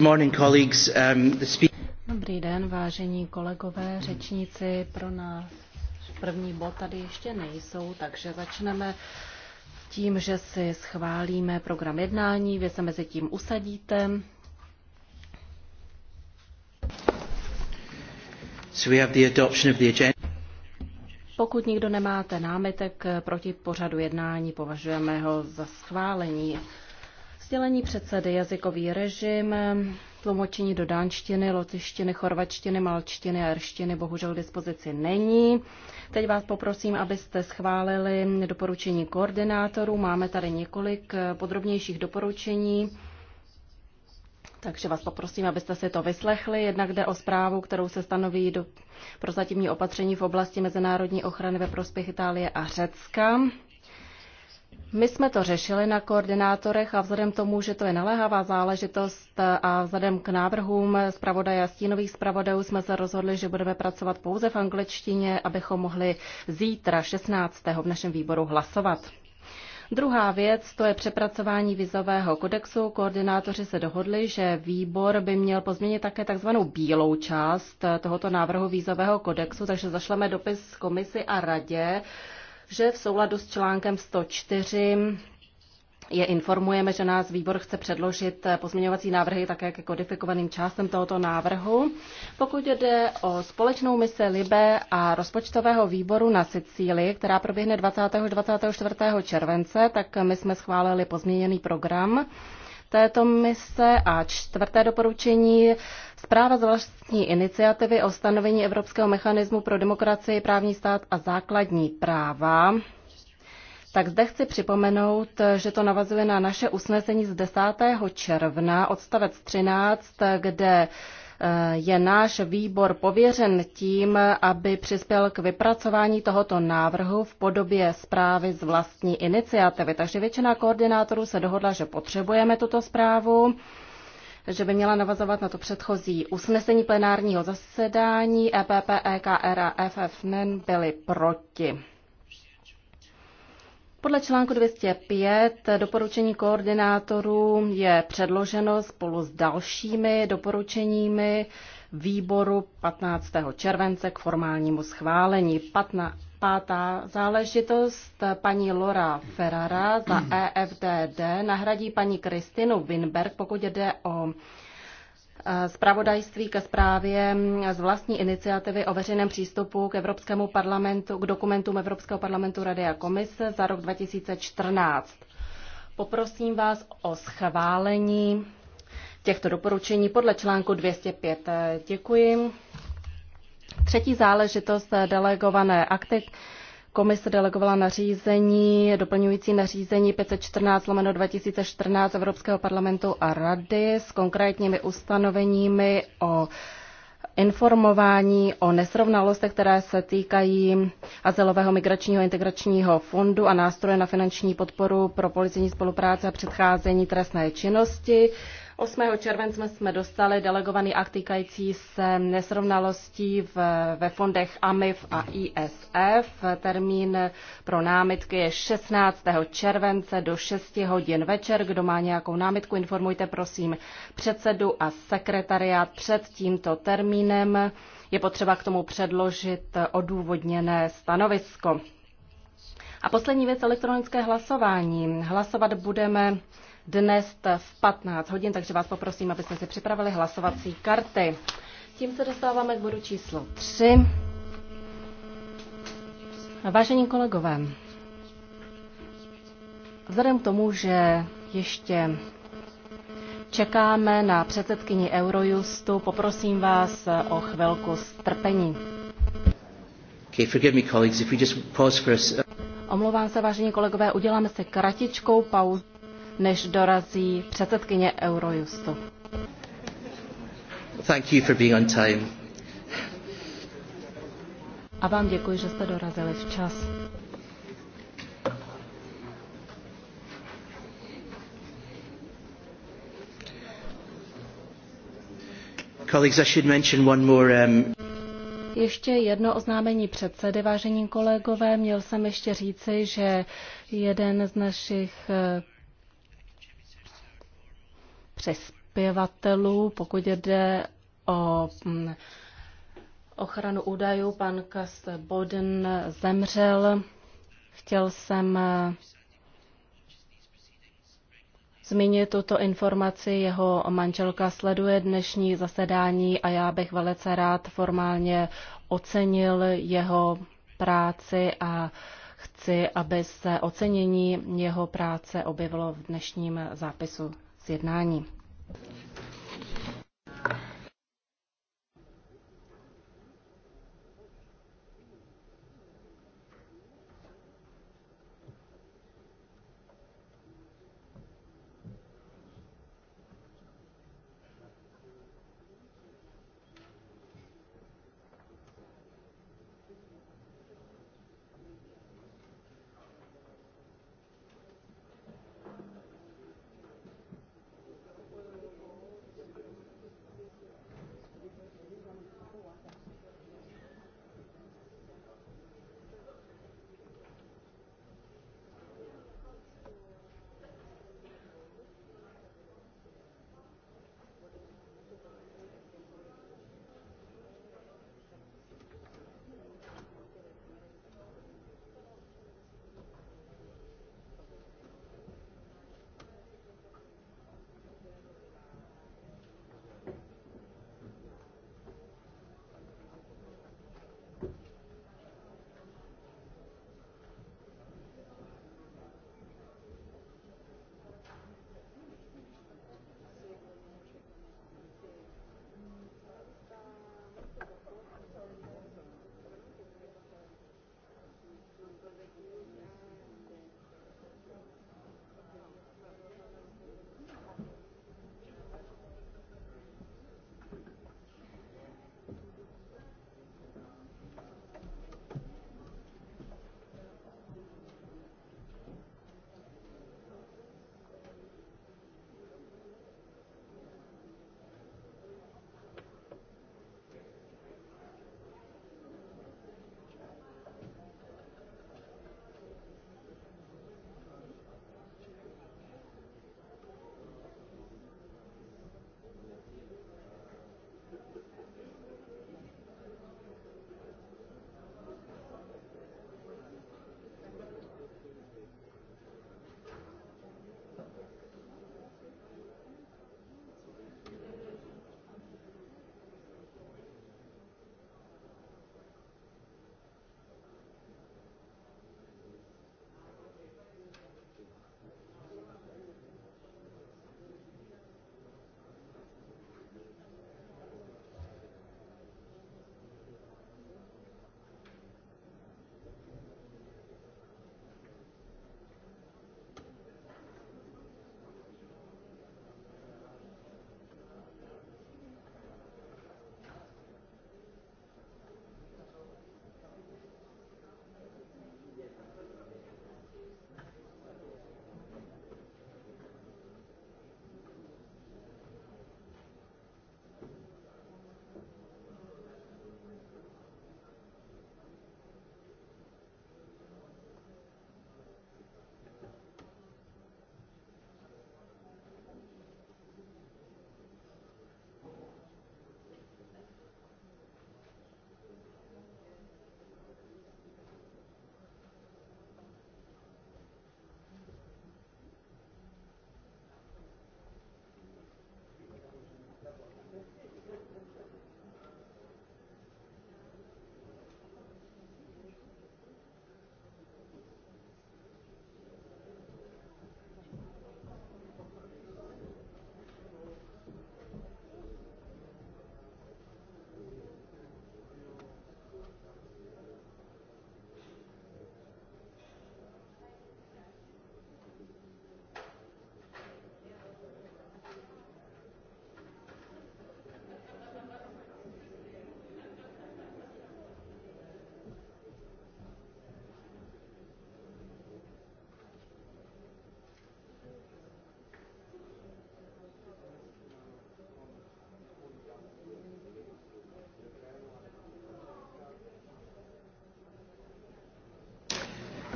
Um, Dobrý den, vážení kolegové, řečníci pro nás. První bod tady ještě nejsou, takže začneme tím, že si schválíme program jednání, vy se mezi tím usadíte. So we have the adoption of the agenda. Pokud nikdo nemáte námitek proti pořadu jednání, považujeme ho za schválení. Sdělení předsedy, jazykový režim, tlumočení do dánštiny, lotyštiny, chorvačtiny, malčtiny a erštiny bohužel k dispozici není. Teď vás poprosím, abyste schválili doporučení koordinátorů. Máme tady několik eh, podrobnějších doporučení. Takže vás poprosím, abyste si to vyslechli. Jednak jde o zprávu, kterou se stanoví do prozatímní opatření v oblasti mezinárodní ochrany ve prospěch Itálie a Řecka. My jsme to řešili na koordinátorech a vzhledem k tomu, že to je naléhavá záležitost a vzhledem k návrhům zpravodaje a stínových zpravodajů jsme se rozhodli, že budeme pracovat pouze v angličtině, abychom mohli zítra 16. v našem výboru hlasovat. Druhá věc, to je přepracování vizového kodexu. Koordinátoři se dohodli, že výbor by měl pozměnit také takzvanou bílou část tohoto návrhu vízového kodexu, takže zašleme dopis komisi a radě že v souladu s článkem 104 je informujeme, že nás výbor chce předložit pozměňovací návrhy také ke kodifikovaným částem tohoto návrhu. Pokud jde o společnou mise Libe a rozpočtového výboru na Sicílii, která proběhne 20. 24. července, tak my jsme schválili pozměněný program této mise a čtvrté doporučení zpráva z vlastní iniciativy o stanovení Evropského mechanismu pro demokracii, právní stát a základní práva. Tak zde chci připomenout, že to navazuje na naše usnesení z 10. června, odstavec 13, kde Eh, je náš výbor pověřen tím, aby přispěl k vypracování tohoto návrhu v podobě zprávy z vlastní iniciativy. Takže většina koordinátorů se dohodla, že potřebujeme tuto zprávu že by měla navazovat na to předchozí usnesení plenárního zasedání. EPP, EKR a FFN byly proti. Podle článku 205 doporučení koordinátorů je předloženo spolu s dalšími doporučeními výboru 15. července k formálnímu schválení. Patna, pátá záležitost paní Laura Ferrara za EFDD nahradí paní Kristinu Winberg, pokud jde o zpravodajství ke zprávě z vlastní iniciativy o veřejném přístupu k Evropskému parlamentu, k dokumentům Evropského parlamentu Rady a Komise za rok 2014. Poprosím vás o schválení těchto doporučení podle článku 205. Děkuji. Třetí záležitost delegované akty Komise delegovala nařízení, doplňující nařízení 514 lomeno 2014 Evropského parlamentu a rady s konkrétními ustanoveními o informování o nesrovnalostech, které se týkají azylového migračního integračního fondu a nástroje na finanční podporu pro policijní spolupráce a předcházení trestné činnosti. 8. července jsme dostali delegovaný akt týkající se nesrovnalostí v, ve fondech AMIF a ISF. Termín pro námitky je 16. července do 6 hodin večer. Kdo má nějakou námitku, informujte prosím předsedu a sekretariát před tímto termínem. Je potřeba k tomu předložit odůvodněné stanovisko. A poslední věc elektronické hlasování. Hlasovat budeme dnes v 15 hodin, takže vás poprosím, abyste si připravili hlasovací karty. Tím se dostáváme k bodu číslo 3. Vážení kolegové, vzhledem k tomu, že ještě čekáme na předsedkyni Eurojustu, poprosím vás o chvilku strpení. Okay, forgive me, colleagues, if we just pause for a... Omlouvám se, vážení kolegové, uděláme se kratičkou pauzu než dorazí předsedkyně Eurojustu. Thank you for being on time. A vám děkuji, že jste dorazili včas. Colleagues, I should mention one more um, ještě jedno oznámení předsedy, vážení kolegové. Měl jsem ještě říci, že jeden z našich eh, přespěvatelů, pokud jde o mm, ochranu údajů. Pan Kas Boden zemřel. Chtěl jsem eh, zmínit tuto informaci. Jeho manželka sleduje dnešní zasedání a já bych velice rád formálně ocenil jeho práci a chci, aby se ocenění jeho práce objevilo v dnešním zápisu z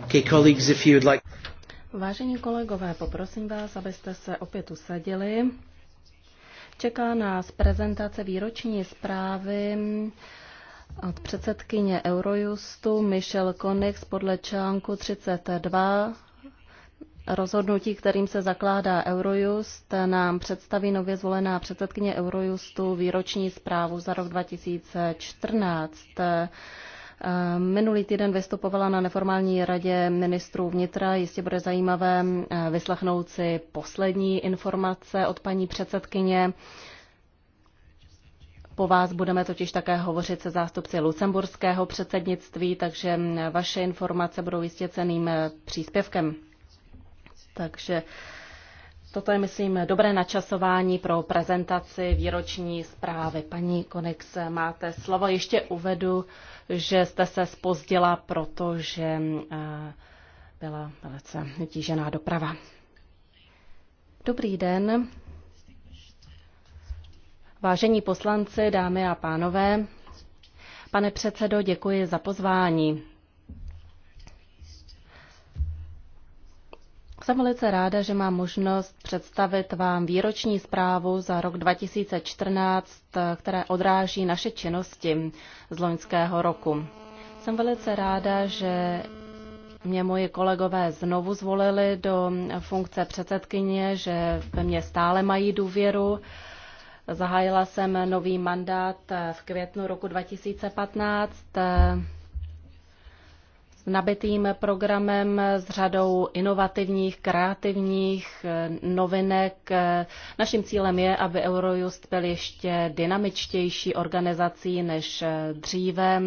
Okay, colleagues, if like... Vážení kolegové, poprosím vás, abyste se opět usadili. Čeká nás prezentace výroční zprávy od předsedkyně Eurojustu Michelle Konix podle článku 32 rozhodnutí, kterým se zakládá Eurojust, nám představí nově zvolená předsedkyně Eurojustu výroční zprávu za rok 2014. Eh, minulý týden vystupovala na neformální radě ministrů vnitra. Jistě bude zajímavé eh, vyslechnout si poslední informace od paní předsedkyně. Po vás budeme totiž také hovořit se zástupci lucemburského předsednictví, takže eh, vaše informace budou jistě ceným příspěvkem. Takže Toto je, myslím, dobré načasování pro prezentaci výroční zprávy. Paní Konex máte slovo. Ještě uvedu, že jste se spozdila, protože eh, byla velice tížená doprava. Dobrý den. Vážení poslanci, dámy a pánové, pane předsedo, děkuji za pozvání. Jsem velice ráda, že mám možnost představit vám výroční zprávu za rok 2014, která odráží naše činnosti z loňského roku. Jsem velice ráda, že mě moji kolegové znovu zvolili do funkce předsedkyně, že ve mě stále mají důvěru. Zahájila jsem nový mandát v květnu roku 2015 nabitým programem s řadou inovativních, kreativních eh, novinek. Naším cílem je, aby Eurojust byl ještě dynamičtější organizací než eh, dříve.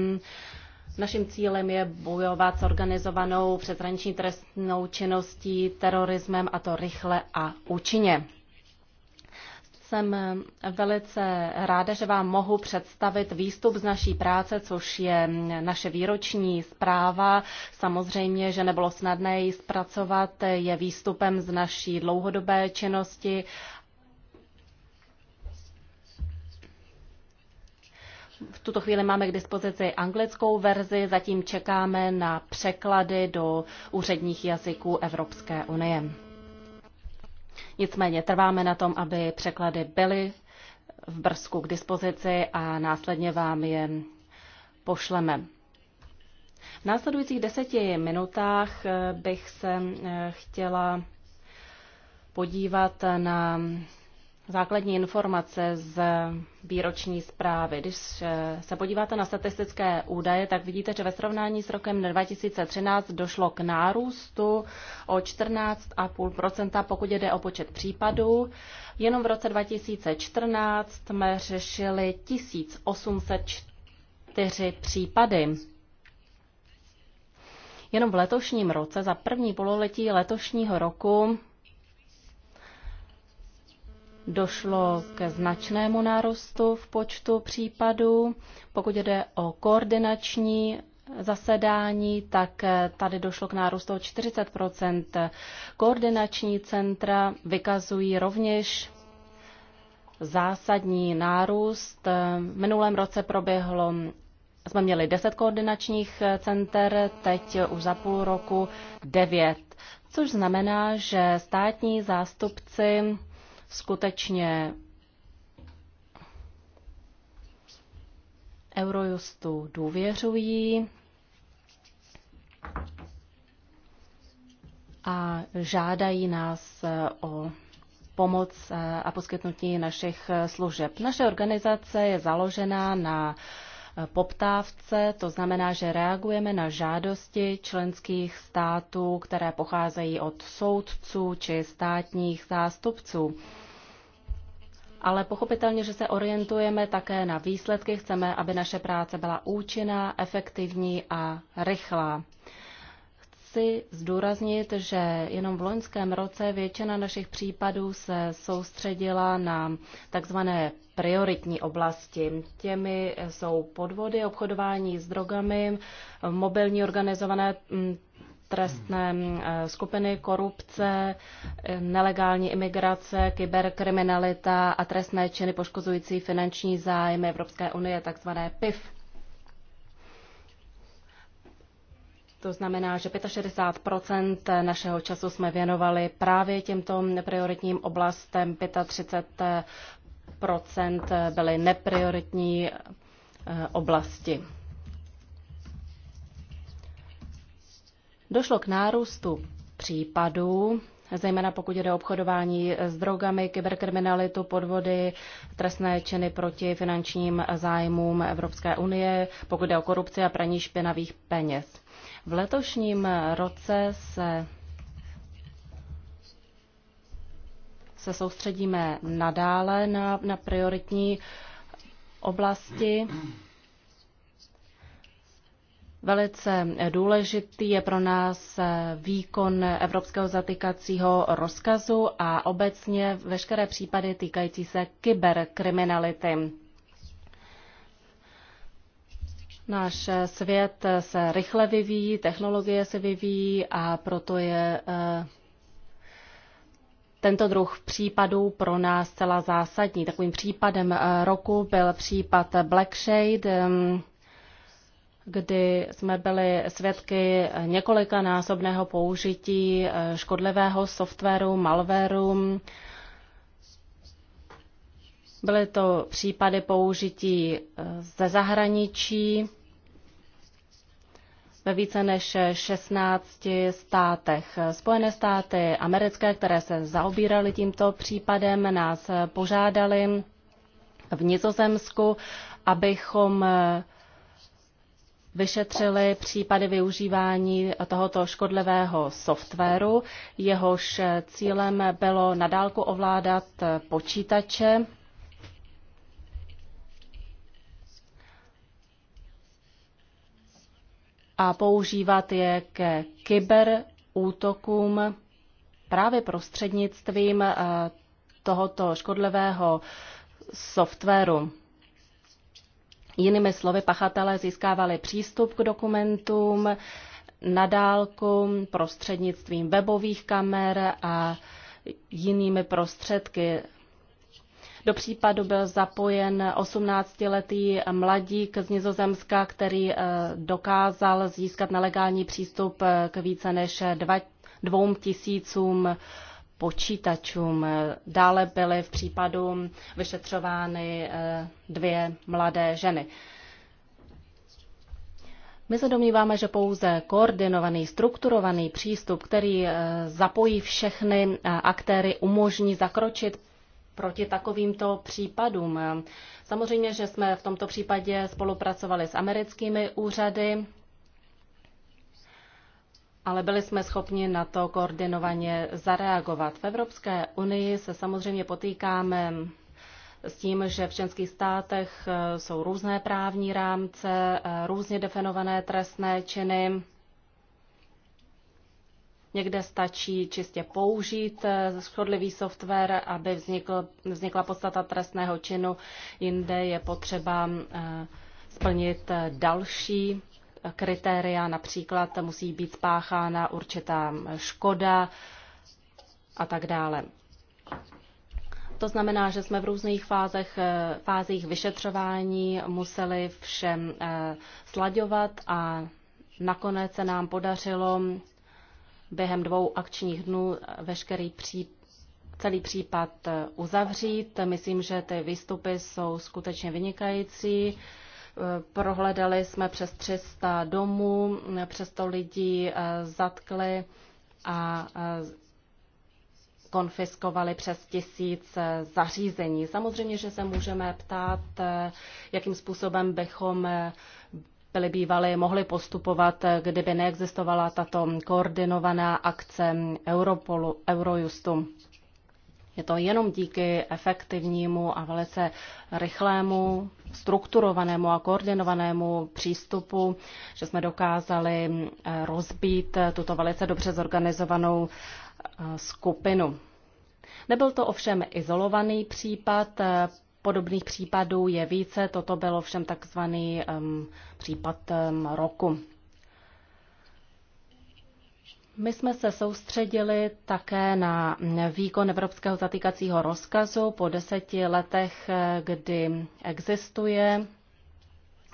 Naším cílem je bojovat s organizovanou přeshraniční trestnou činností, terorismem a to rychle a účinně. Jsem eh, velice ráda, že vám mohu představit výstup z naší práce, což je mm, naše výroční zpráva. Samozřejmě, že nebylo snadné ji zpracovat, je výstupem z naší dlouhodobé činnosti V tuto chvíli máme k dispozici anglickou verzi, zatím čekáme na překlady do úředních jazyků Evropské unie. Nicméně trváme na tom, aby překlady byly v Brzku k dispozici a následně vám je pošleme. V následujících deseti minutách eh, bych se eh, chtěla podívat na základní informace z výroční zprávy. Když eh, se podíváte na statistické údaje, tak vidíte, že ve srovnání s rokem 2013 došlo k nárůstu o 14,5 pokud jde o počet případů. Jenom v roce 2014 jsme řešili 1804 případy. Jenom v letošním roce, za první pololetí letošního roku, došlo ke značnému nárostu v počtu případů. Pokud jde o koordinační zasedání, tak tady došlo k nárůstu o 40 Koordinační centra vykazují rovněž zásadní nárůst. V minulém roce proběhlo jsme měli 10 koordinačních center, teď už za půl roku 9, což znamená, že státní zástupci skutečně Eurojustu důvěřují a žádají nás o pomoc a poskytnutí našich služeb. Naše organizace je založená na poptávce, to znamená, že reagujeme na žádosti členských států, které pocházejí od soudců či státních zástupců. Ale pochopitelně, že se orientujeme také na výsledky, chceme, aby naše práce byla účinná, efektivní a rychlá chci zdůraznit, že jenom v loňském roce většina našich případů se soustředila na takzvané prioritní oblasti. Těmi jsou podvody, obchodování s drogami, mobilní organizované mm, trestné mm, skupiny, korupce, nelegální imigrace, kyberkriminalita a trestné činy poškozující finanční zájmy Evropské unie, takzvané PIF. To znamená, že 65 našeho času jsme věnovali právě těmto prioritním oblastem, 35 byly neprioritní eh, oblasti. Došlo k nárůstu případů, zejména pokud jde o obchodování s drogami, kyberkriminalitu, podvody, trestné činy proti finančním zájmům Evropské unie, pokud jde o korupci a praní špinavých peněz. V letošním roce se se soustředíme nadále na, na prioritní oblasti. Velice důležitý je pro nás výkon evropského zatykacího rozkazu a obecně veškeré případy týkající se kyberkriminality. Náš svět se rychle vyvíjí, technologie se vyvíjí a proto je eh, tento druh případů pro nás zcela zásadní. Takovým případem eh, roku byl případ Blackshade, kdy jsme byli svědky několika násobného použití eh, škodlivého softwaru, malwareu. Byly to případy použití eh, ze zahraničí ve více než 16 státech. Spojené státy americké, které se zaobíraly tímto případem, nás požádali v Nizozemsku, abychom vyšetřili případy využívání tohoto škodlivého softwaru. Jehož cílem bylo nadálku ovládat počítače a používat je ke kyberútokům právě prostřednictvím eh, tohoto škodlivého softwaru. Jinými slovy, pachatelé získávali přístup k dokumentům na dálku prostřednictvím webových kamer a jinými prostředky. Do případu byl zapojen 18-letý mladík z Nizozemska, který eh, dokázal získat nelegální přístup eh, k více než dvou tisícům počítačům. Dále byly v případu vyšetřovány eh, dvě mladé ženy. My se domníváme, že pouze koordinovaný, strukturovaný přístup, který zapojí všechny aktéry, umožní zakročit proti takovýmto případům. Samozřejmě, že jsme v tomto případě spolupracovali s americkými úřady, ale byli jsme schopni na to koordinovaně zareagovat. V Evropské unii se samozřejmě potýkáme s tím, že v členských státech jsou různé právní rámce, různě definované trestné činy. Někde stačí čistě použít eh, shodlivý software, aby vznikl, vznikla podstata trestného činu, jinde je potřeba eh, splnit eh, další kritéria, například musí být spáchána určitá škoda a tak dále. To znamená, že jsme v různých fázech, fázích vyšetřování museli všem slaďovat a nakonec se nám podařilo během dvou akčních dnů veškerý pří, celý případ eh, uzavřít. Myslím, že ty výstupy jsou skutečně vynikající. Eh, prohledali jsme přes 300 domů, eh, přes 100 lidi zatkli a konfiskovali přes tisíc zařízení. Samozřejmě, že se můžeme ptát, jakým způsobem bychom byli bývali, mohli postupovat, kdyby neexistovala tato koordinovaná akce Europolu, Eurojustu. Je to jenom díky efektivnímu a velice rychlému, strukturovanému a koordinovanému přístupu, že jsme dokázali eh, rozbít tuto velice dobře zorganizovanou eh, skupinu. Nebyl to ovšem izolovaný případ, Podobných případů je více, toto bylo všem takzvaný um, případ um, roku. My jsme se soustředili také na výkon evropského zatýkacího rozkazu po deseti letech, eh, kdy existuje.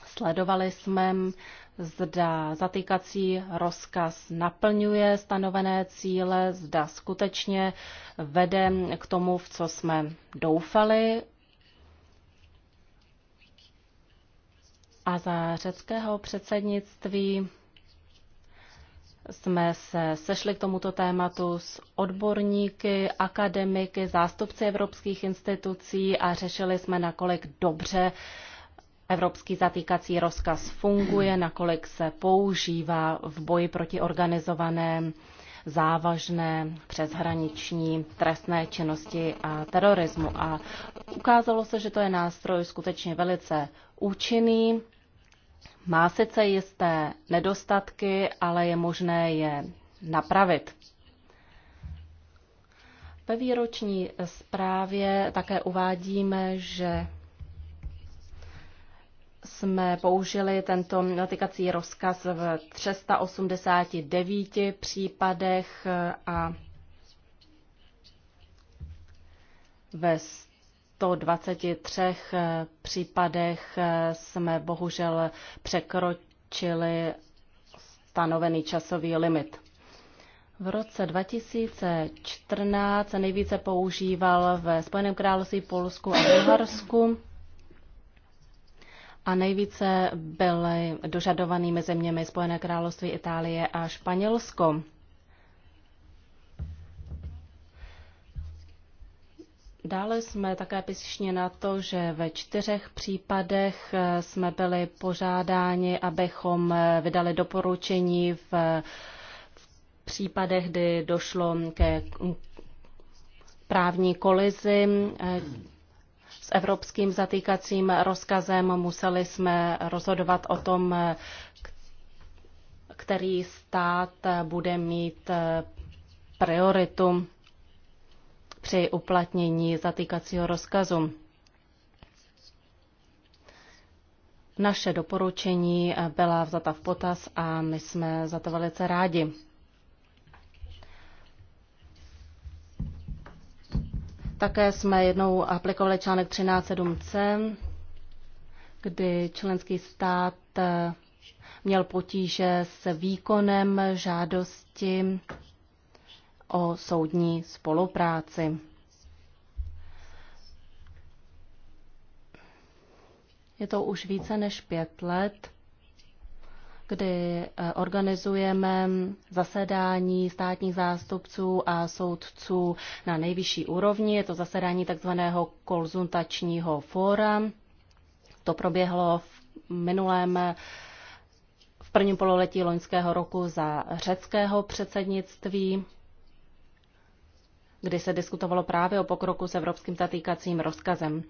Sledovali jsme, zda zatýkací rozkaz naplňuje stanovené cíle, zda skutečně vede k tomu, v co jsme doufali, a za řeckého předsednictví jsme se sešli k tomuto tématu s odborníky, akademiky, zástupci evropských institucí a řešili jsme, nakolik dobře evropský zatýkací rozkaz funguje, nakolik se používá v boji proti organizované závažné přeshraniční trestné činnosti a terorismu. A ukázalo se, že to je nástroj skutečně velice účinný má sice jisté nedostatky, ale je možné je napravit. Ve výroční zprávě také uvádíme, že jsme použili tento notikací rozkaz v 389 případech a ve 123 eh, případech eh, jsme bohužel překročili stanovený časový limit. V roce 2014 se nejvíce používal ve Spojeném království, Polsku a Bulharsku a nejvíce byly dožadovanými zeměmi Spojené království, Itálie a Španělsko. Dále jsme také pišně na to, že ve čtyřech případech eh, jsme byli požádáni, abychom eh, vydali doporučení v, v případech, kdy došlo ke právní kolizi eh, s evropským zatýkacím rozkazem. Museli jsme rozhodovat o tom, který stát bude mít prioritu při uplatnění zatýkacího rozkazu. Naše doporučení byla vzata v potaz a my jsme za to velice rádi. Také jsme jednou aplikovali článek 13.7c, kdy členský stát měl potíže s výkonem žádosti o soudní spolupráci. Je to už více než pět let, kdy eh, organizujeme zasedání státních zástupců a soudců na nejvyšší úrovni. Je to zasedání takzvaného konzultačního fóra. To proběhlo v minulém v prvním pololetí loňského roku za řeckého předsednictví kdy se diskutovalo právě o pokroku s evropským zatýkacím rozkazem.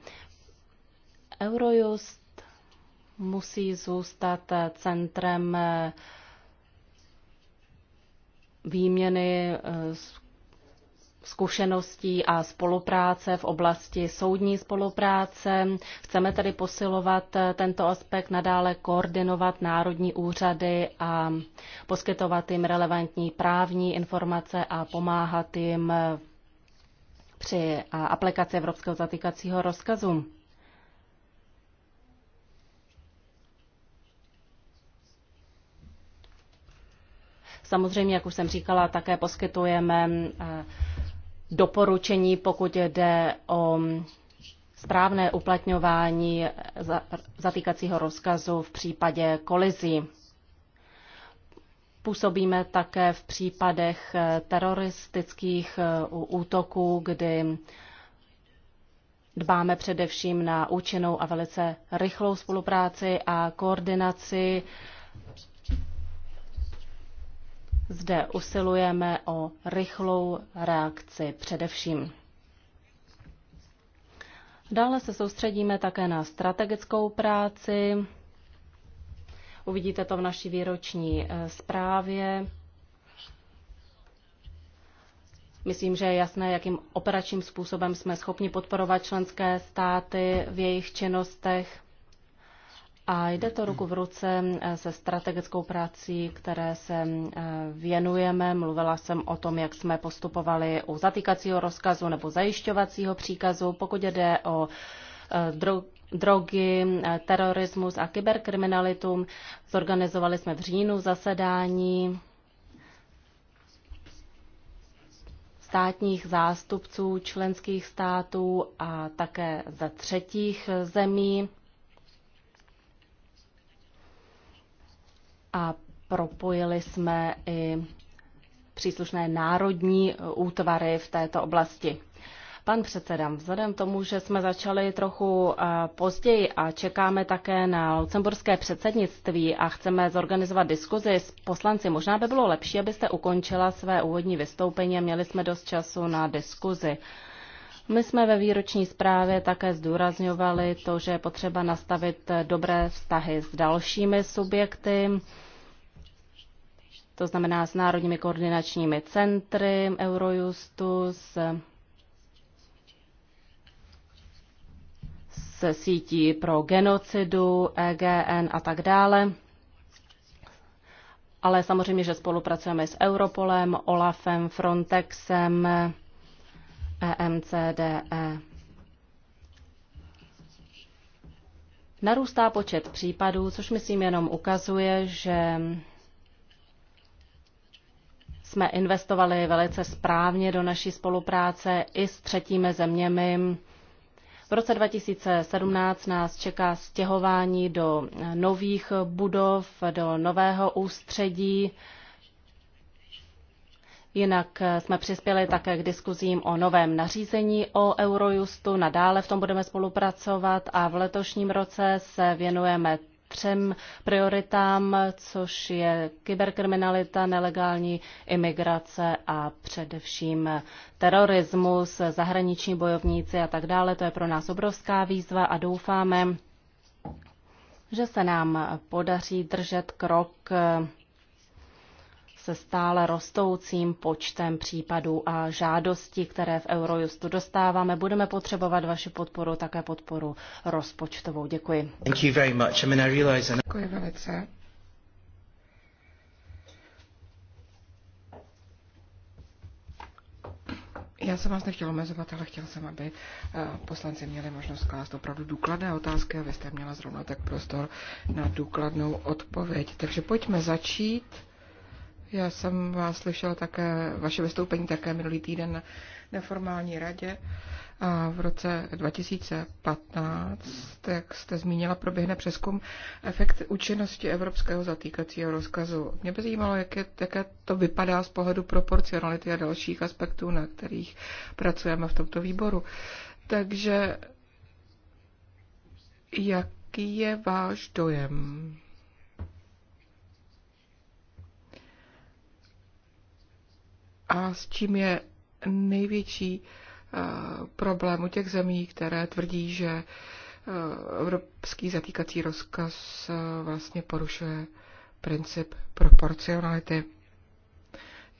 Eurojust musí zůstat centrem eh, výměny eh, zkušeností a spolupráce v oblasti soudní spolupráce. Chceme tedy posilovat eh, tento aspekt, nadále koordinovat národní úřady a poskytovat jim relevantní právní informace a pomáhat jim při aplikaci Evropského zatýkacího rozkazu. Samozřejmě, jak už jsem říkala, také poskytujeme eh, doporučení, pokud jde o správné uplatňování zatýkacího rozkazu v případě kolizí působíme také v případech eh, teroristických eh, útoků, kdy dbáme především na účinnou a velice rychlou spolupráci a koordinaci. Zde usilujeme o rychlou reakci především. Dále se soustředíme také na strategickou práci, Uvidíte to v naší výroční eh, zprávě. Myslím, že je jasné, jakým operačním způsobem jsme schopni podporovat členské státy v jejich činnostech. A jde to ruku v ruce eh, se strategickou prací, které se eh, věnujeme. Mluvila jsem o tom, jak jsme postupovali u zatýkacího rozkazu nebo zajišťovacího příkazu. Pokud jde o drog, drogy, eh, terorismus a kyberkriminalitu. Zorganizovali jsme v říjnu zasedání státních zástupců členských států a také ze třetích zemí. A propojili jsme i příslušné národní útvary v této oblasti. Pan předseda, vzhledem tomu, že jsme začali trochu eh, později a čekáme také na lucemburské předsednictví a chceme zorganizovat diskuzi s poslanci, možná by bylo lepší, abyste ukončila své úvodní vystoupení a měli jsme dost času na diskuzi. My jsme ve výroční zprávě také zdůrazňovali to, že je potřeba nastavit eh, dobré vztahy s dalšími subjekty, to znamená s národními koordinačními centry Eurojustu, s se sítí pro genocidu, EGN a tak dále. Ale samozřejmě, že spolupracujeme s Europolem, OLAFem, Frontexem, EMCDE. E. Narůstá počet případů, což myslím jenom ukazuje, že jsme investovali velice správně do naší spolupráce i s třetími zeměmi, v roce 2017 nás čeká stěhování do nových budov, do nového ústředí. Jinak jsme přispěli také k diskuzím o novém nařízení o Eurojustu. Nadále v tom budeme spolupracovat a v letošním roce se věnujeme třem prioritám, což je kyberkriminalita, nelegální imigrace a především terorismus, zahraniční bojovníci a tak dále. To je pro nás obrovská výzva a doufáme, že se nám podaří držet krok se stále rostoucím počtem případů a žádostí, které v Eurojustu dostáváme. Budeme potřebovat vaši podporu, také podporu rozpočtovou. Děkuji. Děkuji velice. Já jsem vás nechtěla omezovat, ale chtěl jsem, aby eh, poslanci měli možnost klást opravdu důkladné otázky a vy jste měla zrovna tak prostor na důkladnou odpověď. Takže pojďme začít. Já jsem vás slyšela také, vaše vystoupení také minulý týden na neformální radě. A v roce 2015, jak jste zmínila, proběhne přeskum efekt účinnosti evropského zatýkacího rozkazu. Mě by zajímalo, jak je, jaké to vypadá z pohledu proporcionality a dalších aspektů, na kterých pracujeme v tomto výboru. Takže jaký je váš dojem? a s čím je největší eh, problém u těch zemí, které tvrdí, že eh, evropský zatýkací rozkaz eh, vlastně porušuje princip proporcionality.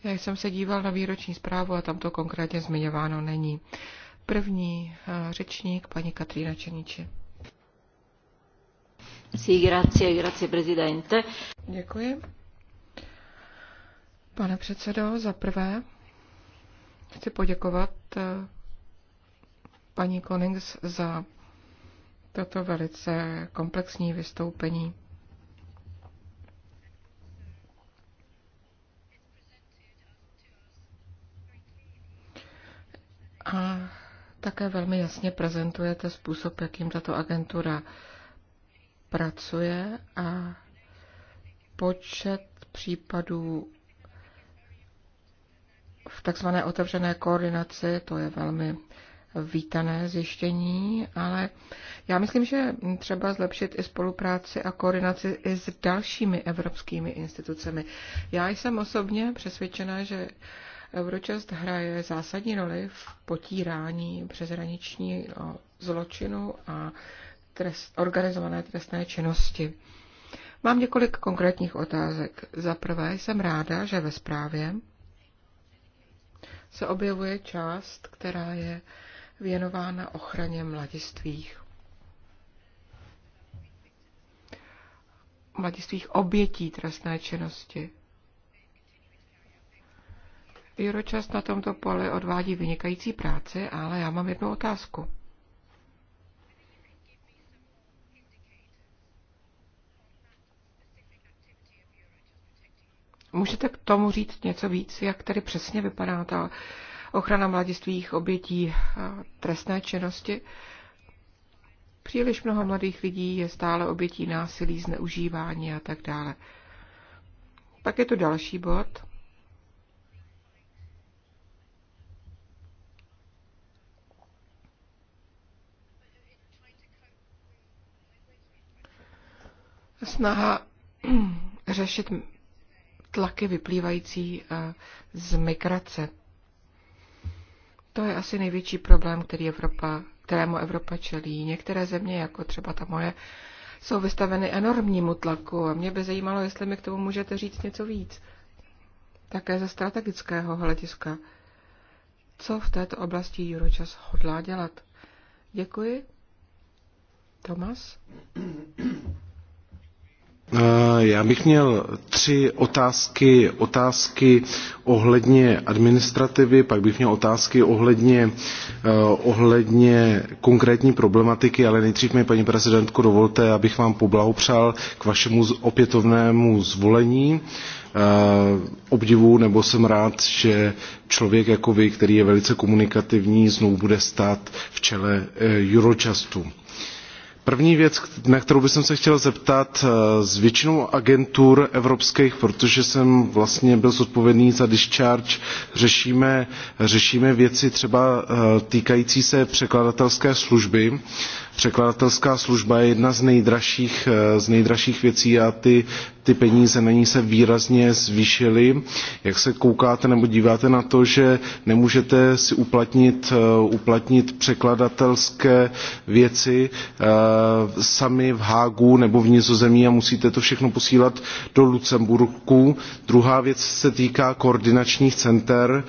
Já jsem se díval na výroční zprávu a tam to konkrétně zmiňováno není. První řečník, paní Katrína Čeniči. Sí, grazie, grazie, Děkuji. Pane předsedo, za prvé chci poděkovat eh, paní Konings za toto velice komplexní vystoupení. A také velmi jasně prezentujete způsob, jakým tato agentura pracuje a počet případů v takzvané otevřené koordinaci, to je velmi vítané zjištění, ale já myslím, že třeba zlepšit i spolupráci a koordinaci i s dalšími evropskými institucemi. Já jsem osobně přesvědčena, že Eurochest hraje zásadní roli v potírání přeshraniční zločinu a trest, organizované trestné činnosti. Mám několik konkrétních otázek. Za prvé jsem ráda, že ve zprávě se objevuje část, která je věnována ochraně mladistvých. Mladistvých obětí trestné činnosti. Juročas na tomto poli odvádí vynikající práci, ale já mám jednu otázku. Můžete k tomu říct něco víc, jak tedy přesně vypadá ta ochrana mladistvých obětí eh, trestné činnosti? Příliš mnoho mladých lidí je stále obětí násilí, zneužívání a tak dále. Pak je tu další bod. Snaha řešit tlaky vyplývající eh, z migrace. To je asi největší problém, který Evropa, kterému Evropa čelí. Některé země, jako třeba ta moje, jsou vystaveny enormnímu tlaku a mě by zajímalo, jestli mi k tomu můžete říct něco víc. Také ze strategického hlediska. Co v této oblasti Juročas hodlá dělat? Děkuji. Tomas? Eh, já bych měl tři otázky. Otázky ohledně administrativy, pak bych měl otázky ohledně, eh, ohledně konkrétní problematiky, ale nejdřív mi, paní prezidentko, dovolte, abych vám poblahopřál k vašemu opětovnému zvolení eh, obdivu nebo jsem rád, že člověk jako vy, který je velice komunikativní, znovu bude stát v čele Eurojustu První věc, na kterou bych se chtěl zeptat, s eh, většinou agentur evropských, protože jsem vlastně byl zodpovědný za discharge, řešíme, řešíme věci třeba eh, týkající se překladatelské služby Překladatelská služba je jedna z nejdražších, eh, z nejdražších věcí a ty, ty peníze na ní se výrazně zvýšily. Jak se koukáte nebo díváte na to, že nemůžete si uplatnit, eh, uplatnit překladatelské věci eh, sami v Hágu nebo v Nizozemí a musíte to všechno posílat do Lucemburku. Druhá věc se týká koordinačních center.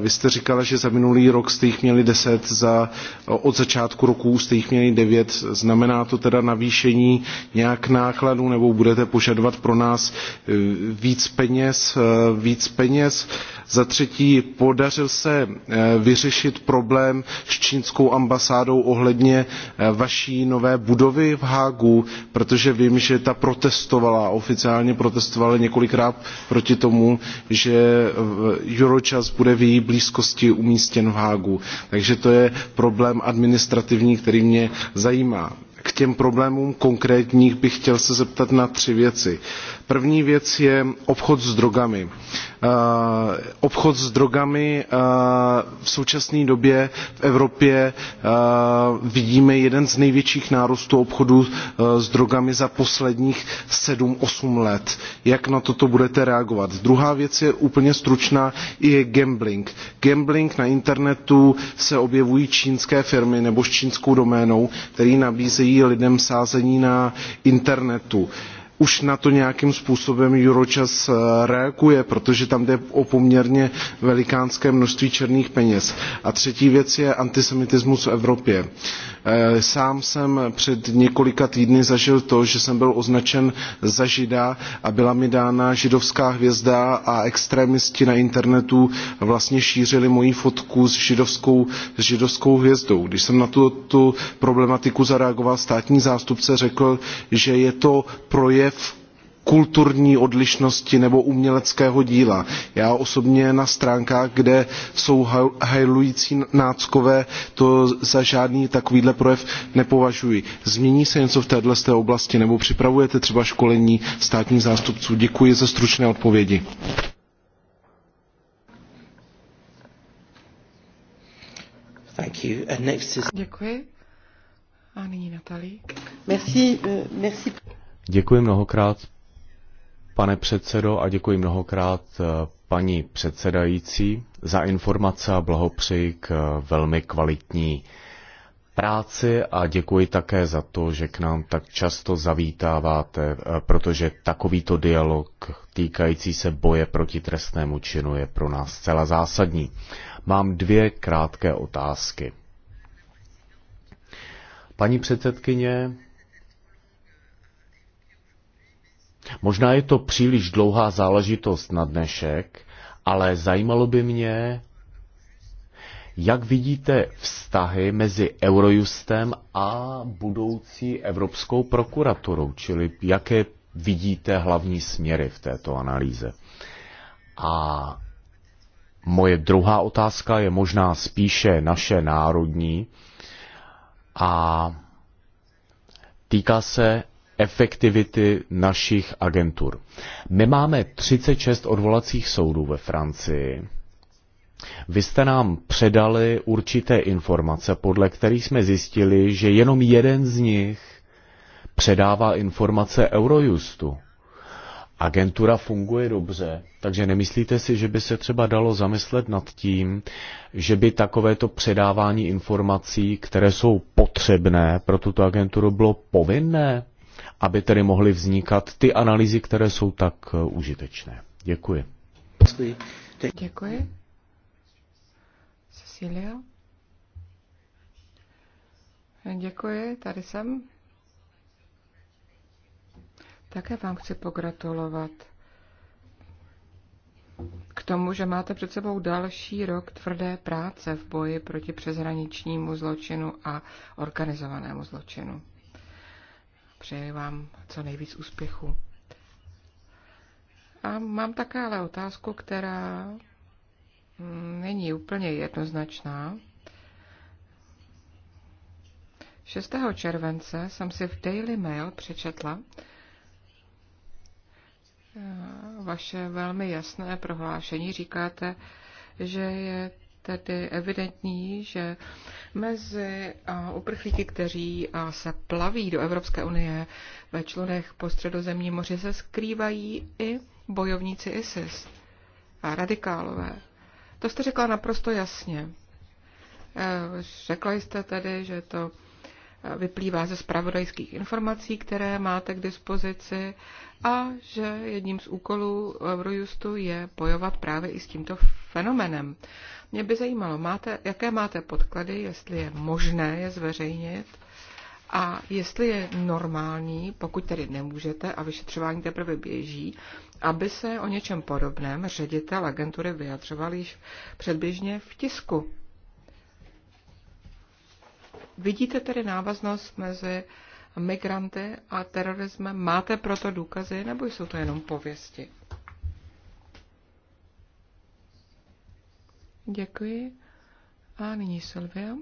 Vy jste říkala, že za minulý rok jste jich měli deset, za, od začátku roku jste jich jich měli devět. Znamená to teda navýšení nějak nákladů nebo budete požadovat pro nás eh, víc peněz, eh, víc peněz? Za třetí, podařil se eh, vyřešit problém s čínskou ambasádou ohledně vaší nové budovy v Hágu, protože vím, že ta protestovala, oficiálně protestovala několikrát proti tomu, že Eurochas bude v její blízkosti umístěn v Hágu. Takže to je problém administrativní, který mě mě zajímá. K těm problémům konkrétních bych chtěl se zeptat na tři věci. První věc je obchod s drogami. Eh, obchod s drogami eh, v současné době v Evropě eh, vidíme jeden z největších nárůstů obchodu s drogami za posledních 7-8 let. Jak na toto budete reagovat? Druhá věc je úplně stručná, je gambling. Gambling na internetu se objevují čínské firmy nebo s čínskou doménou, které nabízejí lidem sázení na internetu už na to nějakým způsobem Juročas eh, reaguje, protože tam jde o poměrně velikánské množství černých peněz. A třetí věc je antisemitismus v Evropě. Eh, sám jsem před několika týdny zažil to, že jsem byl označen za žida a byla mi dána židovská hvězda a extremisti na internetu vlastně šířili moji fotku s židovskou, s židovskou hvězdou. Když jsem na tu, tu problematiku zareagoval, státní zástupce řekl, že je to projev kulturní odlišnosti nebo uměleckého díla. Já osobně na stránkách, kde jsou hajlující náckové, to za žádný takovýhle projev nepovažuji. Změní se něco v téhle té oblasti nebo připravujete třeba školení státních zástupců? Děkuji za stručné odpovědi. Děkuji. A nyní Natalie. Merci, euh, merci. Děkuji mnohokrát, pane předsedo, a děkuji mnohokrát eh, paní předsedající za informace a blahopřeji k eh, velmi kvalitní práci a děkuji také za to, že k nám tak často zavítáváte, eh, protože takovýto dialog týkající se boje proti trestnému činu je pro nás zcela zásadní. Mám dvě krátké otázky. Paní předsedkyně Možná je to příliš dlouhá záležitost na dnešek, ale zajímalo by mě, jak vidíte vztahy mezi Eurojustem a budoucí Evropskou prokuraturou, čili jaké vidíte hlavní směry v této analýze. A moje druhá otázka je možná spíše naše národní a týká se efektivity našich agentur. My máme 36 odvolacích soudů ve Francii. Vy jste nám předali určité informace, podle kterých jsme zjistili, že jenom jeden z nich předává informace Eurojustu. Agentura funguje dobře, takže nemyslíte si, že by se třeba dalo zamyslet nad tím, že by takovéto předávání informací, které jsou potřebné pro tuto agenturu, bylo povinné? aby tedy mohly vznikat ty analýzy, které jsou tak eh, užitečné. Děkuji. Děkuji. Cecilia? Děkuji, tady jsem. Také vám chci pogratulovat k tomu, že máte před sebou další rok tvrdé práce v boji proti přeshraničnímu zločinu a organizovanému zločinu. Přeji vám co nejvíc úspěchu. A mám také ale otázku, která není úplně jednoznačná. 6. července jsem si v Daily Mail přečetla eh, vaše velmi jasné prohlášení. Říkáte, že je tedy evidentní, že mezi uprchlíky, kteří se plaví do Evropské unie ve člunech po středozemní moři, se skrývají i bojovníci ISIS a radikálové. To jste řekla naprosto jasně. Eh, řekla jste tedy, že to vyplývá ze spravodajských informací, které máte k dispozici a že jedním z úkolů Eurojustu je bojovat právě i s tímto fenomenem. Mě by zajímalo, máte, jaké máte podklady, jestli je možné je zveřejnit a jestli je normální, pokud tedy nemůžete a vyšetřování teprve běží, aby se o něčem podobném ředitel agentury vyjadřoval již předběžně v tisku. Vidíte tedy návaznost mezi migranty a terorismem? Máte proto důkazy, nebo jsou to jenom pověsti? Děkuji. A nyní Silvia.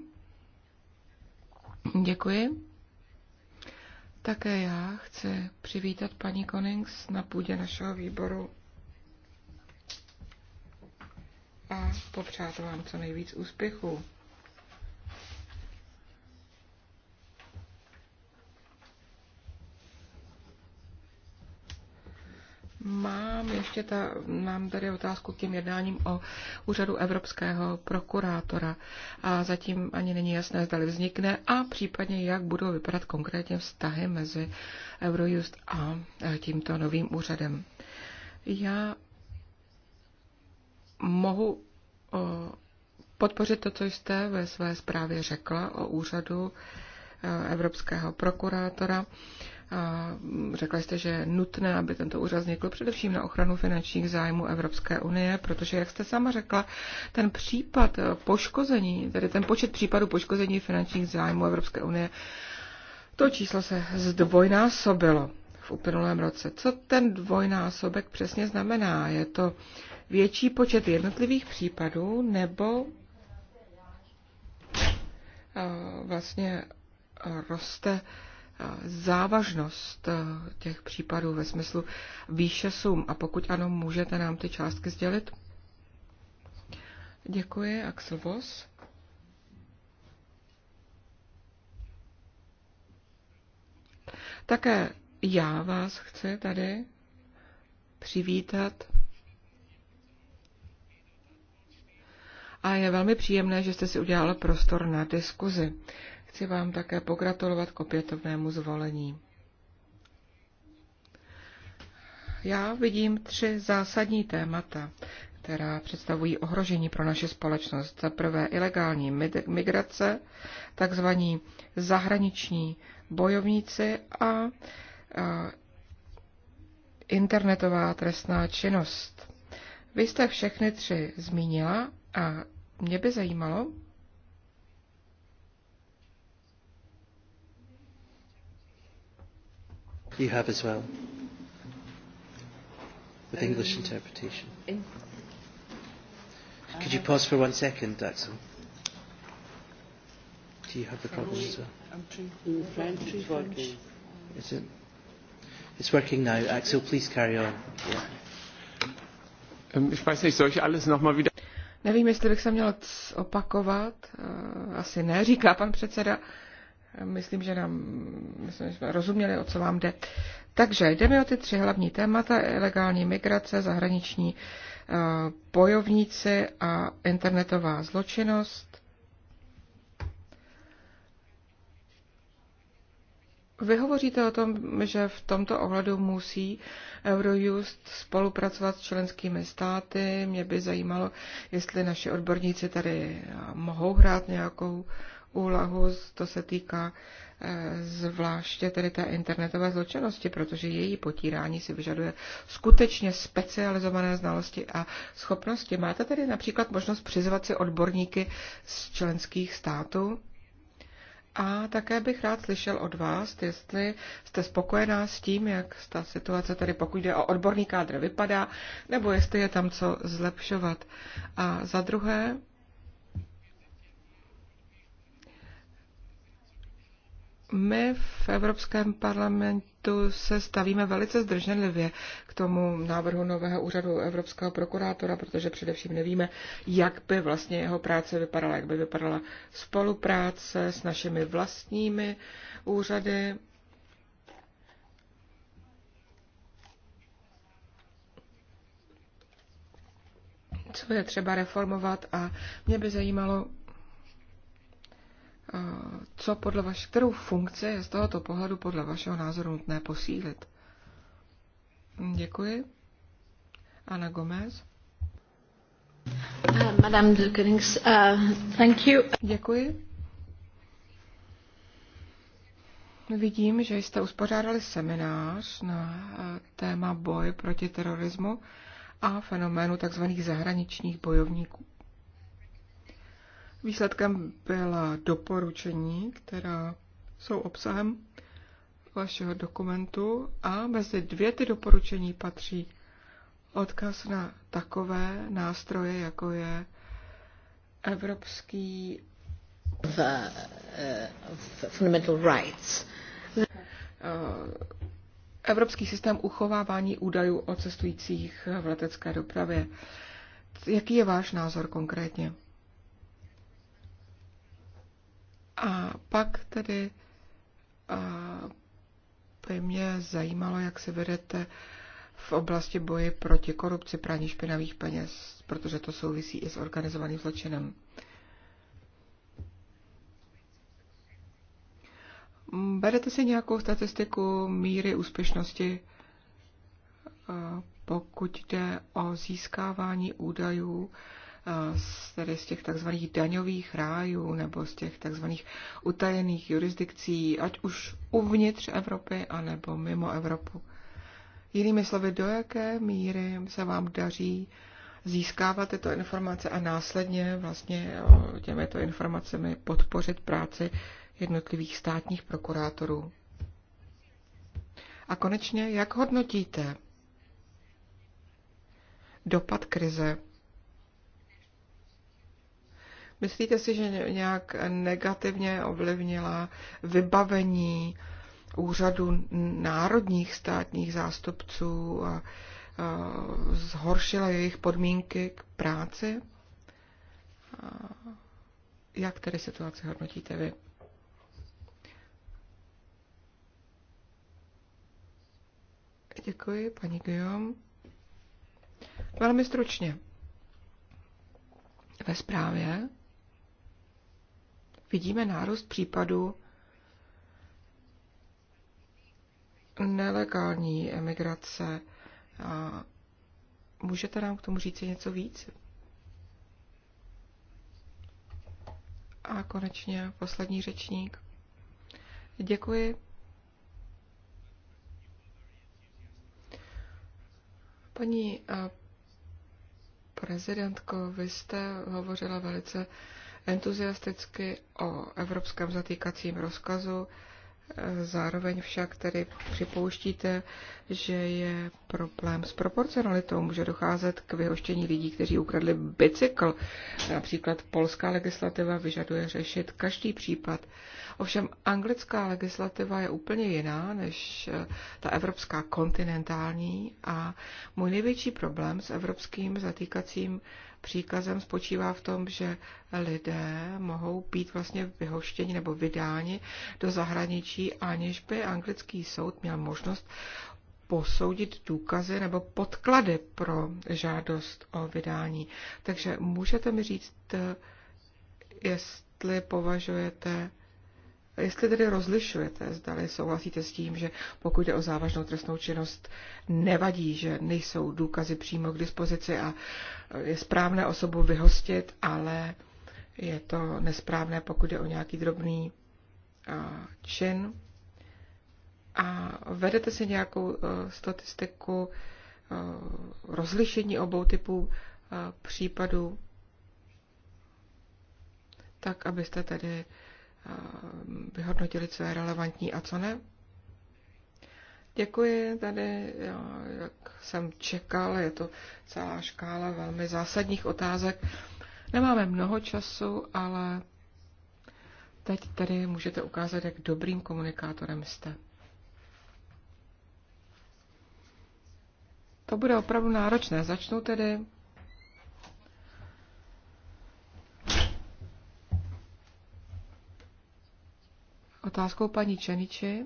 Děkuji. Také já chci přivítat paní Konings na půdě našeho výboru a popřát vám co nejvíc úspěchů. Mám ještě ta, mám tady otázku k těm jednáním o úřadu evropského prokurátora a zatím ani není jasné, zda vznikne a případně jak budou vypadat konkrétně vztahy mezi Eurojust a tímto novým úřadem. Já mohu podpořit to, co jste ve své zprávě řekla o úřadu e, evropského prokurátora. Mm, řekla jste, že je nutné, aby tento úřad vznikl především na ochranu finančních zájmů Evropské unie, protože, jak jste sama řekla, ten případ e, poškození, tedy ten počet případů poškození finančních zájmů Evropské unie, to číslo se zdvojnásobilo v uplynulém roce. Co ten dvojnásobek přesně znamená? Je to větší počet jednotlivých případů nebo e, vlastně roste závažnost eh, těch případů ve smyslu výše sum a pokud ano, můžete nám ty částky sdělit? Děkuji, Axel Voss. Také já vás chci tady přivítat. A je velmi příjemné, že jste si udělala prostor na diskuzi chci vám také pogratulovat k opětovnému zvolení. Já vidím tři zásadní témata, která představují ohrožení pro naše společnost. Za prvé ilegální migrace, takzvaní zahraniční bojovníci a internetová trestná činnost. Vy jste všechny tři zmínila a mě by zajímalo, You have as well. With um, English interpretation. In, Could you uh, pause for one second, Axel? Do you have the problem as well? I'm trying, I'm trying, I'm Is it? It's working now. Axel, please carry on. Yeah. Ich weiß nicht, soll ich alles nochmal wieder... Nevím, jestli bych se měl opakovat. Eh, asi ne, říká pan předseda. Myslím, že nám myslím, že jsme rozuměli, o co vám jde. Takže jdeme o ty tři hlavní témata, ilegální migrace, zahraniční eh, bojovníci a internetová zločinnost. Vy hovoříte o tom, že v tomto ohledu musí Eurojust spolupracovat s členskými státy. Mě by zajímalo, jestli naši odborníci tady mohou hrát nějakou uh, úlohu, to se týká e, zvláště tedy té internetové zločinnosti, protože její potírání si vyžaduje skutečně specializované znalosti a schopnosti. Máte tedy například možnost přizvat si odborníky z členských států? A také bych rád slyšel od vás, jestli jste spokojená s tím, jak ta situace tady, pokud jde o odborný kádr, vypadá, nebo jestli je tam co zlepšovat. A za druhé, My v Evropském parlamentu se stavíme velice zdrženlivě k tomu návrhu nového úřadu Evropského prokurátora, protože především nevíme, jak by vlastně jeho práce vypadala, jak by vypadala spolupráce s našimi vlastními úřady. Co je třeba reformovat a mě by zajímalo, co podle vaš, kterou funkci je z tohoto pohledu podle vašeho názoru nutné posílit? Děkuji. Ana Gomez. Uh, Madame de Konings, uh, thank you. Děkuji. Vidím, že jste uspořádali seminář na uh, téma boj proti terorismu a fenoménu tzv. zahraničních bojovníků. Výsledkem byla doporučení, která jsou obsahem vašeho dokumentu a mezi dvě ty doporučení patří odkaz na takové nástroje, jako je Evropský the, uh, fundamental rights. Eh, Evropský systém uchovávání údajů o cestujících v letecké dopravě. Jaký je váš názor konkrétně? A pak tedy a by mě zajímalo, jak se vedete v oblasti boje proti korupci, praní špinavých peněz, protože to souvisí i s organizovaným zločinem. Berete si nějakou statistiku míry úspěšnosti, pokud jde o získávání údajů z, tedy z těch takzvaných daňových rájů nebo z těch takzvaných utajených jurisdikcí, ať už uvnitř Evropy, anebo mimo Evropu. Jinými slovy, do jaké míry se vám daří získávat tyto informace a následně vlastně eh, těmito informacemi podpořit práci jednotlivých státních prokurátorů. A konečně, jak hodnotíte dopad krize Myslíte si, že nějak negativně ovlivnila vybavení úřadu národních státních zástupců a, zhoršila jejich podmínky k práci? jak tedy situaci hodnotíte vy? Děkuji, paní Guillaume. Velmi stručně. Ve zprávě vidíme nárůst případů nelegální emigrace. A můžete nám k tomu říct něco víc? A konečně poslední řečník. Děkuji. Paní prezidentko, vy jste hovořila velice entuziasticky o evropském zatýkacím rozkazu, zároveň však tedy připouštíte, že je problém s proporcionalitou. Může docházet k vyhoštění lidí, kteří ukradli bicykl. Například polská legislativa vyžaduje řešit každý případ Ovšem anglická legislativa je úplně jiná než eh, ta evropská kontinentální a můj největší problém s evropským zatýkacím příkazem spočívá v tom, že lidé mohou být vlastně vyhoštěni nebo vydáni do zahraničí, aniž by anglický soud měl možnost posoudit důkazy nebo podklady pro žádost o vydání. Takže můžete mi říct, eh, jestli považujete Jestli tedy rozlišujete, zdali souhlasíte s tím, že pokud jde o závažnou trestnou činnost, nevadí, že nejsou důkazy přímo k dispozici a je správné osobu vyhostit, ale je to nesprávné, pokud jde o nějaký drobný čin. A vedete si nějakou e, statistiku e, rozlišení obou typů e, případů, tak abyste tedy vyhodnotili, co je relevantní a co ne. Děkuji tady, jak jsem čekal, je to celá škála velmi zásadních otázek. Nemáme mnoho času, ale teď tady můžete ukázat, jak dobrým komunikátorem jste. To bude opravdu náročné. Začnu tedy otázkou paní Čeniči.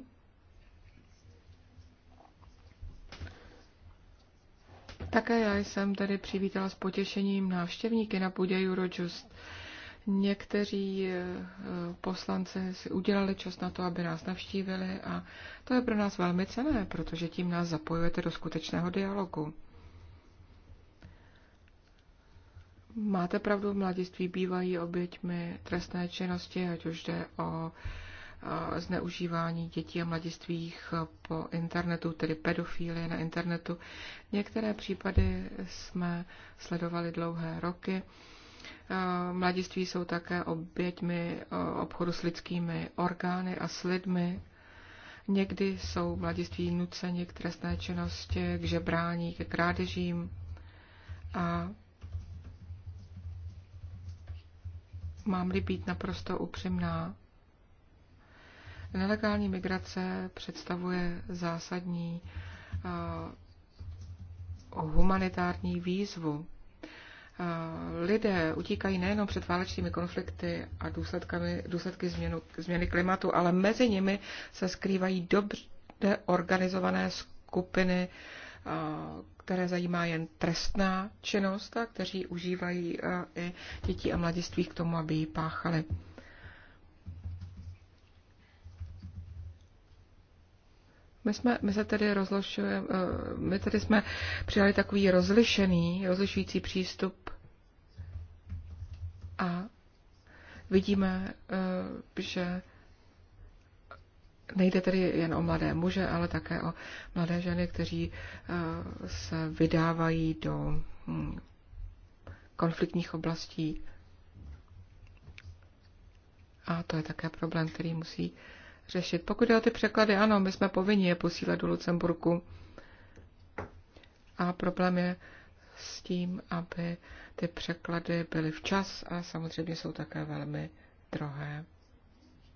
Také já jsem tady přivítala s potěšením návštěvníky na půdě Eurojust. Někteří eh, poslanci si udělali čas na to, aby nás navštívili a to je pro nás velmi cené, protože tím nás zapojujete do skutečného dialogu. Máte pravdu, mladiství bývají oběťmi trestné činnosti, ať už jde o zneužívání dětí a mladistvých po internetu, tedy pedofilie na internetu. Některé případy jsme sledovali dlouhé roky. Mladiství jsou také oběťmi obchodu s lidskými orgány a s lidmi. Někdy jsou mladiství nuceni k trestné činnosti, k žebrání, ke krádežím a mám-li být naprosto upřímná, Nelegální migrace představuje zásadní eh, humanitární výzvu. Eh, lidé utíkají nejenom před válečnými konflikty a důsledkami, důsledky změnu, změny klimatu, ale mezi nimi se skrývají dobře organizované skupiny, eh, které zajímá jen trestná činnost a kteří užívají i dětí a mladistvých k tomu, aby ji páchali. My, jsme, my se tedy rozlišujeme, eh, my tedy jsme přijali takový rozlišený, rozlišující přístup a vidíme, eh, že nejde tedy jen o mladé muže, ale také o mladé ženy, kteří eh, se vydávají do hm, konfliktních oblastí. A to je také problém, který musí řešit. Pokud jde o ty překlady, ano, my jsme povinni je posílat do Lucemburku. A problém je s tím, aby ty překlady byly včas a samozřejmě jsou také velmi drahé.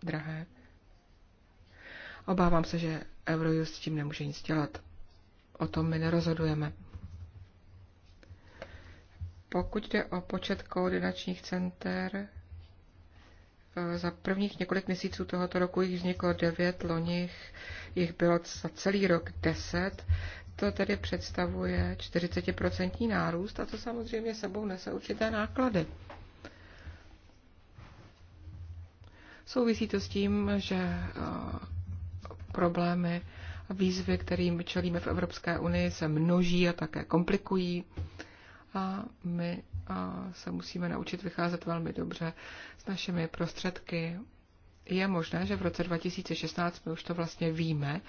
drahé. Obávám se, že Eurojust s tím nemůže nic dělat. O tom my nerozhodujeme. Pokud jde o počet koordinačních center, Eh, za prvních několik měsíců tohoto roku jich vzniklo devět, loních jich bylo za celý rok deset. To tedy představuje 40% nárůst a to samozřejmě sebou nese určité náklady. Souvisí to s tím, že eh, problémy a výzvy, kterým čelíme v Evropské unii, se množí a také komplikují. A my se musíme naučit vycházet velmi dobře s našimi prostředky. Je možné, že v roce 2016, my už to vlastně víme,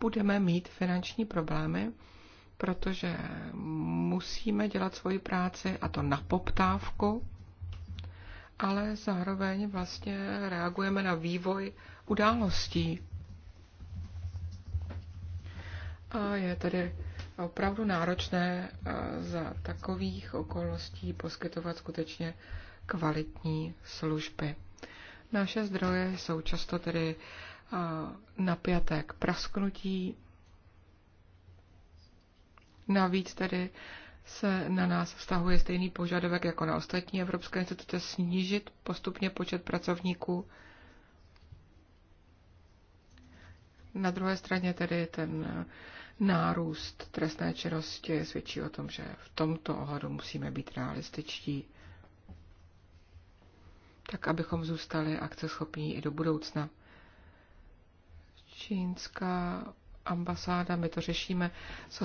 budeme mít finanční problémy, protože musíme dělat svoji práci a to na poptávku, ale zároveň vlastně reagujeme na vývoj událostí. A je tady opravdu náročné eh, za takových okolností poskytovat skutečně kvalitní služby. Naše zdroje jsou často tedy eh, napjaté k prasknutí. Navíc tedy se na nás vztahuje stejný požadavek jako na ostatní evropské instituce snížit postupně počet pracovníků. Na druhé straně tedy ten nárůst trestné činnosti svědčí o tom, že v tomto ohledu musíme být realističtí, tak abychom zůstali akceschopní i do budoucna. Čínská ambasáda, my to řešíme s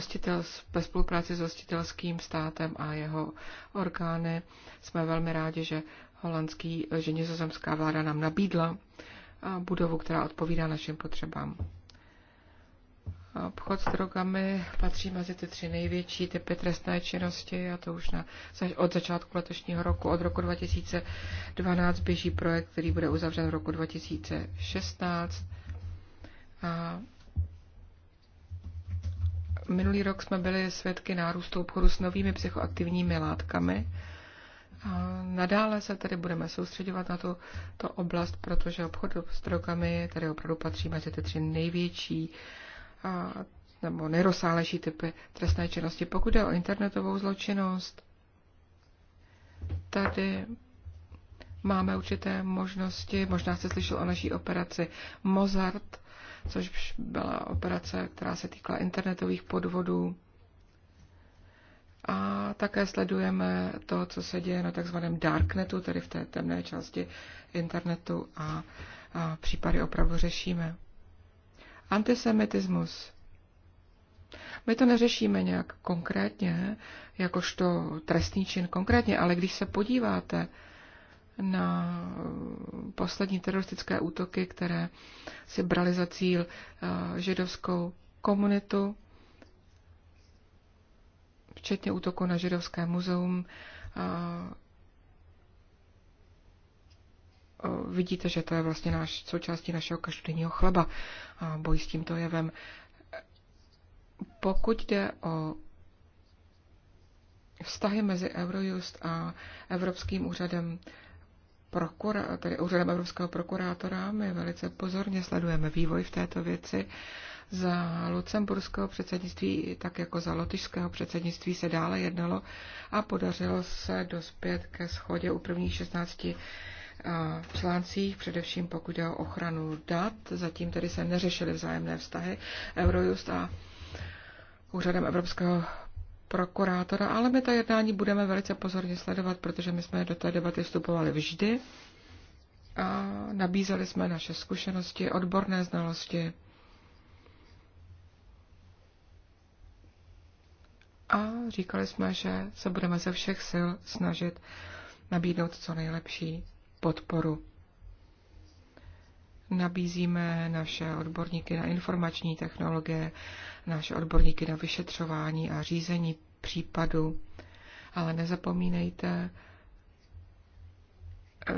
ve spolupráci s hostitelským státem a jeho orgány. Jsme velmi rádi, že holandský, že nizozemská vláda nám nabídla budovu, která odpovídá našim potřebám. Obchod s drogami patří mezi ty tři největší typy trestné činnosti a to už na, od začátku letošního roku. Od roku 2012 běží projekt, který bude uzavřen v roku 2016. A minulý rok jsme byli svědky nárůstu obchodu s novými psychoaktivními látkami. A nadále se tedy budeme soustředovat na tu to oblast, protože obchod s drogami tady opravdu patří mezi ty tři největší a, nebo nejrozsáhlejší typy trestné činnosti. Pokud jde o internetovou zločinnost, tady máme určité možnosti. Možná jste slyšel o naší operaci Mozart, což byla operace, která se týkala internetových podvodů. A také sledujeme to, co se děje na takzvaném darknetu, tedy v té temné části internetu a, a případy opravdu řešíme. Antisemitismus. My to neřešíme nějak konkrétně, jakožto trestný čin konkrétně, ale když se podíváte na poslední teroristické útoky, které si brali za cíl eh, židovskou komunitu, včetně útoku na židovské muzeum, eh, vidíte, že to je vlastně náš, součástí našeho každodenního chleba. A boj s tímto jevem. Pokud jde o vztahy mezi Eurojust a Evropským úřadem prokura, tedy úřadem Evropského prokurátora, my velice pozorně sledujeme vývoj v této věci. Za lucemburského předsednictví, tak jako za lotyšského předsednictví se dále jednalo a podařilo se dospět ke schodě u prvních 16 článcích, především pokud jde o ochranu dat. Zatím tedy se neřešily vzájemné vztahy Eurojust a úřadem Evropského prokurátora, ale my ta jednání budeme velice pozorně sledovat, protože my jsme do té debaty vstupovali vždy a nabízeli jsme naše zkušenosti, odborné znalosti. A říkali jsme, že se budeme ze všech sil snažit nabídnout co nejlepší podporu. Nabízíme naše odborníky na informační technologie, naše odborníky na vyšetřování a řízení případu, ale nezapomínejte,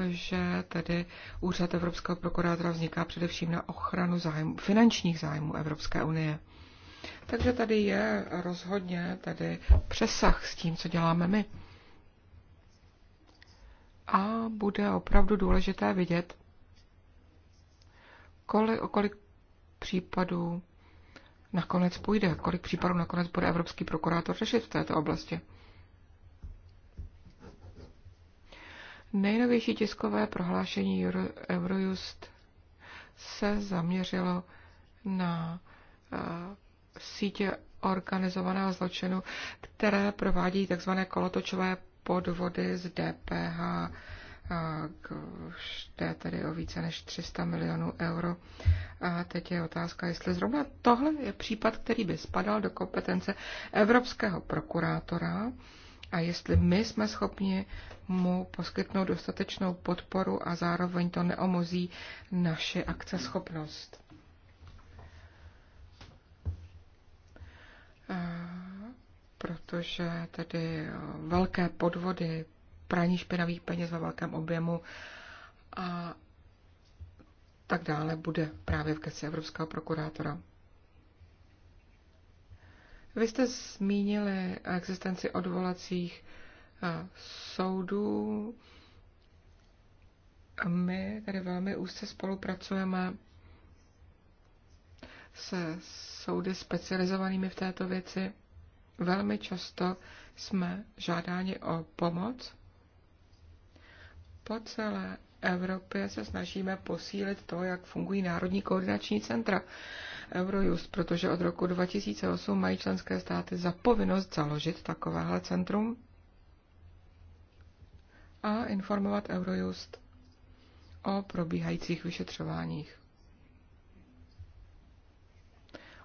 že tedy úřad Evropského prokurátora vzniká především na ochranu zájmu, finančních zájmů Evropské unie. Takže tady je rozhodně tady přesah s tím, co děláme my. A bude opravdu důležité vidět, kolik, o kolik případů nakonec půjde, kolik případů nakonec bude evropský prokurátor řešit v této oblasti. Nejnovější tiskové prohlášení Eurojust se zaměřilo na eh, sítě organizovaného zločinu, které provádí tzv. kolotočové podvody z DPH, jde tedy o více než 300 milionů euro. A teď je otázka, jestli zrovna tohle je případ, který by spadal do kompetence evropského prokurátora a jestli my jsme schopni mu poskytnout dostatečnou podporu a zároveň to neomozí naše akceschopnost. A protože tedy eh, velké podvody, praní špinavých peněz ve velkém objemu a tak dále bude právě v gesti Evropského prokurátora. Vy jste zmínili existenci odvolacích eh, soudů. My tady velmi úzce spolupracujeme se soudy specializovanými v této věci velmi často jsme žádáni o pomoc. Po celé Evropě se snažíme posílit to, jak fungují národní koordinační centra Eurojust, protože od roku 2008 mají členské státy za povinnost založit takovéhle centrum a informovat Eurojust o probíhajících vyšetřováních,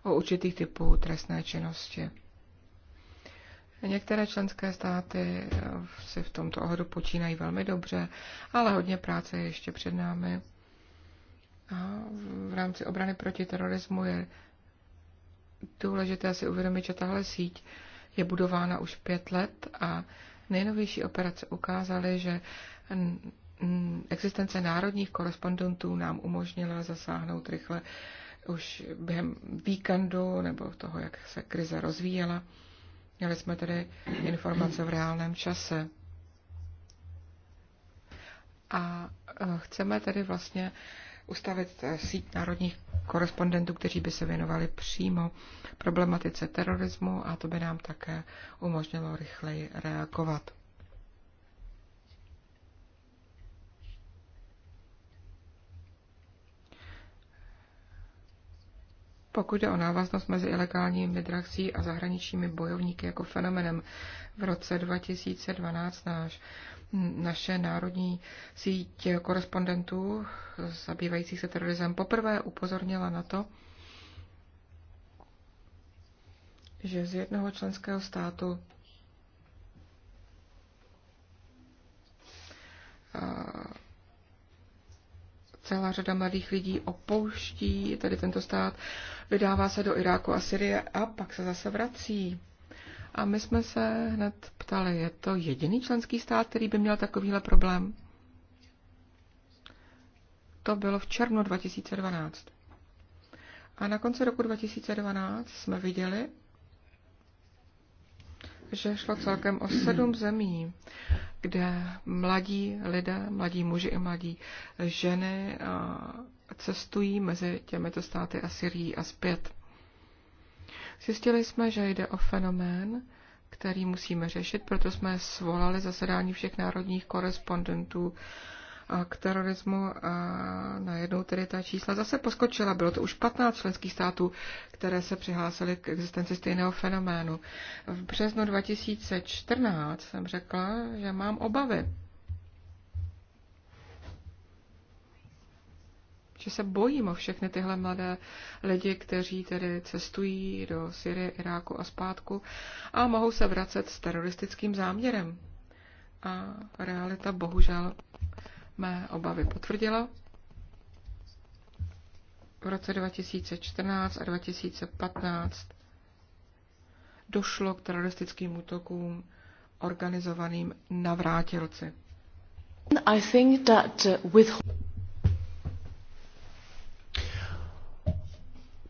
o určitých typů trestné činnosti. Některé členské státy eh, si v tomto ohledu počínají velmi dobře, ale hodně práce je ještě před námi. A v rámci obrany proti terorismu je důležité si uvědomit, že tahle síť je budována už pět let a nejnovější operace ukázaly, že existence národních korespondentů nám umožnila zasáhnout rychle už během víkendu nebo toho, jak se krize rozvíjela. Měli jsme tedy informace v reálném čase. A e, chceme tedy vlastně ustavit e, síť národních korespondentů, kteří by se věnovali přímo problematice terorismu a to by nám také umožnilo rychleji reagovat. Pokud je o návaznost mezi ilegální migrací a zahraničními bojovníky jako fenomenem, v roce 2012 náš, naše národní síť korespondentů zabývajících se terorismem poprvé upozornila na to, že z jednoho členského státu celá řada mladých lidí opouští tady tento stát, vydává se do Iráku a Syrie a pak se zase vrací. A my jsme se hned ptali, je to jediný členský stát, který by měl takovýhle problém? To bylo v červnu 2012. A na konci roku 2012 jsme viděli, že šlo celkem o sedm zemí, kde mladí lidé, mladí muži i mladí ženy cestují mezi těmito státy a Syrií a zpět. Zjistili jsme, že jde o fenomén, který musíme řešit, proto jsme svolali zasedání všech národních korespondentů k terorismu a najednou tedy ta čísla zase poskočila. Bylo to už 15 členských států, které se přihlásily k existenci stejného fenoménu. V březnu 2014 jsem řekla, že mám obavy. že se bojím o všechny tyhle mladé lidi, kteří tedy cestují do Syrie, Iráku a zpátku a mohou se vracet s teroristickým záměrem. A realita bohužel mé obavy potvrdilo. V roce 2014 a 2015 došlo k teroristickým útokům organizovaným navrátilci. I think that uh, with...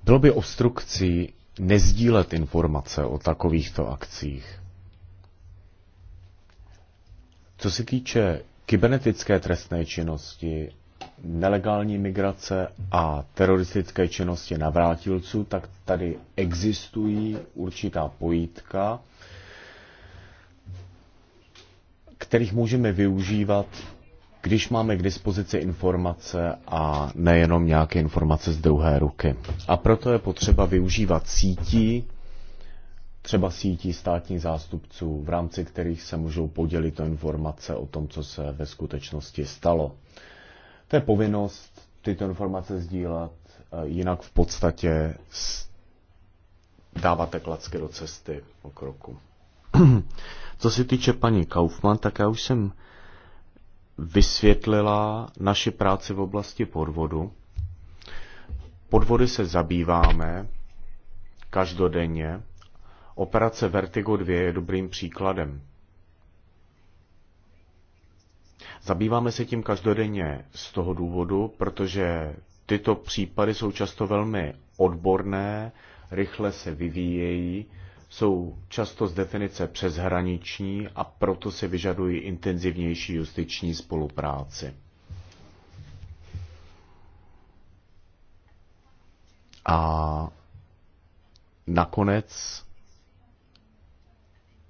Bylo by obstrukcí nezdílet informace o takovýchto akcích. Co se týče kybernetické trestné činnosti, nelegální migrace a teroristické činnosti navrátilců, tak tady existují určitá pojítka, kterých můžeme využívat, když máme k dispozici informace a nejenom nějaké informace z druhé ruky. A proto je potřeba využívat sítí, třeba sítí státních zástupců, v rámci kterých se můžou podělit o informace o tom, co se ve skutečnosti stalo. To je povinnost tyto informace sdílet, eh, jinak v podstatě dáváte klacky do cesty o kroku. Co se týče paní Kaufmann, tak já už jsem vysvětlila naši práci v oblasti podvodu. Podvody se zabýváme každodenně, Operace Vertigo 2 je dobrým příkladem. Zabýváme se tím každodenně z toho důvodu, protože tyto případy jsou často velmi odborné, rychle se vyvíjejí, jsou často z definice přeshraniční a proto se vyžadují intenzivnější justiční spolupráci. A nakonec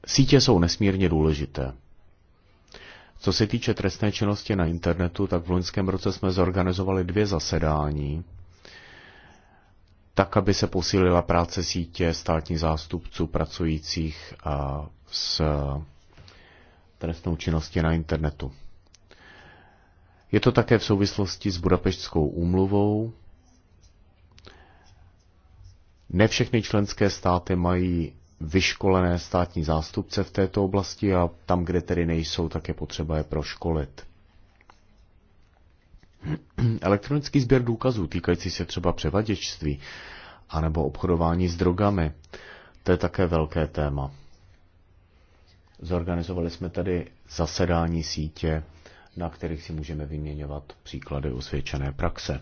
Sítě jsou nesmírně důležité. Co se týče trestné činnosti na internetu, tak v loňském roce jsme zorganizovali dvě zasedání, tak, aby se posílila práce sítě státních zástupců pracujících s trestnou činností na internetu. Je to také v souvislosti s Budapeštskou úmluvou. Ne všechny členské státy mají vyškolené státní zástupce v této oblasti a tam, kde tedy nejsou, tak je potřeba je proškolit. Elektronický sběr důkazů týkající se třeba převaděčství anebo obchodování s drogami, to je také velké téma. Zorganizovali jsme tady zasedání sítě, na kterých si můžeme vyměňovat příklady osvědčené praxe.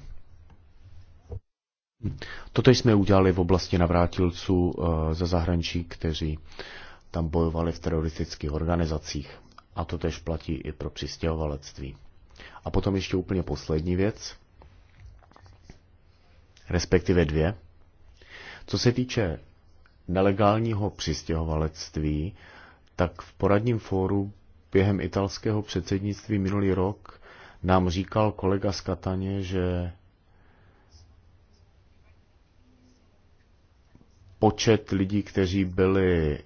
Toto jsme udělali v oblasti navrátilců eh, ze zahraničí, kteří tam bojovali v teroristických organizacích. A to tež platí i pro přistěhovalectví. A potom ještě úplně poslední věc, respektive dvě. Co se týče nelegálního přistěhovalectví, tak v poradním fóru během italského předsednictví minulý rok nám říkal kolega z Kataně, že počet lidí, kteří byli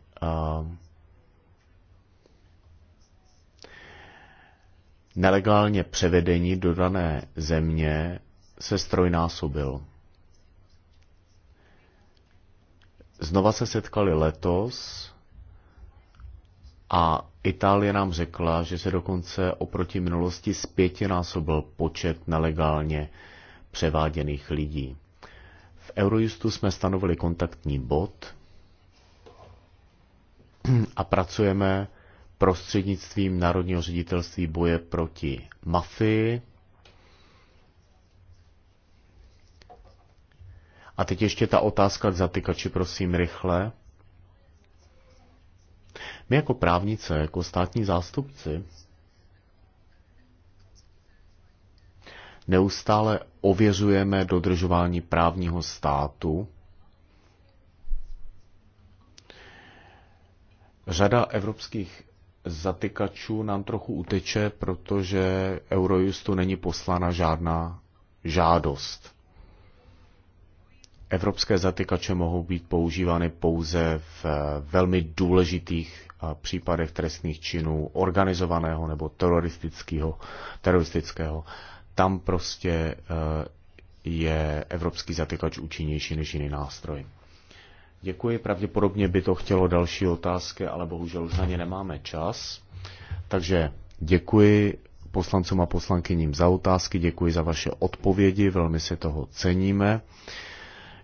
nelegálně převedení do dané země se strojnásobil. Znova se setkali letos a Itálie nám řekla, že se dokonce oproti minulosti zpětinásobil počet nelegálně převáděných lidí. V Eurojustu jsme stanovili kontaktní bod a pracujeme prostřednictvím Národního ředitelství boje proti mafii. A teď ještě ta otázka k zatykači, prosím, rychle. My jako právnice, jako státní zástupci, neustále ověřujeme dodržování právního státu. Řada evropských zatykačů nám trochu uteče, protože Eurojustu není poslána žádná žádost. Evropské zatykače mohou být používány pouze v velmi důležitých případech trestných činů organizovaného nebo teroristického, teroristického tam prostě eh, je evropský zatykač účinnější než jiný nástroj. Děkuji, pravděpodobně by to chtělo další otázky, ale bohužel už na ně nemáme čas. Takže děkuji poslancům a poslankyním za otázky, děkuji za vaše odpovědi, velmi si toho ceníme.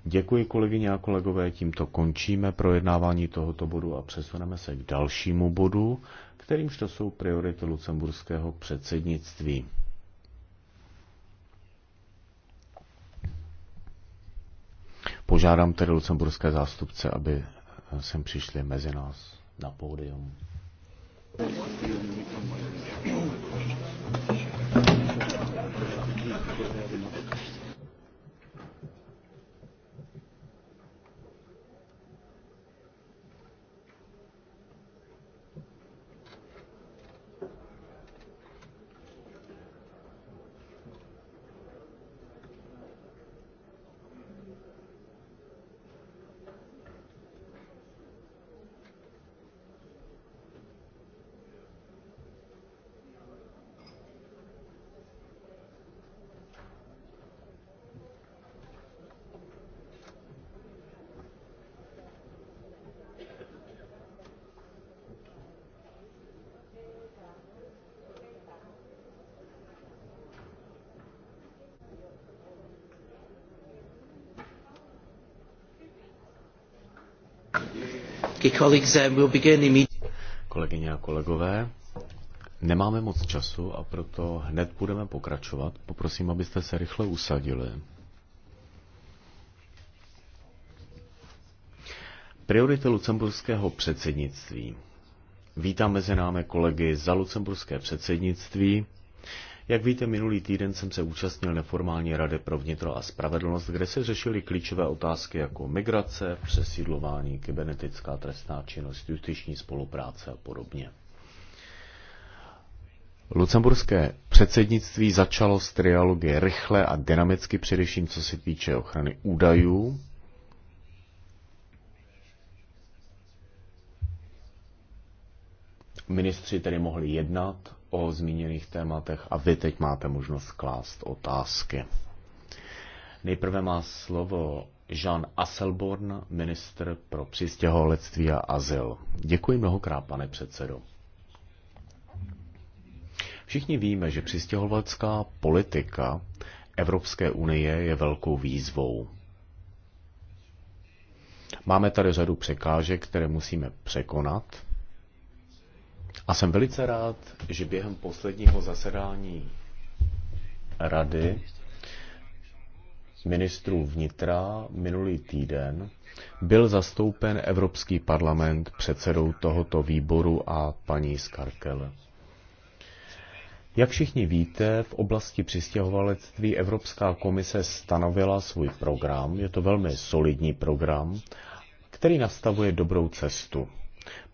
Děkuji kolegyně a kolegové, tímto končíme projednávání tohoto bodu a přesuneme se k dalšímu bodu, kterýmž to jsou priority lucemburského předsednictví. Požádám tedy lucemburské zástupce, aby eh, sem přišli mezi nás na pódium. Uh, Kolegyně a kolegové, nemáme moc času a proto hned budeme pokračovat. Poprosím, abyste se rychle usadili. Priority lucemburského předsednictví. Vítám mezi námi kolegy za lucemburské předsednictví. Jak víte, minulý týden jsem se účastnil neformální rady pro vnitro a spravedlnost, kde se řešily klíčové otázky jako migrace, přesídlování, kybernetická trestná činnost, justiční spolupráce a podobně. Lucemburské předsednictví začalo s trialogy rychle a dynamicky, především co se týče ochrany údajů. Ministři tedy mohli jednat o zmíněných tématech a vy teď máte možnost klást otázky. Nejprve má slovo Jean Asselborn, minister pro přistěhovalectví a azyl. Děkuji mnohokrát, pane předsedo. Všichni víme, že přistěhovalecká politika Evropské unie je velkou výzvou. Máme tady řadu překážek, které musíme překonat – a jsem velice rád, že během posledního zasedání rady ministrů vnitra minulý týden byl zastoupen Evropský parlament předsedou tohoto výboru a paní Skarkel. Jak všichni víte, v oblasti přistěhovalectví Evropská komise stanovila svůj program. Je to velmi solidní program, který nastavuje dobrou cestu.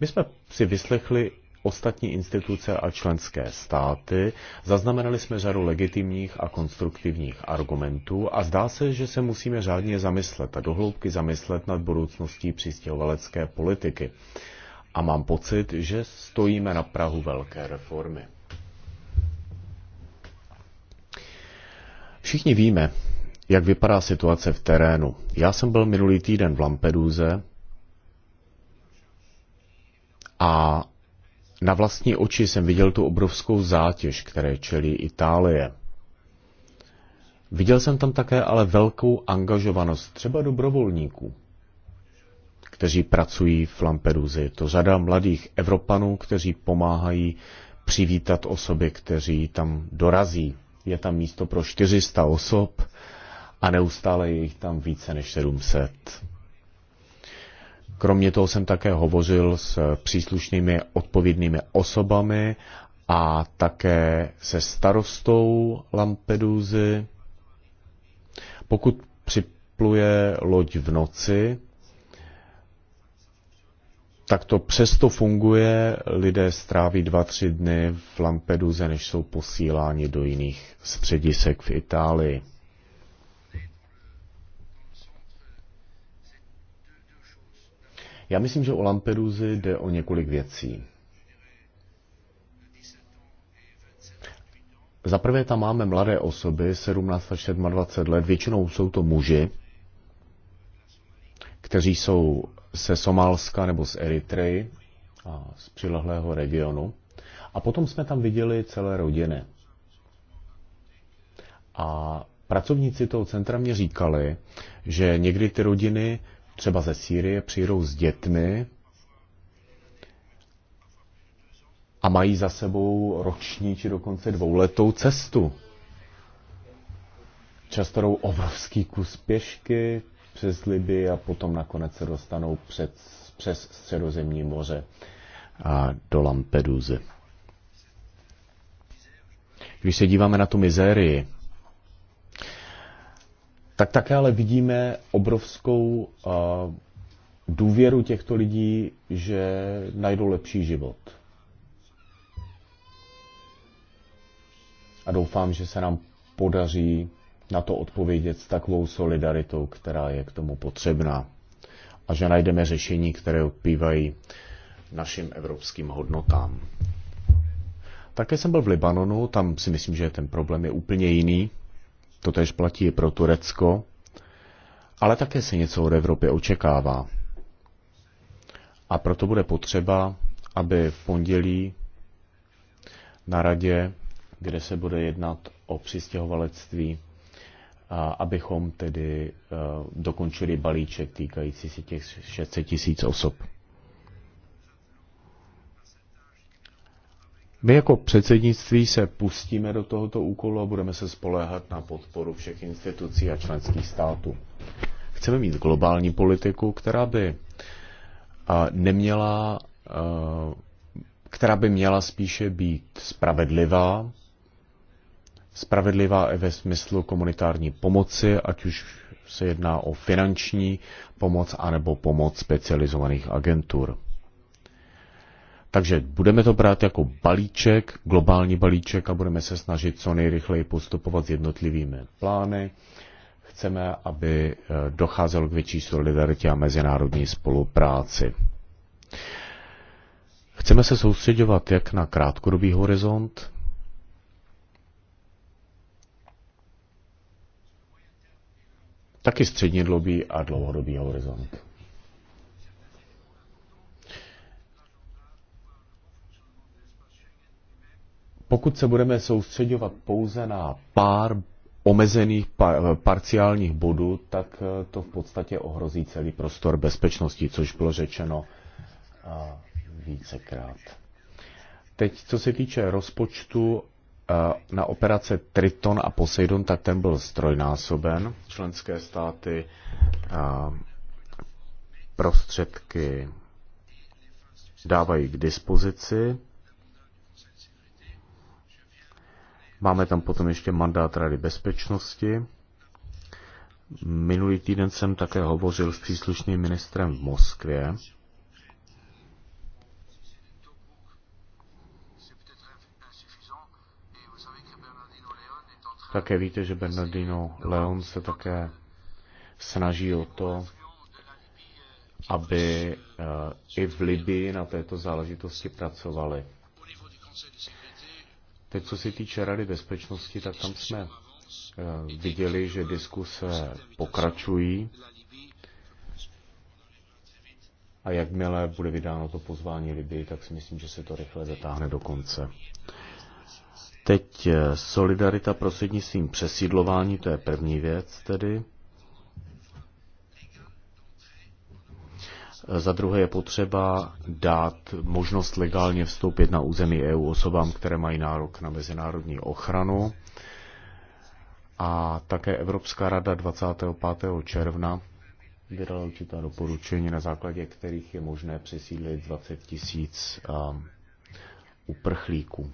My jsme si vyslechli ostatní instituce a členské státy. Zaznamenali jsme řadu legitimních a konstruktivních argumentů a zdá se, že se musíme řádně zamyslet a dohloubky zamyslet nad budoucností přistěhovalecké politiky. A mám pocit, že stojíme na Prahu velké reformy. Všichni víme, jak vypadá situace v terénu. Já jsem byl minulý týden v Lampeduze a na vlastní oči jsem viděl tu obrovskou zátěž, které čelí Itálie. Viděl jsem tam také ale velkou angažovanost třeba dobrovolníků, kteří pracují v Lampeduzi. Je to řada mladých Evropanů, kteří pomáhají přivítat osoby, kteří tam dorazí. Je tam místo pro 400 osob a neustále je jich tam více než 700. Kromě toho jsem také hovořil s příslušnými odpovědnými osobami a také se starostou Lampeduzy. Pokud připluje loď v noci, tak to přesto funguje. Lidé stráví dva, tři dny v Lampeduze, než jsou posíláni do jiných středisek v Itálii. Já myslím, že o Lampeduzy jde o několik věcí. Za prvé tam máme mladé osoby, 17 až 27 let, většinou jsou to muži, kteří jsou se Somálska nebo z Eritreji, a z přilehlého regionu. A potom jsme tam viděli celé rodiny. A pracovníci toho centra mě říkali, že někdy ty rodiny třeba ze Sýrie přijdou s dětmi a mají za sebou roční či dokonce dvouletou cestu. Často jdou obrovský kus pěšky přes Liby a potom nakonec se dostanou před, přes středozemní moře a do Lampeduzy. Když se díváme na tu mizérii, tak také ale vidíme obrovskou důvěru těchto lidí, že najdou lepší život. A doufám, že se nám podaří na to odpovědět s takovou solidaritou, která je k tomu potřebná. A že najdeme řešení, které odpívají našim evropským hodnotám. Také jsem byl v Libanonu, tam si myslím, že ten problém je úplně jiný. To tež platí i pro Turecko, ale také se něco od Evropy očekává. A proto bude potřeba, aby v pondělí na radě, kde se bude jednat o přistěhovalectví, a abychom tedy e, dokončili balíček týkající se těch 600 tisíc osob. My jako předsednictví se pustíme do tohoto úkolu a budeme se spoléhat na podporu všech institucí a členských států. Chceme mít globální politiku, která by eh, neměla, eh, která by měla spíše být spravedlivá, spravedlivá i ve smyslu komunitární pomoci, ať už se jedná o finanční pomoc anebo pomoc specializovaných agentur. Takže budeme to brát jako balíček, globální balíček a budeme se snažit co nejrychleji postupovat s jednotlivými plány. Chceme, aby eh, docházelo k větší solidaritě a mezinárodní spolupráci. Chceme se soustředovat jak na krátkodobý horizont, taky střednědlobý a dlouhodobý horizont. pokud se budeme soustředovat pouze na pár omezených par, eh, parciálních bodů, tak eh, to v podstatě ohrozí celý prostor bezpečnosti, což bylo řečeno eh, vícekrát. Teď, co se týče rozpočtu na operace Triton a Poseidon, tak ten byl strojnásoben. Členské státy prostředky dávají k dispozici. Máme tam potom ještě mandát Rady bezpečnosti. Minulý týden jsem také hovořil s příslušným ministrem v Moskvě. Také víte, že Bernardino Leon se také snaží o to, aby eh, i v Libii na této záležitosti pracovali. Teď, co se týče Rady bezpečnosti, tak tam jsme eh, viděli, že diskuse pokračují a jakmile bude vydáno to pozvání Libii, tak si myslím, že se to rychle zatáhne do konce. Teď eh, solidarita prostřednictvím přesídlování, to je první věc tedy. Za druhé je potřeba dát možnost legálně vstoupit na území EU osobám, které mají nárok na mezinárodní ochranu. A také Evropská rada 25. června vydala určitá doporučení, na základě kterých je možné přesídlit 20 tisíc um, uprchlíků.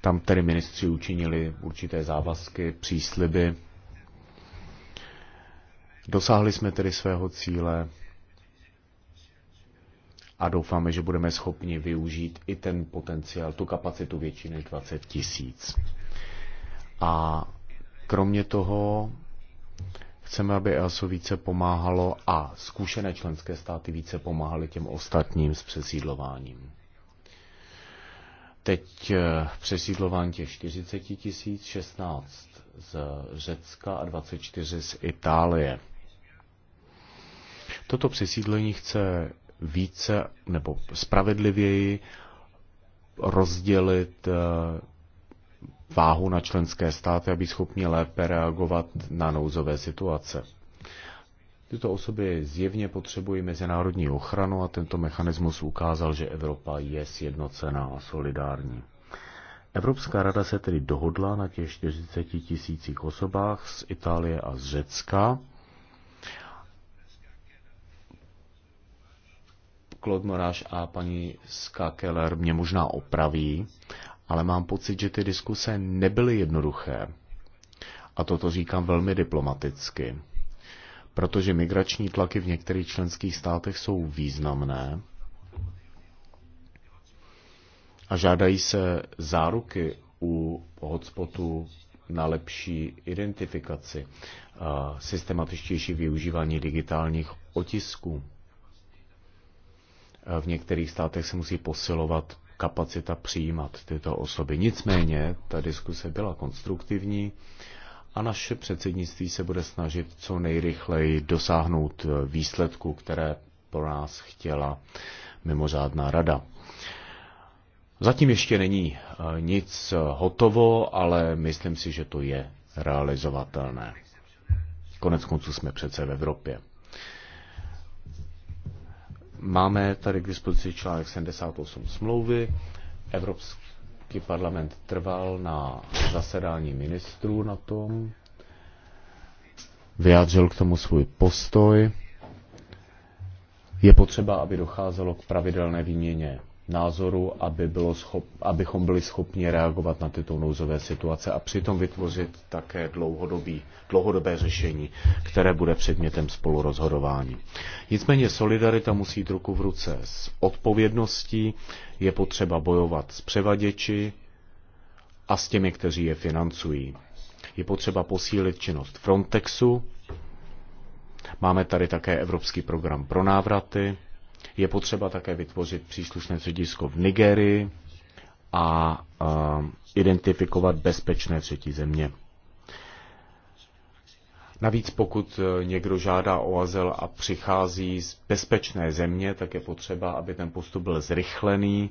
Tam tedy ministři učinili určité závazky, přísliby, Dosáhli jsme tedy svého cíle a doufáme, že budeme schopni využít i ten potenciál, tu kapacitu větší než 20 tisíc. A kromě toho chceme, aby EASO více pomáhalo a zkušené členské státy více pomáhaly těm ostatním s přesídlováním. Teď eh, přesídlování těch 40 tisíc, 16 z Řecka a 24 z Itálie. Toto přesídlení chce více nebo spravedlivěji rozdělit eh, váhu na členské státy, aby schopni lépe reagovat na nouzové situace. Tyto osoby zjevně potřebují mezinárodní ochranu a tento mechanismus ukázal, že Evropa je sjednocená a solidární. Evropská rada se tedy dohodla na těch 40 tisících osobách z Itálie a z Řecka Claude Moraš a paní Ska Keller mě možná opraví, ale mám pocit, že ty diskuse nebyly jednoduché. A toto říkám velmi diplomaticky. Protože migrační tlaky v některých členských státech jsou významné a žádají se záruky u hotspotu na lepší identifikaci, systematičtější využívání digitálních otisků v některých státech se musí posilovat kapacita přijímat tyto osoby. Nicméně ta diskuse byla konstruktivní a naše předsednictví se bude snažit co nejrychleji dosáhnout výsledku, které pro nás chtěla mimořádná rada. Zatím ještě není eh, nic hotovo, ale myslím si, že to je realizovatelné. Konec konců jsme přece v Evropě. Máme tady k dispozici článek 78 smlouvy. Evropský parlament trval na zasedání ministrů na tom, vyjádřil k tomu svůj postoj. Je potřeba, aby docházelo k pravidelné výměně názoru, aby bylo schop, abychom byli schopni reagovat na tyto nouzové situace a přitom vytvořit také dlouhodobý, dlouhodobé řešení, které bude předmětem spolurozhodování. Nicméně solidarita musí jít ruku v ruce s odpovědností, je potřeba bojovat s převaděči a s těmi, kteří je financují. Je potřeba posílit činnost Frontexu, máme tady také Evropský program pro návraty, je potřeba také vytvořit příslušné středisko v Nigerii a identifikovat bezpečné třetí země. Navíc pokud e, někdo žádá o azyl a přichází z bezpečné země, tak je potřeba, aby ten postup byl zrychlený,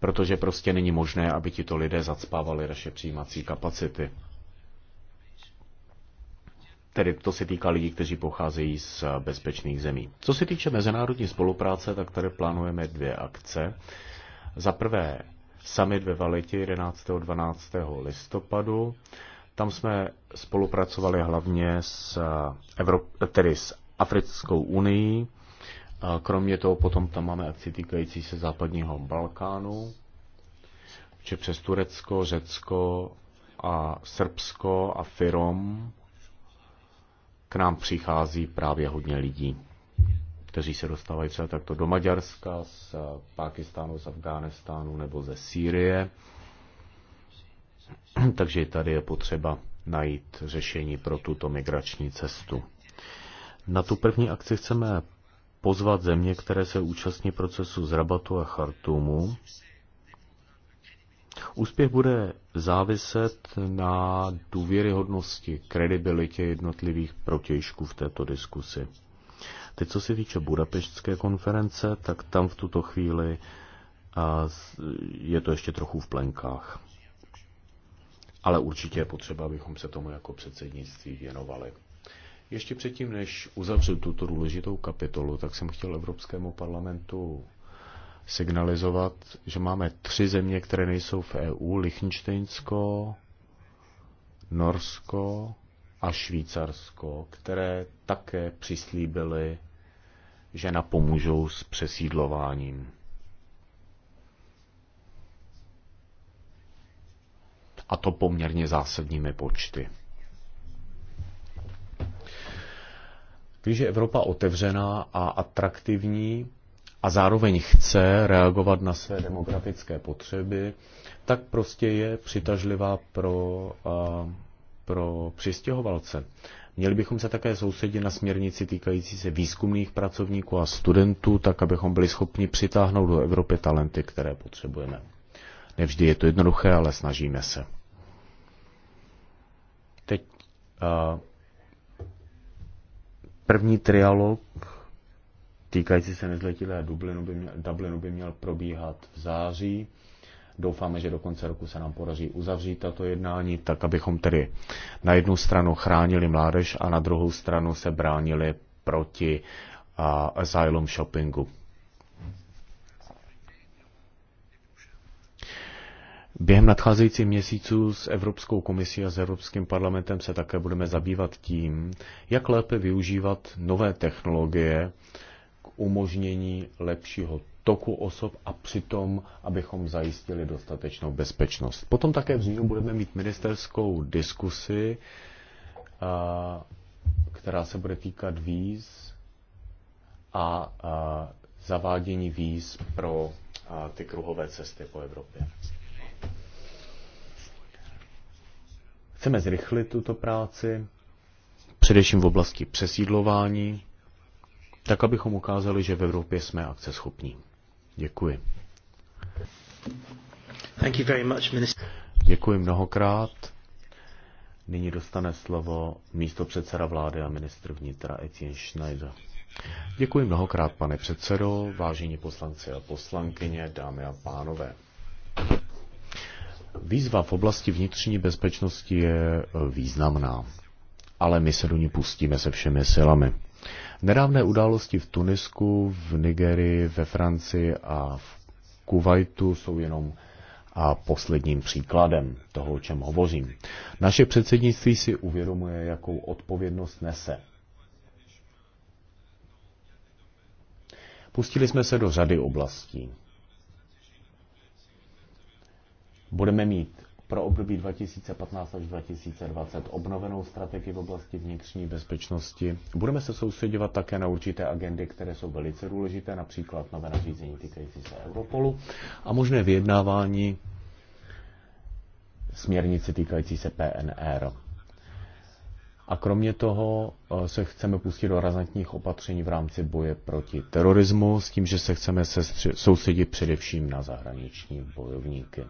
protože prostě není možné, aby tito lidé zacpávali naše přijímací kapacity. Tedy to se týká lidí, kteří pocházejí z bezpečných zemí. Co se týče mezinárodní spolupráce, tak tady plánujeme dvě akce. Za prvé summit ve Valeti 11. a 12. listopadu. Tam jsme spolupracovali hlavně s, Evrop- tedy s Africkou unii. Kromě toho potom tam máme akci týkající se západního Balkánu, či přes Turecko, Řecko a Srbsko a Firom k nám přichází právě hodně lidí, kteří se dostávají třeba takto do Maďarska, z Pákistánu, z Afghánistánu nebo ze Sýrie. Takže tady je potřeba najít řešení pro tuto migrační cestu. Na tu první akci chceme pozvat země, které se účastní procesu z Rabatu a Chartumu, Úspěch bude záviset na důvěryhodnosti, kredibilitě jednotlivých protějšků v této diskusi. Teď, co se týče budapeštské konference, tak tam v tuto chvíli je to ještě trochu v plenkách. Ale určitě je potřeba, abychom se tomu jako předsednictví věnovali. Ještě předtím, než uzavřu tuto důležitou kapitolu, tak jsem chtěl Evropskému parlamentu signalizovat, že máme tři země, které nejsou v EU, Lichtensteinsko, Norsko a Švýcarsko, které také přislíbily, že napomůžou s přesídlováním. A to poměrně zásadními počty. Když je Evropa otevřená a atraktivní, a zároveň chce reagovat na své demografické potřeby, tak prostě je přitažlivá pro, pro přistěhovalce. Měli bychom se také soustředit na směrnici týkající se výzkumných pracovníků a studentů, tak abychom byli schopni přitáhnout do Evropy talenty, které potřebujeme. Nevždy je to jednoduché, ale snažíme se. Teď a, první trialog týkající se nezletilé Dublinu by měl, Dublinu by měl probíhat v září. Doufáme, že do konce roku se nám podaří uzavřít tato jednání, tak abychom tedy na jednu stranu chránili mládež a na druhou stranu se bránili proti a, asylum shoppingu. Během nadcházejících měsíců s Evropskou komisí a s Evropským parlamentem se také budeme zabývat tím, jak lépe využívat nové technologie umožnění lepšího toku osob a přitom, abychom zajistili dostatečnou bezpečnost. Potom také v říjnu budeme mít ministerskou diskusi, která se bude týkat víz a zavádění víz pro ty kruhové cesty po Evropě. Chceme zrychlit tuto práci, především v oblasti přesídlování, tak abychom ukázali, že v Evropě jsme akceschopní. Děkuji. Thank you very much, Děkuji mnohokrát. Nyní dostane slovo místo předseda vlády a ministr vnitra Etienne Schneider. Děkuji mnohokrát, pane předsedo, vážení poslanci a poslankyně, dámy a pánové. Výzva v oblasti vnitřní bezpečnosti je e, významná, ale my se do ní pustíme se všemi silami. Nedávné události v Tunisku, v Nigerii, ve Francii a v Kuwaitu jsou jenom a posledním příkladem toho, o čem hovořím. Naše předsednictví si uvědomuje, jakou odpovědnost nese. Pustili jsme se do řady oblastí. Budeme mít pro období 2015 až 2020 obnovenou strategii v oblasti vnitřní bezpečnosti. Budeme se soustředovat také na určité agendy, které jsou velice důležité, například nové nařízení týkající se Europolu a možné vyjednávání směrnice týkající se PNR. A kromě toho eh, se chceme pustit do razantních opatření v rámci boje proti terorismu s tím, že se chceme soustředit především na zahraniční bojovníky.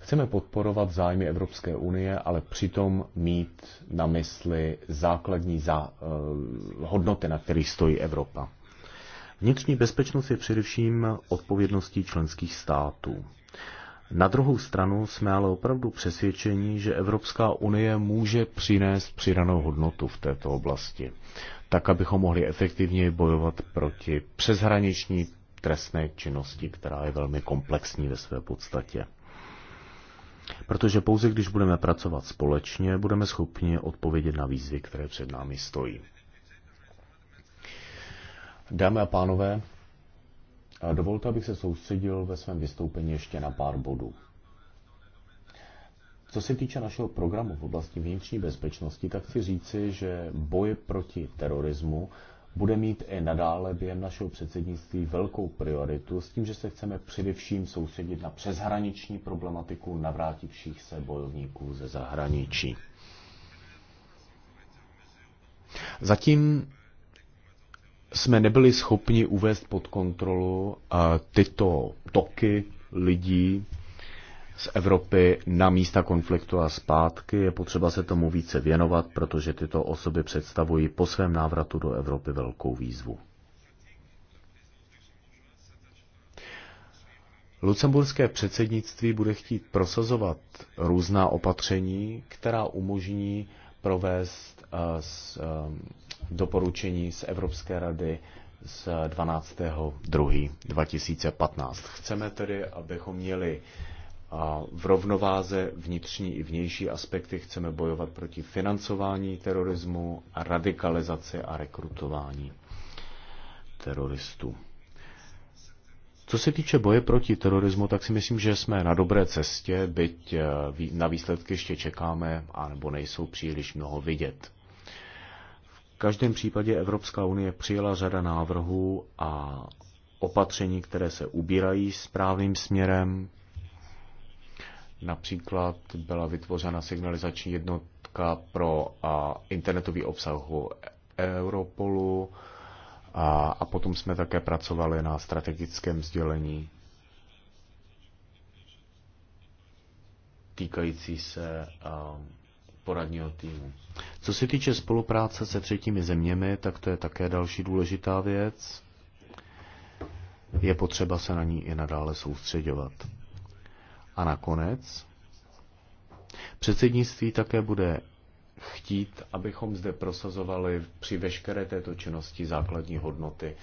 Chceme podporovat zájmy Evropské unie, ale přitom mít na mysli základní zá, eh, hodnoty, na kterých stojí Evropa. Vnitřní bezpečnost je především odpovědností členských států. Na druhou stranu jsme ale opravdu přesvědčeni, že Evropská unie může přinést přidanou hodnotu v této oblasti, tak abychom mohli efektivněji bojovat proti přeshraniční trestné činnosti, která je velmi komplexní ve své podstatě protože pouze když budeme pracovat společně, budeme schopni odpovědět na výzvy, které před námi stojí. Dámy a pánové, dovolte, abych se soustředil ve svém vystoupení ještě na pár bodů. Co se týče našeho programu v oblasti vnitřní bezpečnosti, tak chci říci, že boj proti terorismu bude mít i nadále během našeho předsednictví velkou prioritu s tím, že se chceme především soustředit na přeshraniční problematiku navrátivších se bojovníků ze zahraničí. Zatím jsme nebyli schopni uvést pod kontrolu eh, tyto toky lidí z Evropy na místa konfliktu a zpátky. Je potřeba se tomu více věnovat, protože tyto osoby představují po svém návratu do Evropy velkou výzvu. Lucemburské předsednictví bude chtít prosazovat různá opatření, která umožní provést z eh, eh, doporučení z Evropské rady z 12.2.2015. Chceme tedy, abychom měli a v rovnováze vnitřní i vnější aspekty chceme bojovat proti financování terorismu a radikalizaci a rekrutování teroristů. Co se týče boje proti terorismu, tak si myslím, že jsme na dobré cestě, byť eh, na výsledky ještě čekáme, anebo nejsou příliš mnoho vidět. V každém případě Evropská unie přijela řada návrhů a opatření, které se ubírají správným směrem. Například byla vytvořena signalizační jednotka pro a, internetový obsah Europolu a, a potom jsme také pracovali na strategickém sdělení týkající se a, poradního týmu. Co se týče spolupráce se třetími zeměmi, tak to je také další důležitá věc. Je potřeba se na ní i nadále soustředovat. A nakonec předsednictví také bude chtít, abychom zde prosazovali při veškeré této činnosti základní hodnoty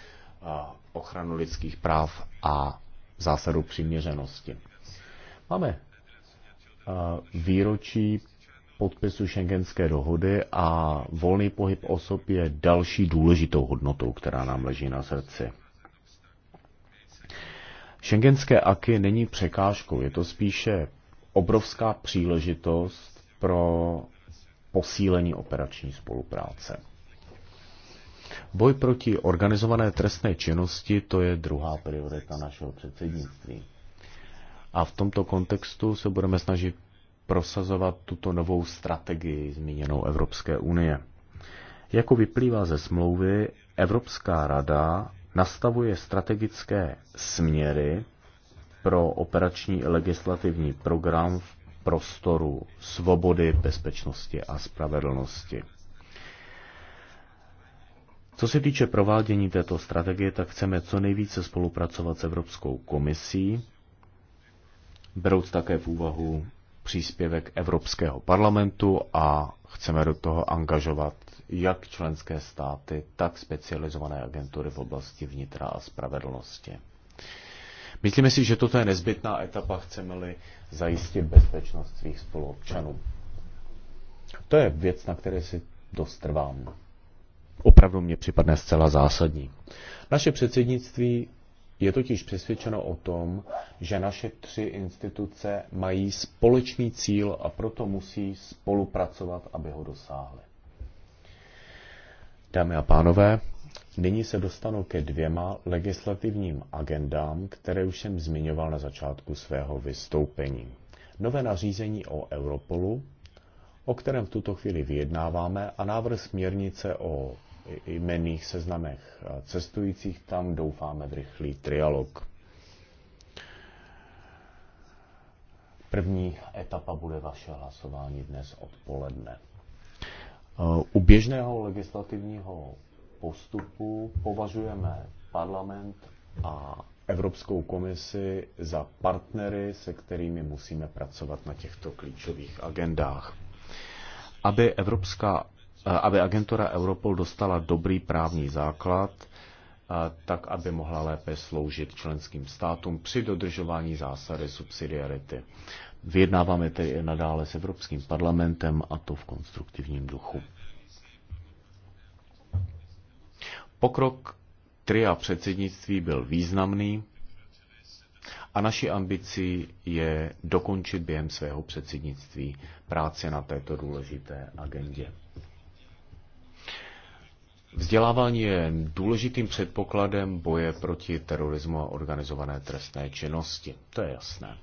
ochranu lidských práv a zásadu přiměřenosti. Máme výročí podpisu šengenské dohody a volný pohyb osob je další důležitou hodnotou, která nám leží na srdci. Schengenské aky není překážkou, je to spíše obrovská příležitost pro posílení operační spolupráce. Boj proti organizované trestné činnosti to je druhá priorita našeho předsednictví. A v tomto kontextu se budeme snažit prosazovat tuto novou strategii zmíněnou Evropské unie. Jako vyplývá ze smlouvy, Evropská rada nastavuje strategické směry pro operační legislativní program v prostoru svobody, bezpečnosti a spravedlnosti. Co se týče provádění této strategie, tak chceme co nejvíce spolupracovat s Evropskou komisí, berout také v úvahu příspěvek Evropského parlamentu a chceme do toho angažovat jak členské státy, tak specializované agentury v oblasti vnitra a spravedlnosti. Myslíme si, že toto je nezbytná etapa, chceme-li zajistit bezpečnost svých spoluobčanů. To je věc, na které si dost trvám. Opravdu mě připadne zcela zásadní. Naše předsednictví je totiž přesvědčeno o tom, že naše tři instituce mají společný cíl a proto musí spolupracovat, aby ho dosáhly. Dámy a pánové, nyní se dostanu ke dvěma legislativním agendám, které už jsem zmiňoval na začátku svého vystoupení. Nové nařízení o Europolu, o kterém v tuto chvíli vyjednáváme, a návrh směrnice o jmenných seznamech cestujících, tam doufáme v rychlý trialog. První etapa bude vaše hlasování dnes odpoledne. Eh, u běžného legislativního postupu považujeme parlament a Evropskou komisi za partnery, se kterými musíme pracovat na těchto klíčových agendách. Aby, Evropská, eh, aby agentura Europol dostala dobrý právní základ, eh, tak aby mohla lépe sloužit členským státům při dodržování zásady subsidiarity. Vyjednáváme tedy i nadále s Evropským parlamentem a to v konstruktivním duchu. Pokrok tria předsednictví byl významný a naší ambicí je dokončit během svého předsednictví práci na této důležité agendě. Vzdělávání je důležitým předpokladem boje proti terorismu a organizované trestné činnosti. To je jasné.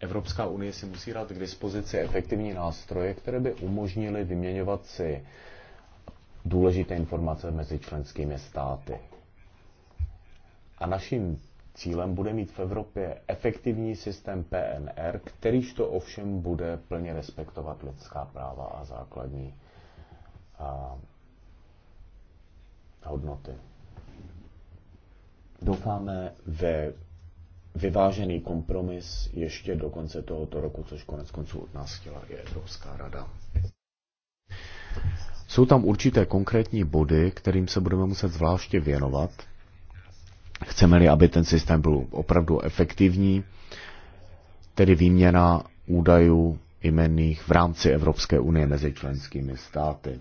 Evropská unie si musí dát k dispozici efektivní nástroje, které by umožnily vyměňovat si důležité informace mezi členskými státy. A naším cílem bude mít v Evropě efektivní systém PNR, kterýž to ovšem bude plně respektovat lidská práva a základní a, hodnoty. Doufáme ve vyvážený kompromis ještě do konce tohoto roku, což konec konců od nás chtěla i Evropská rada. Jsou tam určité konkrétní body, kterým se budeme muset zvláště věnovat. Chceme-li, aby ten systém byl opravdu efektivní, tedy výměna údajů jmenných v rámci Evropské unie mezi členskými státy.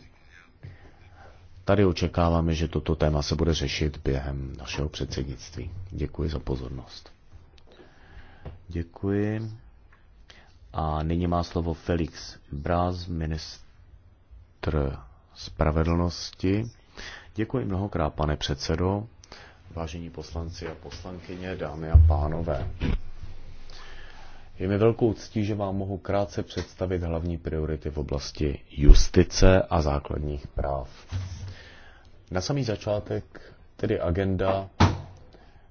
Tady očekáváme, že toto téma se bude řešit během našeho předsednictví. Děkuji za pozornost. Děkuji. A nyní má slovo Felix Braz, ministr spravedlnosti. Děkuji mnohokrát, pane předsedo, vážení poslanci a poslankyně, dámy a pánové. Je mi velkou ctí, že vám mohu krátce představit hlavní priority v oblasti justice a základních práv. Na samý začátek tedy agenda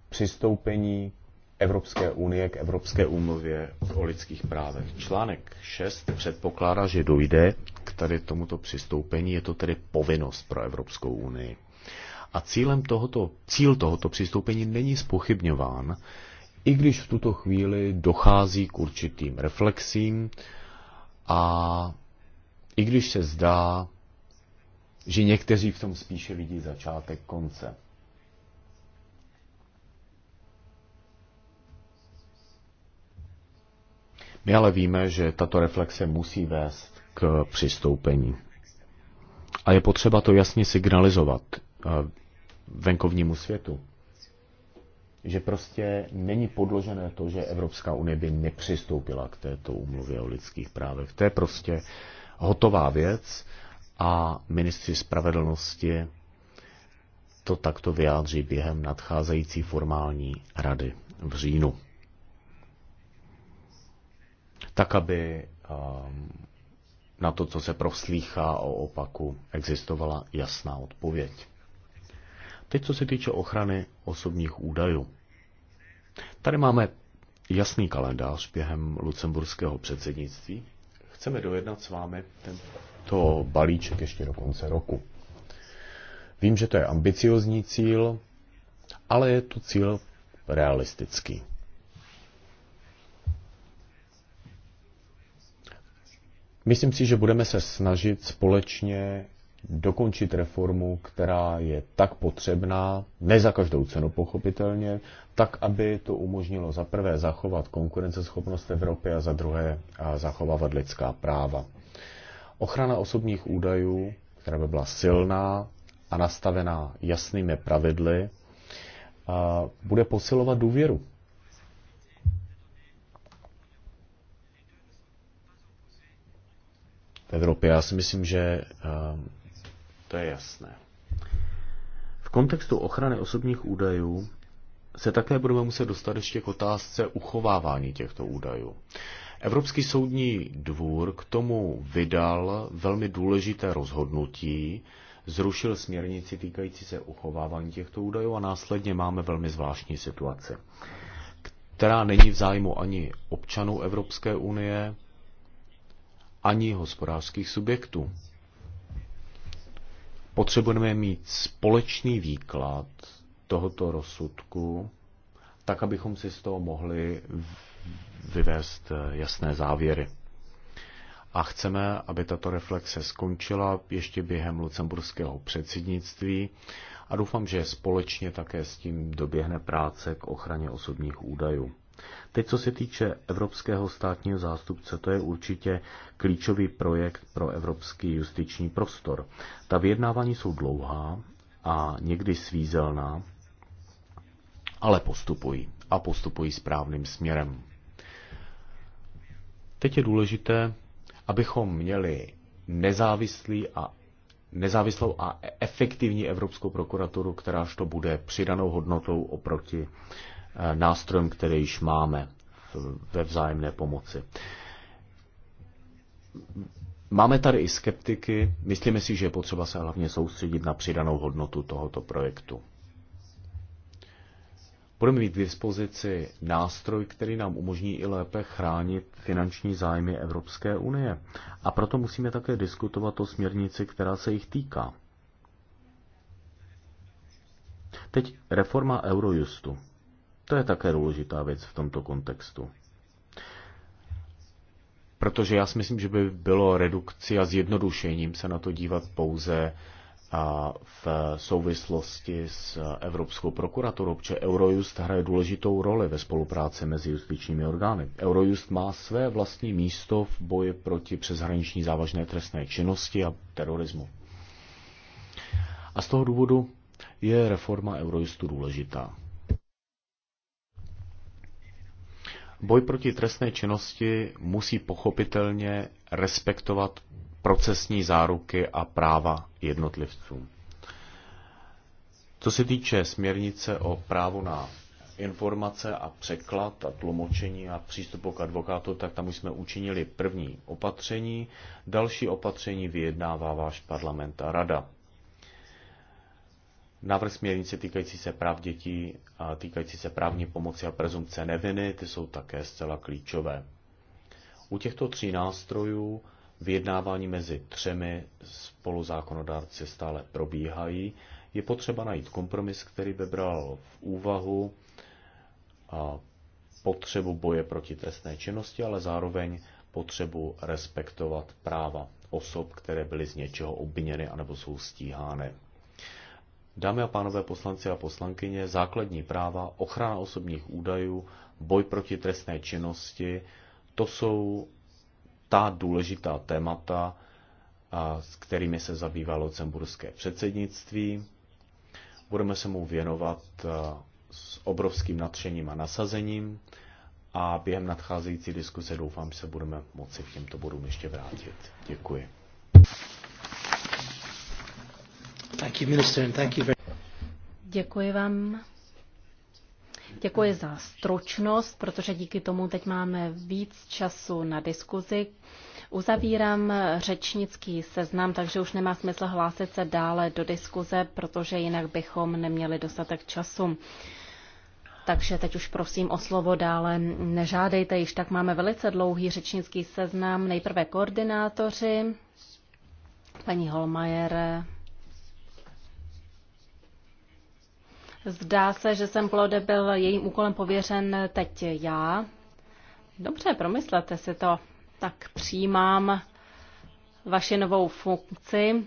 přistoupení Evropské unie k Evropské úmluvě o lidských právech. Článek 6 předpokládá, že dojde k tady tomuto přistoupení, je to tedy povinnost pro Evropskou unii. A cílem tohoto, cíl tohoto přistoupení není spochybňován, i když v tuto chvíli dochází k určitým reflexím a i když se zdá, že někteří v tom spíše vidí začátek konce. My ale víme, že tato reflexe musí vést k přistoupení. A je potřeba to jasně signalizovat eh, venkovnímu světu. Že prostě není podložené to, že Evropská unie by nepřistoupila k této úmluvě o lidských právech. To je prostě hotová věc a ministři spravedlnosti to takto vyjádří během nadcházející formální rady v říjnu tak aby ehm, na to, co se proslýchá o opaku, existovala jasná odpověď. Teď, co se týče ochrany osobních údajů. Tady máme jasný kalendář během lucemburského předsednictví. Chceme dojednat s vámi tento balíček ještě do konce roku. Vím, že to je ambiciozní cíl, ale je to cíl realistický. Myslím si, že budeme se snažit společně dokončit reformu, která je tak potřebná, ne za každou cenu pochopitelně, tak, aby to umožnilo za prvé zachovat konkurenceschopnost Evropy a za druhé a zachovávat lidská práva. Ochrana osobních údajů, která by byla silná a nastavená jasnými pravidly, bude posilovat důvěru Evropě. Já si myslím, že ehm, to je jasné. V kontextu ochrany osobních údajů se také budeme muset dostat ještě k otázce uchovávání těchto údajů. Evropský soudní dvůr k tomu vydal velmi důležité rozhodnutí, zrušil směrnici týkající se uchovávání těchto údajů a následně máme velmi zvláštní situaci, která není v zájmu ani občanů Evropské unie, ani hospodářských subjektů. Potřebujeme mít společný výklad tohoto rozsudku, tak abychom si z toho mohli vyvést jasné závěry. A chceme, aby tato reflexe skončila ještě během lucemburského předsednictví a doufám, že společně také s tím doběhne práce k ochraně osobních údajů. Teď, co se týče evropského státního zástupce, to je určitě klíčový projekt pro evropský justiční prostor. Ta vyjednávání jsou dlouhá a někdy svízelná, ale postupují a postupují správným směrem. Teď je důležité, abychom měli nezávislý a nezávislou a efektivní Evropskou prokuraturu, kteráž to bude přidanou hodnotou oproti Eh, nástrojem, který již máme ve vzájemné pomoci. Máme tady i skeptiky. Myslíme si, že je potřeba se hlavně soustředit na přidanou hodnotu tohoto projektu. Budeme mít k dispozici nástroj, který nám umožní i lépe chránit finanční zájmy Evropské unie. A proto musíme také diskutovat o směrnici, která se jich týká. Teď reforma Eurojustu. To je také důležitá věc v tomto kontextu. Protože já si myslím, že by bylo redukci a zjednodušením se na to dívat pouze a v souvislosti s Evropskou prokuraturou, protože Eurojust hraje důležitou roli ve spolupráci mezi justičními orgány. Eurojust má své vlastní místo v boji proti přeshraniční závažné trestné činnosti a terorismu. A z toho důvodu je reforma Eurojustu důležitá. Boj proti trestné činnosti musí pochopitelně respektovat procesní záruky a práva jednotlivců. Co se týče směrnice o právu na informace a překlad a tlumočení a přístupu k advokátu, tak tam už jsme učinili první opatření. Další opatření vyjednává váš parlament a rada. Návrh směrnice týkající se práv dětí a týkající se právní pomoci a prezumce neviny, ty jsou také zcela klíčové. U těchto tří nástrojů vyjednávání mezi třemi spoluzákonodárci stále probíhají. Je potřeba najít kompromis, který by bral v úvahu a potřebu boje proti trestné činnosti, ale zároveň potřebu respektovat práva osob, které byly z něčeho obviněny anebo jsou stíhány. Dámy a pánové poslanci a poslankyně, základní práva, ochrana osobních údajů, boj proti trestné činnosti, to jsou ta důležitá témata, s kterými se zabývá lucemburské předsednictví. Budeme se mu věnovat s obrovským nadšením a nasazením a během nadcházející diskuse doufám, že se budeme moci k těmto bodům ještě vrátit. Děkuji. Thank you, Minister, and thank you very... Děkuji vám. Děkuji za stručnost, protože díky tomu teď máme víc času na diskuzi. Uzavírám řečnický seznam, takže už nemá smysl hlásit se dále do diskuze, protože jinak bychom neměli dostatek času. Takže teď už prosím o slovo dále nežádejte, již tak máme velice dlouhý řečnický seznam. Nejprve koordinátoři, paní Holmajer, Zdá se, že jsem Klode byl jejím úkolem pověřen teď já. Dobře, promyslete si to. Tak přijímám vaši novou funkci.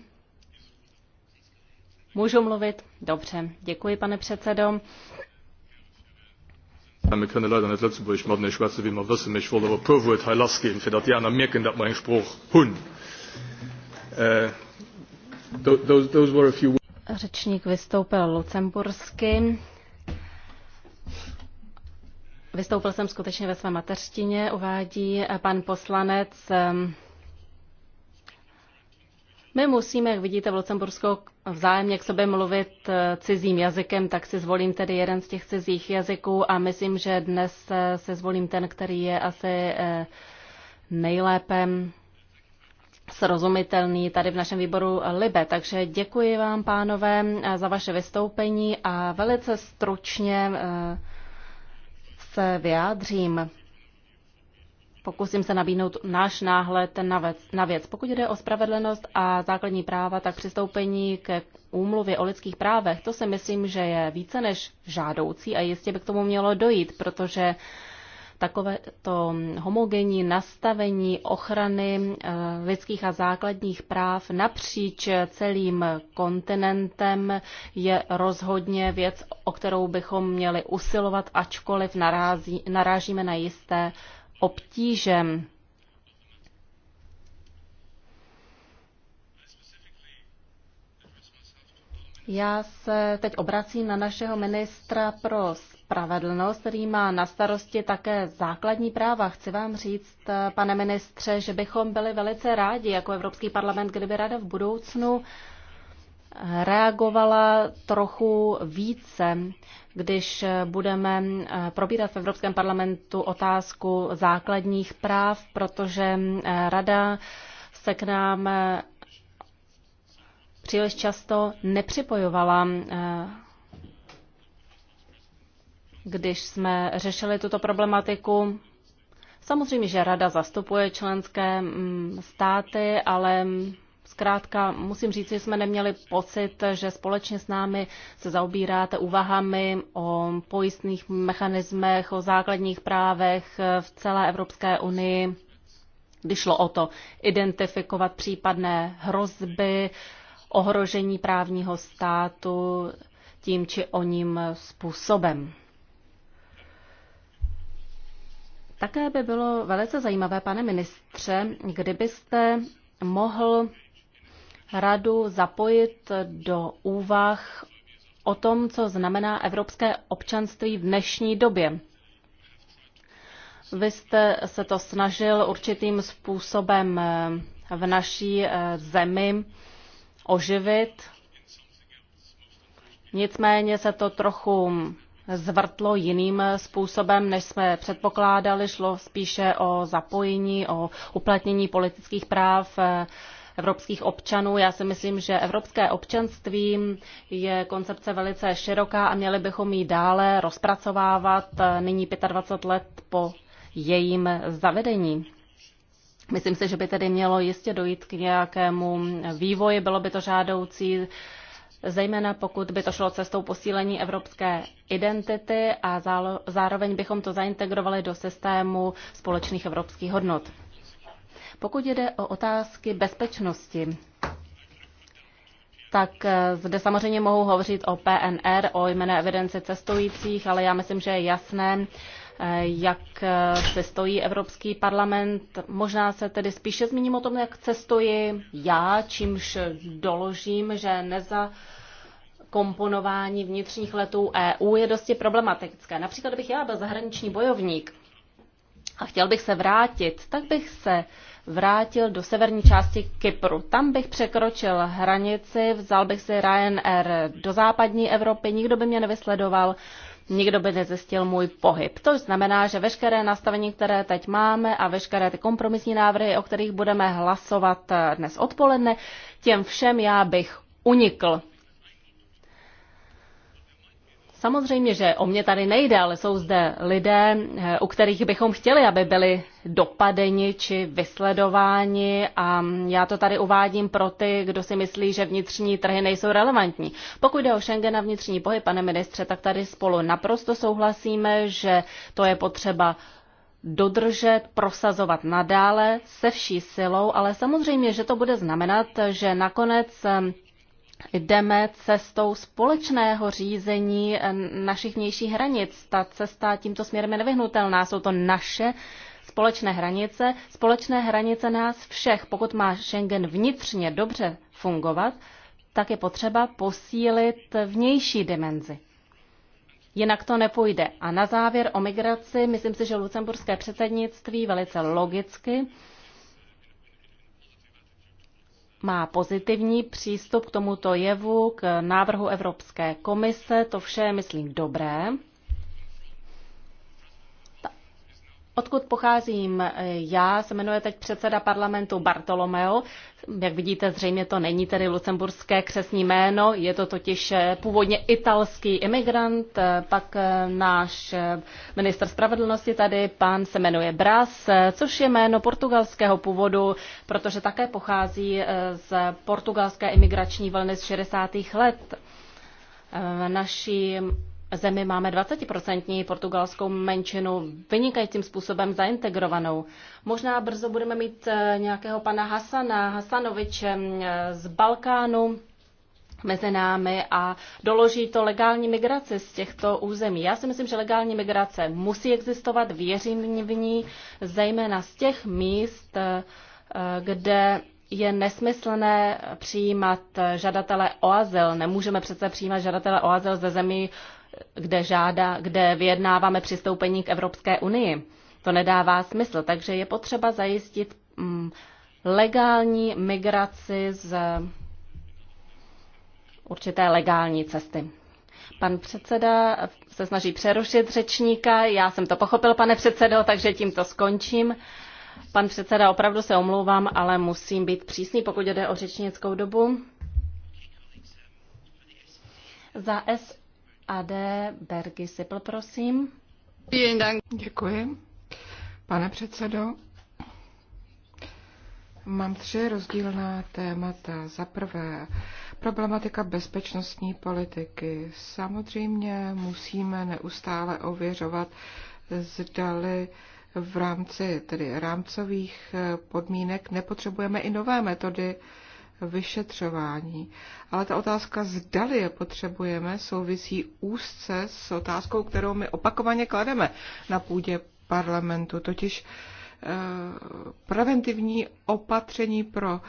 Můžu mluvit? Dobře, děkuji, pane předsedo. Men vi kunde leider net Lützeburg mat ne Schweze wie man wëssen mech wolle op Prowuet ha las gin, fir dat Janer mirken, dat ma eng Spruch hunn. Äh, those were a few řečník vystoupil lucembursky. Vystoupil jsem skutečně ve své mateřtině, uvádí pan poslanec. My musíme, jak vidíte, v Lucembursku vzájemně k sobě mluvit cizím jazykem, tak si zvolím tedy jeden z těch cizích jazyků a myslím, že dnes se zvolím ten, který je asi eh, nejlépe srozumitelný tady v našem výboru Libe. Takže děkuji vám, pánové, za vaše vystoupení a velice stručně eh, se vyjádřím. Pokusím se nabídnout náš náhled na věc. Na věc. Pokud jde o spravedlnost a základní práva, tak přistoupení k úmluvě o lidských právech, to si myslím, že je více než žádoucí a jistě by k tomu mělo dojít, protože uh, takovéto homogenní nastavení ochrany eh, lidských a základních práv napříč celým kontinentem je rozhodně věc, o kterou bychom měli usilovat, ačkoliv narází, narážíme na jisté obtíže. Já se teď obracím na našeho ministra pro spravedlnost, který má na starosti také základní práva. Chci vám říct, pane ministře, že bychom byli velice rádi jako Evropský parlament, kdyby rada v budoucnu reagovala trochu více, když budeme probírat v Evropském parlamentu otázku základních práv, protože rada se k nám příliš často nepřipojovala když jsme řešili tuto problematiku. Samozřejmě, že rada zastupuje členské mm, státy, ale zkrátka musím říct, že jsme neměli pocit, že společně s námi se zaobíráte úvahami o pojistných mechanismech, o základních právech v celé Evropské unii, když šlo o to identifikovat případné hrozby, ohrožení právního státu tím či oním způsobem. Také by bylo velice zajímavé, pane ministře, kdybyste mohl radu zapojit do úvah o tom, co znamená evropské občanství v dnešní době. Vy jste se to snažil určitým způsobem eh, v naší eh, zemi oživit. Nicméně se to trochu zvrtlo jiným způsobem, než jsme předpokládali. Šlo spíše o zapojení, o uplatnění politických práv eh, evropských občanů. Já si myslím, že evropské občanství je koncepce velice široká a měli bychom ji dále rozpracovávat eh, nyní 25 let po jejím zavedení. Myslím si, že by tedy mělo jistě dojít k nějakému vývoji, bylo by to žádoucí zejména pokud by to šlo cestou posílení evropské identity a zároveň bychom to zaintegrovali do systému společných evropských hodnot. Pokud jde o otázky bezpečnosti, tak eh, zde samozřejmě mohu hovořit o PNR, o jmené evidenci cestujících, ale já myslím, že je jasné, Eh, jak se eh, stojí Evropský parlament. Možná se tedy spíše zmíním o tom, jak se stojí já, čímž doložím, že neza komponování vnitřních letů EU je dosti problematické. Například, bych já byl zahraniční bojovník a chtěl bych se vrátit, tak bych se vrátil do severní části Kypru. Tam bych překročil hranici, vzal bych si Ryanair do západní Evropy, nikdo by mě nevysledoval nikdo by nezjistil můj pohyb. To znamená, že veškeré nastavení, které teď máme a veškeré ty kompromisní návrhy, o kterých budeme hlasovat dnes odpoledne, těm všem já bych unikl. Samozřejmě, že o mě tady nejde, ale jsou zde lidé, eh, u kterých bychom chtěli, aby byli dopadeni či vysledováni a já to tady uvádím pro ty, kdo si myslí, že vnitřní trhy nejsou relevantní. Pokud jde o Schengen a vnitřní pohyb, pane ministře, tak tady spolu naprosto souhlasíme, že to je potřeba dodržet, prosazovat nadále se vší silou, ale samozřejmě, že to bude znamenat, že nakonec eh, jdeme cestou společného řízení eh, našich vnějších hranic. Ta cesta tímto směrem je nevyhnutelná. Jsou to naše společné hranice, společné hranice nás všech. Pokud má Schengen vnitřně dobře fungovat, tak je potřeba posílit vnější dimenzi. Jinak to nepůjde. A na závěr o migraci, myslím si, že lucemburské předsednictví velice logicky má pozitivní přístup k tomuto jevu, k návrhu Evropské komise. To vše je, myslím, dobré. Odkud pocházím e, já, se jmenuje teď předseda parlamentu Bartolomeo. Jak vidíte, zřejmě to není tedy lucemburské křesní jméno, je to totiž e, původně italský imigrant, e, pak náš minister spravedlnosti tady, pan se jmenuje Bras, což je jméno portugalského původu, protože také pochází z portugalské imigrační vlny z 60. let. Naši zemi máme 20% portugalskou menšinu vynikajícím způsobem zaintegrovanou. Možná brzo budeme mít eh, nějakého pana Hasana, Hasanoviče mm, eh, z Balkánu mezi námi a doloží to legální migrace z těchto území. Já si myslím, že legální migrace musí existovat, věřím v ní, zejména z těch míst, eh, kde je nesmyslné přijímat žadatele o azyl. Nemůžeme přece přijímat žadatele o azyl ze zemí, kde, žádá, kde vyjednáváme přistoupení k Evropské unii. To nedává smysl, takže je potřeba zajistit mm, legální migraci z určité legální cesty. Pan předseda se snaží přerušit řečníka. Já jsem to pochopil, pane předsedo, takže tím to skončím. Pan předseda, opravdu se omlouvám, ale musím být přísný, pokud jde o řečnickou dobu. Za S Ade Bergy Sipl, prosím. Děkuji. Pane předsedo, mám tři rozdílná témata. Za prvé, problematika bezpečnostní politiky. Samozřejmě musíme neustále ověřovat, zdali v rámci tedy rámcových podmínek nepotřebujeme i nové metody vyšetřování. Ale ta otázka, zdali je potřebujeme, souvisí úzce s otázkou, kterou my opakovaně klademe na půdě parlamentu, totiž eh, preventivní opatření pro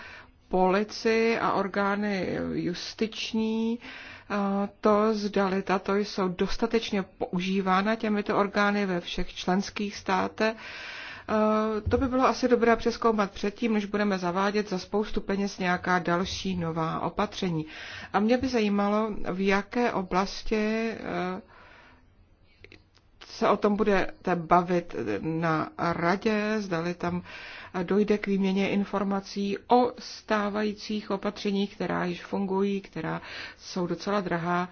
policii a orgány justiční, eh, to zdali tato jsou dostatečně používána těmito orgány ve všech členských státech Eh, to by bylo asi dobré přeskoumat předtím, než budeme zavádět za spoustu peněz nějaká další nová opatření. A mě by zajímalo, v jaké oblasti eh, se o tom budete bavit na radě, zdali tam dojde k výměně informací o stávajících opatřeních, která již fungují, která jsou docela drahá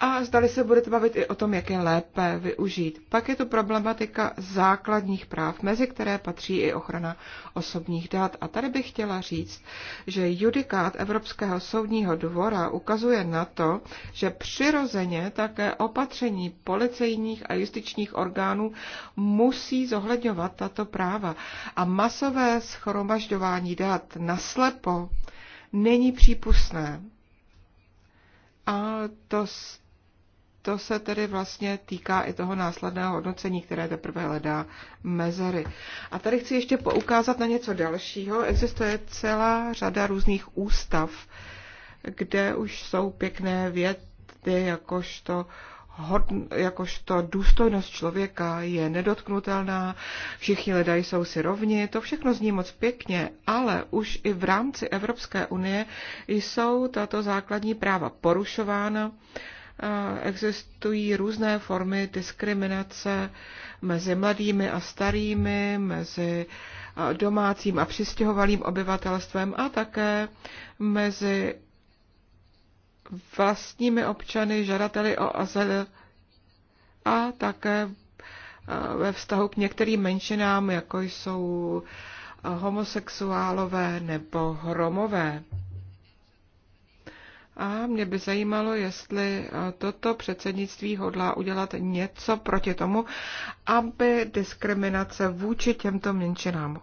a zdali se budete bavit i o tom, jak je lépe využít. Pak je tu problematika základních práv, mezi které patří i ochrana osobních dat. A tady bych chtěla říct, že judikát Evropského soudního dvora ukazuje na to, že přirozeně také opatření policejních a justičních orgánů musí zohledňovat tato práva. A masové schromažďování dat naslepo není přípustné. A to to se tedy vlastně týká i toho následného hodnocení, které teprve hledá mezery. A tady chci ještě poukázat na něco dalšího. Existuje celá řada různých ústav, kde už jsou pěkné věty, jakožto hodn, jakožto důstojnost člověka je nedotknutelná, všichni lidé jsou si rovni, to všechno zní moc pěkně, ale už i v rámci Evropské unie jsou tato základní práva porušována existují různé formy diskriminace mezi mladými a starými, mezi domácím a přistěhovalým obyvatelstvem a také mezi vlastními občany, žadateli o azyl a také ve vztahu k některým menšinám, jako jsou homosexuálové nebo hromové. A mě by zajímalo, jestli eh, toto předsednictví hodlá udělat něco proti tomu, aby diskriminace vůči těmto menšinám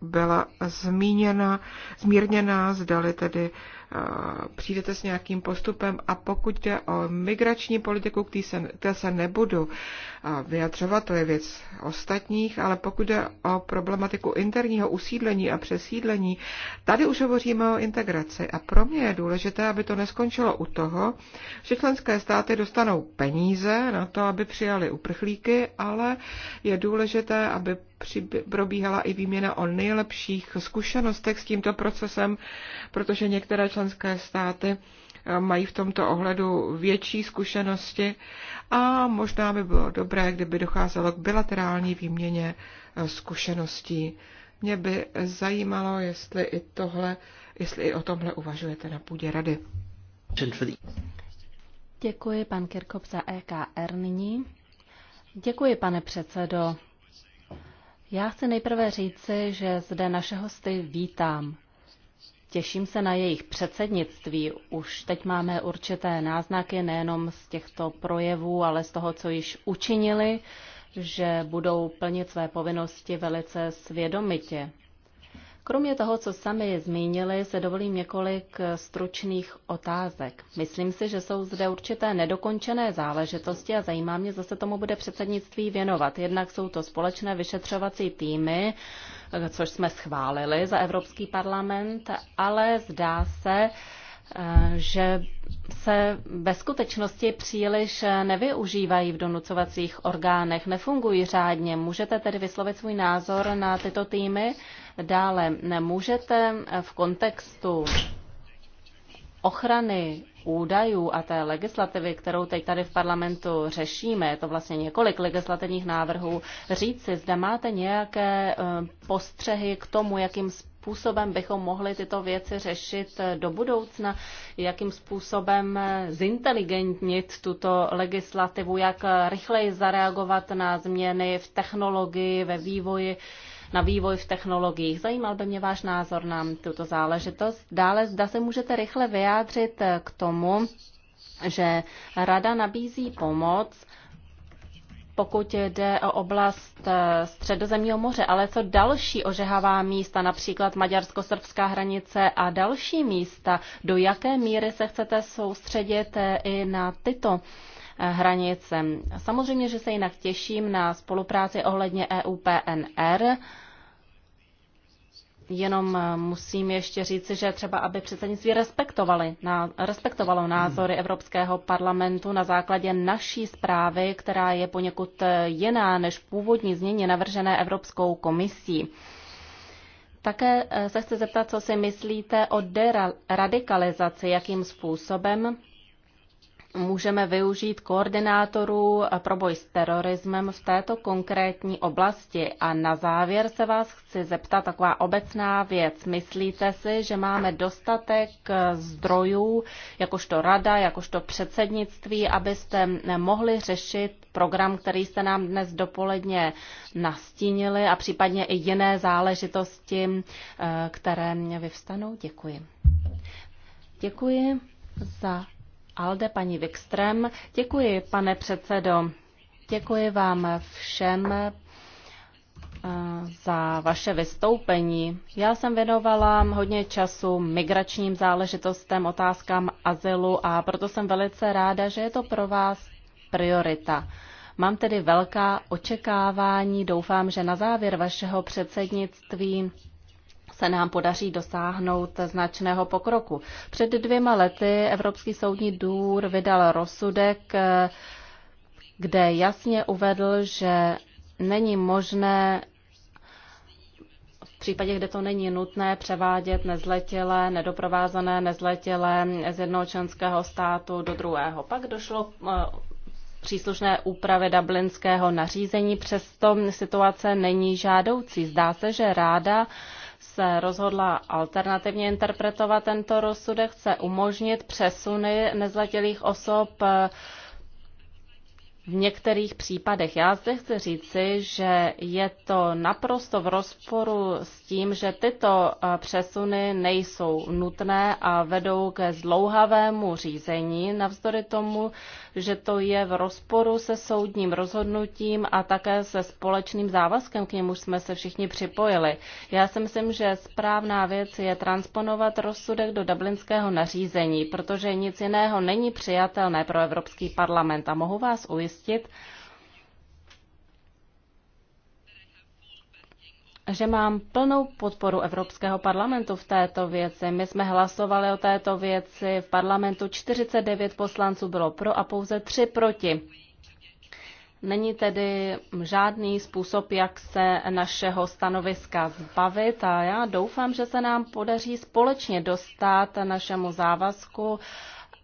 byla zmíněna, zmírněná, zdali tedy eh, přijdete s nějakým postupem a pokud jde o migrační politiku, k té se, se nebudu vyjadřovat, to je věc ostatních, ale pokud jde o problematiku interního usídlení a přesídlení, tady už hovoříme o integraci a pro mě je důležité, aby to neskončilo u toho, že členské státy dostanou peníze na to, aby přijali uprchlíky, ale je důležité, aby probíhala i výměna o nejlepších zkušenostech s tímto procesem, protože některé členské státy eh, mají v tomto ohledu větší zkušenosti a možná by bylo dobré, kdyby docházelo k bilaterální výměně e, zkušeností. Mě by zajímalo, jestli i tohle, jestli i o tomhle uvažujete na půdě rady. Děkuji, pan Kirkop za EKR nyní. Děkuji, pane předsedo. Já chci nejprve říci, že zde naše hosty vítám. Těším se na jejich předsednictví. Už teď máme určité náznaky nejenom z těchto projevů, ale z toho, co již učinili, že budou plnit své povinnosti velice svědomitě. Kromě toho, co sami zmínili, se dovolím několik stručných otázek. Myslím si, že jsou zde určité nedokončené záležitosti a zajímá mě, zase tomu bude předsednictví věnovat. Jednak jsou to společné vyšetřovací týmy, což jsme schválili za Evropský parlament, ale zdá se, že se ve skutečnosti příliš nevyužívají v donucovacích orgánech, nefungují řádně. Můžete tedy vyslovit svůj názor na tyto týmy? Dále můžete v kontextu ochrany údajů a té legislativy, kterou teď tady v parlamentu řešíme, je to vlastně několik legislativních návrhů, říci, zda máte nějaké eh, postřehy k tomu, jakým způsobem bychom mohli tyto věci řešit eh, do budoucna, jakým způsobem eh, zinteligentnit tuto legislativu, jak rychleji zareagovat na změny v technologii, ve vývoji na vývoj v technologiích. Zajímal by mě váš názor na tuto záležitost. Dále, zda se můžete rychle vyjádřit k tomu, že Rada nabízí pomoc, pokud jde o oblast eh, Středozemního moře, ale co další ožehavá místa, například maďarsko-srbská hranice a další místa, do jaké míry se chcete soustředit eh, i na tyto hranice. Samozřejmě, že se jinak těším na spolupráci ohledně EU-PNR. Jenom eh, musím ještě říci, že třeba aby předsednictví respektovali, na, respektovalo názory Evropského parlamentu na základě naší zprávy, která je poněkud eh, jiná než původní změně navržené Evropskou komisí. Také eh, se chci zeptat, co si myslíte o deradikalizaci, jakým způsobem můžeme využít koordinátorů pro boj s terorismem v této konkrétní oblasti. A na závěr se vás chci zeptat taková obecná věc. Myslíte si, že máme dostatek zdrojů, jakožto rada, jakožto předsednictví, abyste mohli řešit program, který jste nám dnes dopoledně nastínili a případně i jiné záležitosti, eh, které mě vyvstanou? Děkuji. Děkuji za Alde, paní Wikström. Děkuji, pane předsedo. Děkuji vám všem eh, za vaše vystoupení. Já jsem věnovala hodně času migračním záležitostem, otázkám azylu a proto jsem velice ráda, že je to pro vás priorita. Mám tedy velká očekávání, doufám, že na závěr vašeho předsednictví se nám podaří dosáhnout značného pokroku. Před dvěma lety Evropský soudní důr vydal rozsudek, kde jasně uvedl, že není možné v případě, kde to není nutné, převádět nezletilé, nedoprovázané nezletilé z jednoho členského státu do druhého. Pak došlo eh, příslušné úpravy dublinského nařízení, přesto situace není žádoucí. Zdá se, že ráda se rozhodla alternativně interpretovat tento rozsudek, chce umožnit přesuny nezletilých osob eh, v některých případech. Já zde chci říci, že je to naprosto v rozporu s tím, že tyto eh, přesuny nejsou nutné a vedou ke zlouhavému řízení, navzdory tomu, že to je v rozporu se soudním rozhodnutím a také se společným závazkem, k němuž jsme se všichni připojili. Já si myslím, že správná věc je transponovat rozsudek do dublinského nařízení, protože nic jiného není přijatelné pro Evropský parlament a mohu vás ujistit, zjistit, že mám plnou podporu Evropského parlamentu v této věci. My jsme hlasovali o této věci v parlamentu, 49 poslanců bylo pro a pouze 3 proti. Není tedy žádný způsob, jak se našeho stanoviska zbavit a já doufám, že se nám podaří společně dostat našemu závazku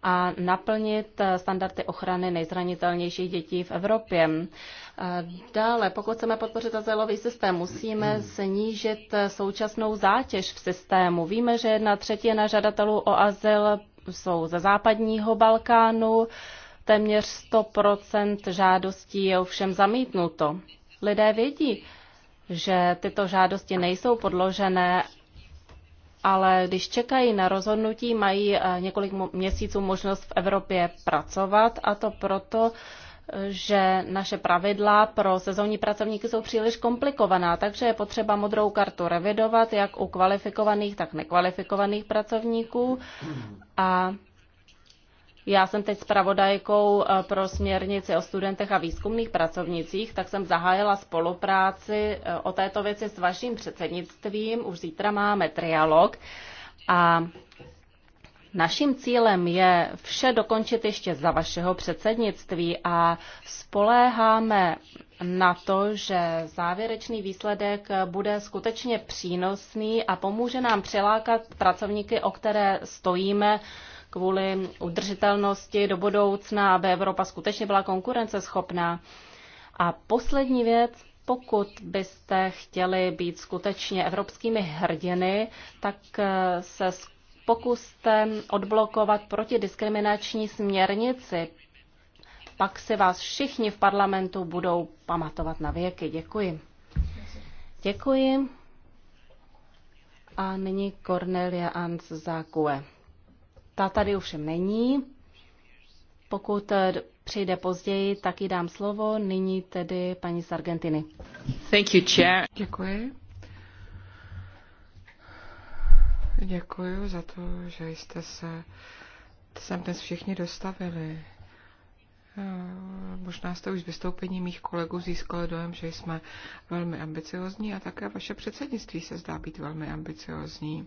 a naplnit standardy ochrany nejzranitelnějších dětí v Evropě. Dále, pokud chceme podpořit azylový systém, musíme snížit současnou zátěž v systému. Víme, že jedna třetina žadatelů o azyl jsou ze západního Balkánu, téměř 100% žádostí je ovšem zamítnuto. Lidé vědí, že tyto žádosti nejsou podložené ale když čekají na rozhodnutí, mají eh, několik měsíců možnost v Evropě pracovat a to proto, eh, že naše pravidla pro sezónní pracovníky jsou příliš komplikovaná, takže je potřeba modrou kartu revidovat jak u kvalifikovaných, tak nekvalifikovaných pracovníků a já jsem teď zpravodajkou eh, pro směrnici o studentech a výzkumných pracovnicích, tak jsem zahájila spolupráci eh, o této věci s vaším předsednictvím. Už zítra máme trialog a Naším cílem je vše dokončit ještě za vašeho předsednictví a spoléháme na to, že závěrečný výsledek bude skutečně přínosný a pomůže nám přilákat pracovníky, o které stojíme kvůli udržitelnosti do budoucna, aby Evropa skutečně byla konkurenceschopná. A poslední věc, pokud byste chtěli být skutečně evropskými hrdiny, tak eh, se pokuste odblokovat protidiskriminační směrnici. Pak si vás všichni v parlamentu budou pamatovat na věky. Děkuji. Děkuji. A nyní Cornelia Ans za QE. Ta tady ovšem není. Pokud eh, přijde později, tak ji dám slovo. Nyní tedy paní z Argentiny. Thank you, chair. Děkuji. Děkuji za to, že jste se sem dnes všichni dostavili. Eh, možná jste už z vystoupení mých kolegů získali dojem, že jsme velmi ambiciozní a také vaše předsednictví se zdá být velmi ambiciozní.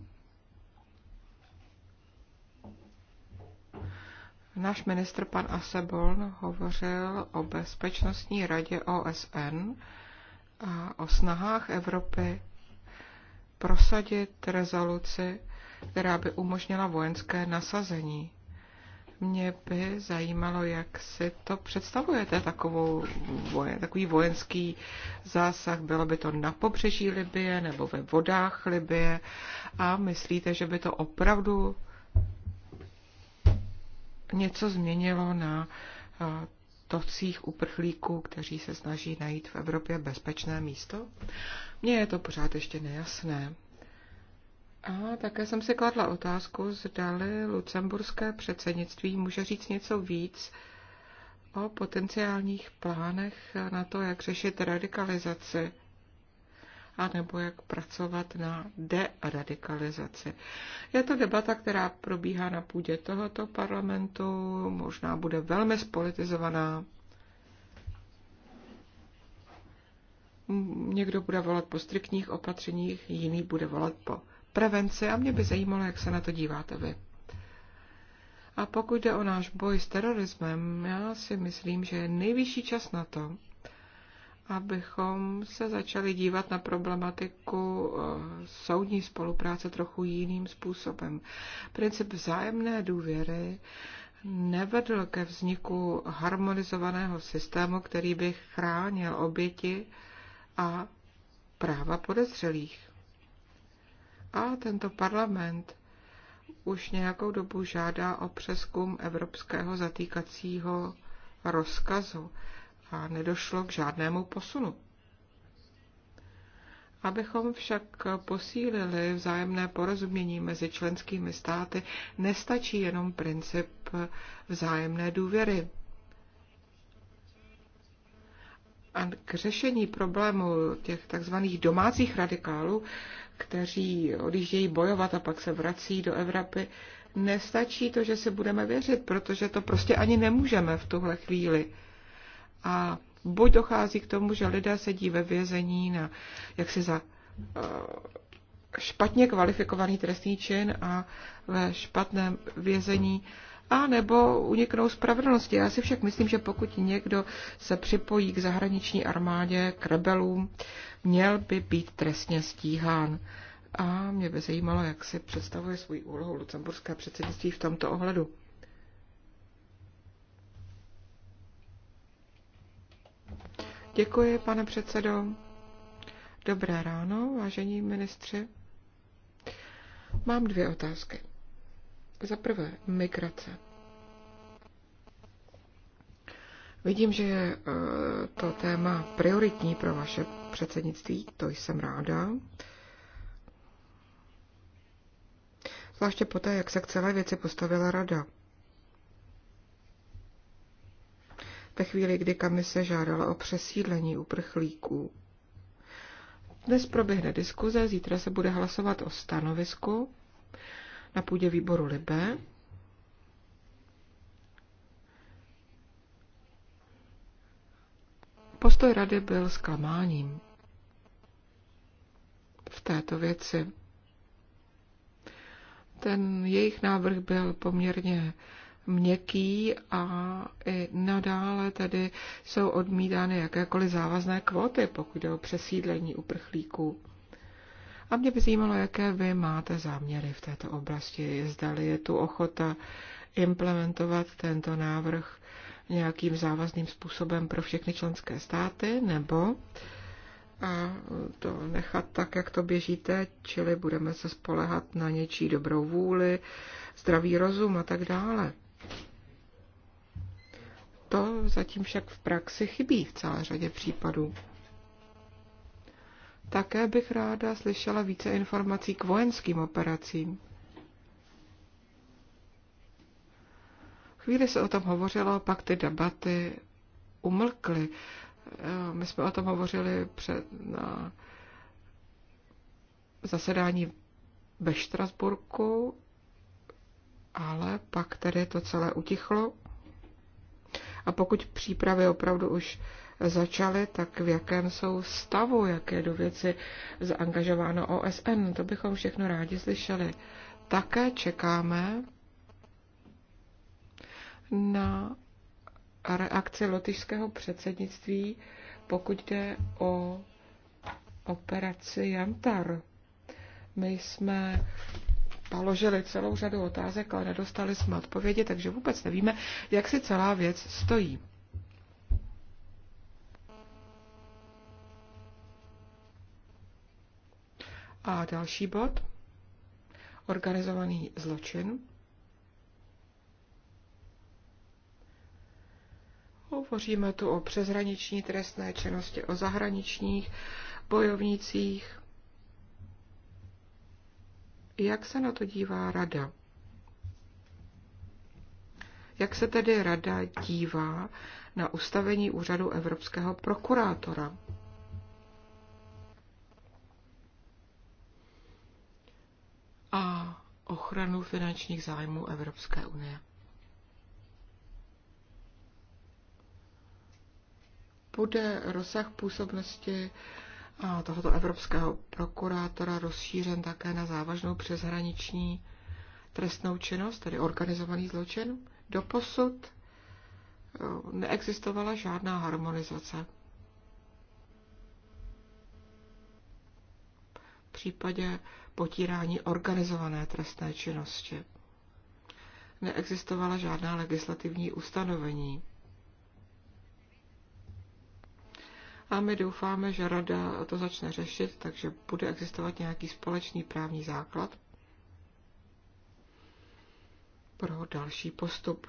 Náš ministr pan Asebon hovořil o Bezpečnostní radě OSN a o snahách Evropy prosadit rezoluci, která by umožnila vojenské nasazení. Mě by zajímalo, jak si to představujete, takovou, takový vojenský zásah. Bylo by to na pobřeží Libie nebo ve vodách Libie a myslíte, že by to opravdu něco změnilo na eh, tocích uprchlíků, kteří se snaží najít v Evropě bezpečné místo? Mně je to pořád ještě nejasné. A také jsem si kladla otázku, zdali lucemburské předsednictví může říct něco víc o potenciálních plánech na to, jak řešit radikalizaci anebo jak pracovat na deradikalizaci. Je to debata, která probíhá na půdě tohoto parlamentu, možná bude velmi spolitizovaná. Někdo bude volat po striktních opatřeních, jiný bude volat po prevenci a mě by zajímalo, jak se na to díváte vy. A pokud jde o náš boj s terorismem, já si myslím, že je nejvyšší čas na to, abychom se začali dívat na problematiku eh, soudní spolupráce trochu jiným způsobem. Princip vzájemné důvěry nevedl ke vzniku harmonizovaného systému, který by chránil oběti a práva podezřelých. A tento parlament už nějakou dobu žádá o přeskum evropského zatýkacího rozkazu a nedošlo k žádnému posunu. Abychom však posílili vzájemné porozumění mezi členskými státy, nestačí jenom princip vzájemné důvěry. A k řešení problému těch takzvaných domácích radikálů, kteří odjíždějí bojovat a pak se vrací do Evropy, nestačí to, že si budeme věřit, protože to prostě ani nemůžeme v tuhle chvíli a buď dochází k tomu, že lidé sedí ve vězení na, jak se za eh, špatně kvalifikovaný trestný čin a ve špatném vězení a nebo uniknou spravedlnosti. Já si však myslím, že pokud někdo se připojí k zahraniční armádě, k rebelům, měl by být trestně stíhán. A mě by zajímalo, jak si představuje svůj úlohu lucemburské předsednictví v tomto ohledu. Děkuji, pane předsedo. Dobré ráno, vážení ministři. Mám dvě otázky. Za prvé, migrace. Vidím, že je e, to téma prioritní pro vaše předsednictví, to jsem ráda. Zvláště poté, jak se k celé věci postavila rada. ve chvíli, kdy kamise žádala o přesídlení uprchlíků. Dnes proběhne diskuze, zítra se bude hlasovat o stanovisku na půdě výboru Libe. Postoj rady byl zklamáním v této věci. Ten jejich návrh byl poměrně měkký a i nadále tedy jsou odmítány jakékoliv závazné kvóty, pokud jde o přesídlení uprchlíků. A mě by zajímalo, jaké vy máte záměry v této oblasti. Zdali je tu ochota implementovat tento návrh nějakým závazným způsobem pro všechny členské státy, nebo a to nechat tak, jak to běžíte, čili budeme se spolehat na něčí dobrou vůli, zdravý rozum a tak dále. To zatím však v praxi chybí v celé řadě případů. Také bych ráda slyšela více informací k vojenským operacím. Chvíli se o tom hovořilo, pak ty debaty umlkly. Eh, my jsme o tom hovořili před, na zasedání ve Štrasburku, ale pak tedy to celé utichlo. A pokud přípravy opravdu už začaly, tak v jakém jsou stavu, jaké do věci zaangažováno OSN. To bychom všechno rádi slyšeli. Také čekáme na reakci lotyšského předsednictví, pokud jde o operaci Jantar. My jsme položili celou řadu otázek, ale nedostali jsme odpovědi, takže vůbec nevíme, jak si celá věc stojí. A další bod. Organizovaný zločin. Hovoříme tu o přeshraniční trestné činnosti, o zahraničních bojovnících. Jak se na to dívá rada? Jak se tedy rada dívá na ustavení úřadu evropského prokurátora? A ochranu finančních zájmů Evropské unie. Bude rozsah působnosti tohoto evropského prokurátora rozšířen také na závažnou přeshraniční trestnou činnost, tedy organizovaný zločin. Doposud eh, neexistovala žádná harmonizace. V případě potírání organizované trestné činnosti neexistovala žádná legislativní ustanovení a my doufáme, že rada to začne řešit, takže bude existovat nějaký společný právní základ pro další postup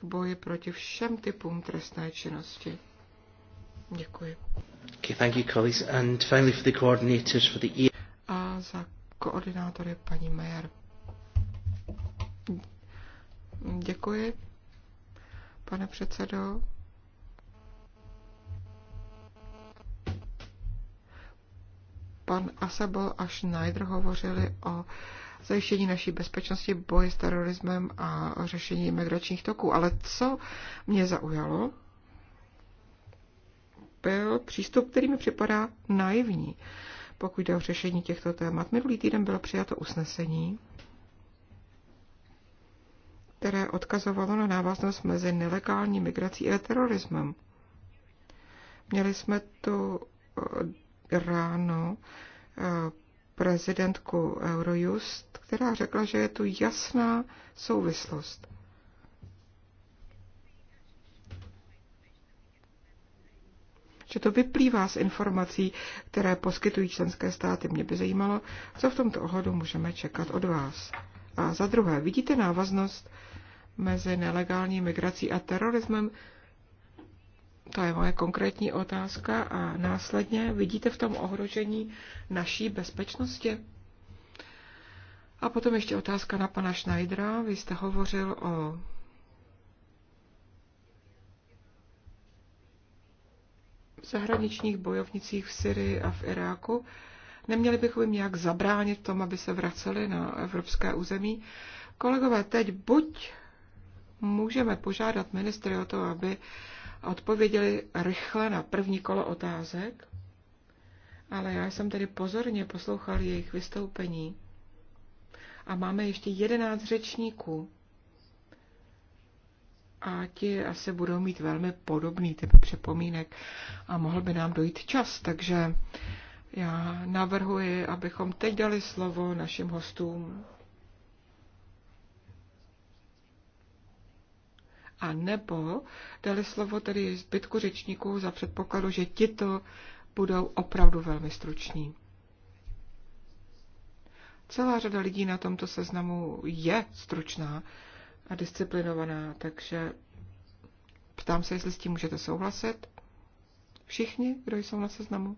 v boji proti všem typům trestné činnosti. Děkuji. Okay, thank you, colleagues. And finally for the coordinators for the e- A za koordinátory paní Mayer. Děkuji, pane předsedo. pan Asabel a Schneider hovořili o zajištění naší bezpečnosti, boji s terorismem a řešení migračních toků. Ale co mě zaujalo, byl přístup, který mi připadá naivní, pokud jde o řešení těchto témat. Minulý týden bylo přijato usnesení, které odkazovalo na návaznost mezi nelegální migrací a terorismem. Měli jsme tu eh, ráno eh, prezidentku Eurojust, která řekla, že je tu jasná souvislost. Že to vyplývá z informací, které poskytují členské státy. Mě by zajímalo, co v tomto ohledu můžeme čekat od vás. A za druhé, vidíte návaznost mezi nelegální migrací a terorismem? To je moje konkrétní otázka. A následně vidíte v tom ohrožení naší bezpečnosti? A potom ještě otázka na pana Schneidera. Vy jste hovořil o zahraničních bojovnicích v Syrii a v Iráku. Neměli bychom jim nějak zabránit tomu, aby se vraceli na evropské území. Kolegové, teď buď můžeme požádat ministry o to, aby a odpověděli rychle na první kolo otázek, ale já jsem tedy pozorně poslouchal jejich vystoupení. A máme ještě jedenáct řečníků. A ti asi budou mít velmi podobný typ připomínek a mohl by nám dojít čas, takže já navrhuji, abychom teď dali slovo našim hostům a nebo dali slovo tedy zbytku řečníků za předpokladu, že tito budou opravdu velmi struční. Celá řada lidí na tomto seznamu je stručná a disciplinovaná, takže ptám se, jestli s tím můžete souhlasit. Všichni, kdo jsou na seznamu.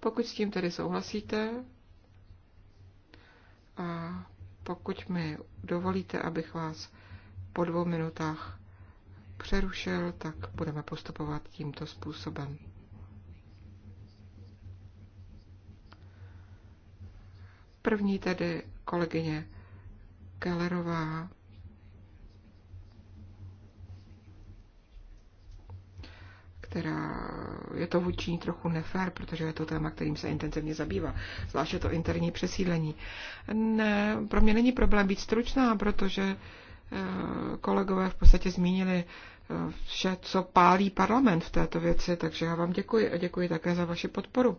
Pokud s tím tedy souhlasíte, a pokud mi dovolíte, abych vás po dvou minutách přerušil, tak budeme postupovat tímto způsobem. První tedy kolegyně Kellerová která je to vůči ní trochu nefér, protože je to téma, kterým se intenzivně zabývá, zvláště to interní přesídlení. Ne, pro mě není problém být stručná, protože eh, kolegové v podstatě zmínili eh, vše, co pálí parlament v této věci, takže já vám děkuji a děkuji také za vaši podporu.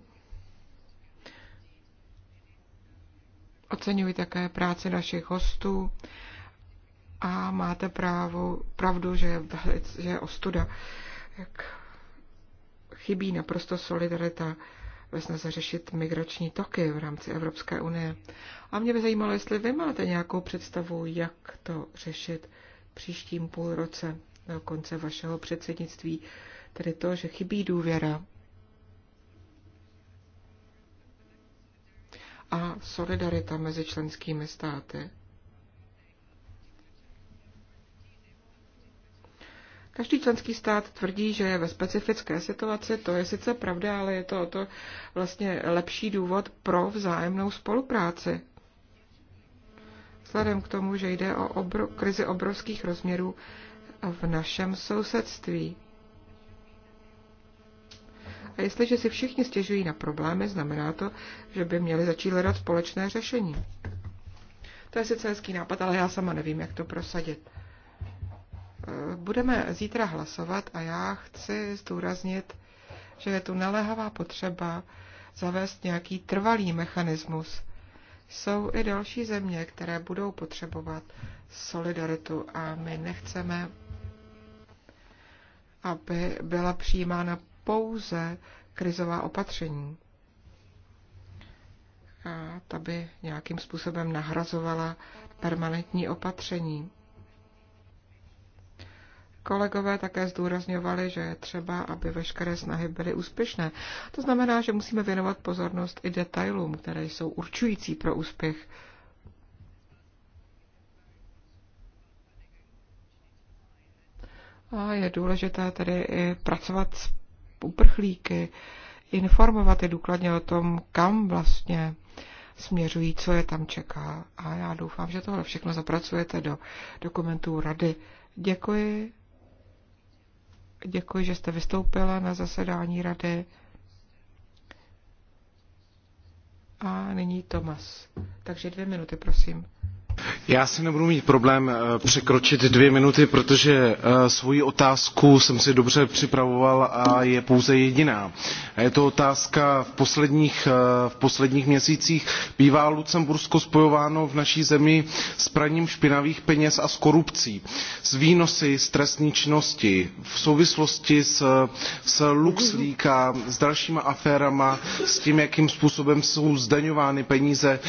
Oceňuji také práci našich hostů a máte právo, pravdu, že je, velice, že je ostuda, jak chybí naprosto solidarita ve snaze řešit migrační toky v rámci Evropské unie. A mě by zajímalo, jestli vy máte nějakou představu, jak to řešit příštím půlroce do konce vašeho předsednictví, tedy to, že chybí důvěra a solidarita mezi členskými státy. Každý členský stát tvrdí, že je ve specifické situaci, to je sice pravda, ale je to o to vlastně lepší důvod pro vzájemnou spolupráci. Vzhledem k tomu, že jde o obro, krizi obrovských rozměrů v našem sousedství. A jestliže si všichni stěžují na problémy, znamená to, že by měli začít hledat společné řešení. To je sice hezký nápad, ale já sama nevím, jak to prosadit budeme zítra hlasovat a já chci zdůraznit, že je tu naléhavá potřeba zavést nějaký trvalý mechanismus. Jsou i další země, které budou potřebovat solidaritu a my nechceme, aby byla přijímána pouze krizová opatření. A ta by nějakým způsobem nahrazovala permanentní opatření. Kolegové také zdůrazňovali, že je třeba, aby veškeré snahy byly úspěšné. To znamená, že musíme věnovat pozornost i detailům, které jsou určující pro úspěch. A je důležité tedy i pracovat s uprchlíky, informovat je důkladně o tom, kam vlastně směřují, co je tam čeká. A já doufám, že tohle všechno zapracujete do dokumentů rady. Děkuji Děkuji, že jste vystoupila na zasedání rady. A nyní Tomas. Takže dvě minuty, prosím. Já si nebudu mít problém eh, překročit dvě minuty, protože eh, svoji otázku jsem si dobře připravoval a je pouze jediná. Je to otázka v posledních, eh, v posledních měsících. Bývá Lucembursko spojováno v naší zemi s praním špinavých peněz a s korupcí, s výnosy z trestní činnosti, v souvislosti s, s a s dalšíma aférama, s tím, jakým způsobem jsou zdaňovány peníze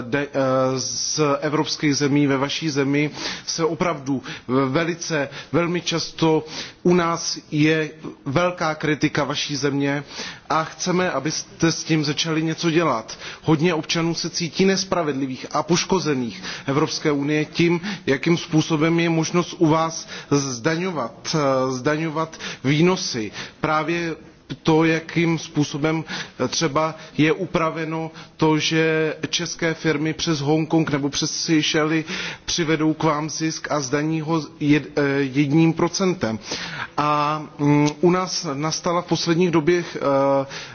de, z evropských zemí ve vaší zemi se opravdu eh, velice velmi často u nás je velká kritika vaší země a chceme abyste s tím začali něco dělat. hodně občanů se cítí nespravedlivých a poškozených evropské unie tím jakým způsobem je možnost u vás zdaňovat, eh, zdaňovat výnosy právě to, jakým způsobem eh, třeba je upraveno to, že české firmy přes Hongkong nebo přes Seychely přivedou k vám zisk a zdaní ho eh, jedním procentem. A mm, u nás nastala v posledních době eh,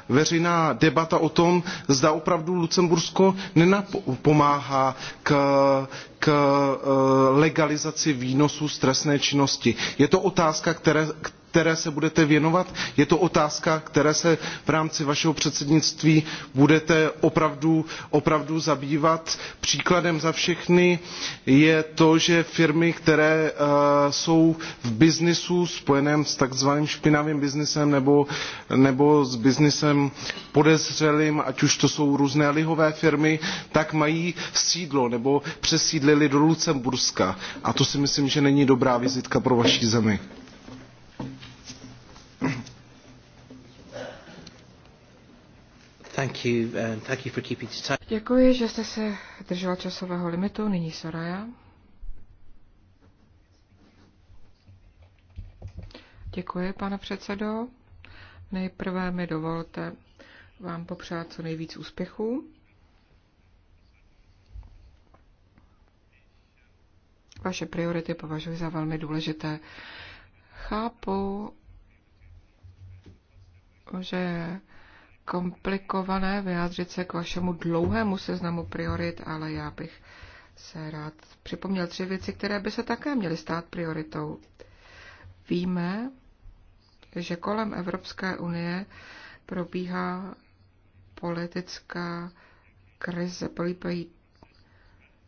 veřejná debata o tom, zda opravdu Lucembursko nenapomáhá k, legalizaci výnosů z trestné činnosti. Je to otázka, které, které se budete věnovat? je to otázka které se v rámci vašeho předsednictví budete opravdu, opravdu zabývat? příkladem za všechny je to že firmy které eh, jsou v byznysu spojeném s takzvaným špinavým byznysem nebo, nebo s byznysem podezřelým ať už to jsou různé lihové firmy tak mají sídlo nebo přesídlily do lucemburska a to si myslím že není dobrá vizitka pro vaši zemi. Thank you, um, thank you for keeping to time. Děkuji, že jste se držela časového limitu. Nyní Soraya. Děkuji, pane předsedo. Nejprve mi dovolte vám popřát co nejvíc úspěchů. Vaše priority považuji za velmi důležité. Chápu, že komplikované vyjádřit se k vašemu dlouhému seznamu priorit, ale já bych se rád připomněl tři věci, které by se také měly stát prioritou. Víme, že kolem Evropské unie probíhá politická krize, polípají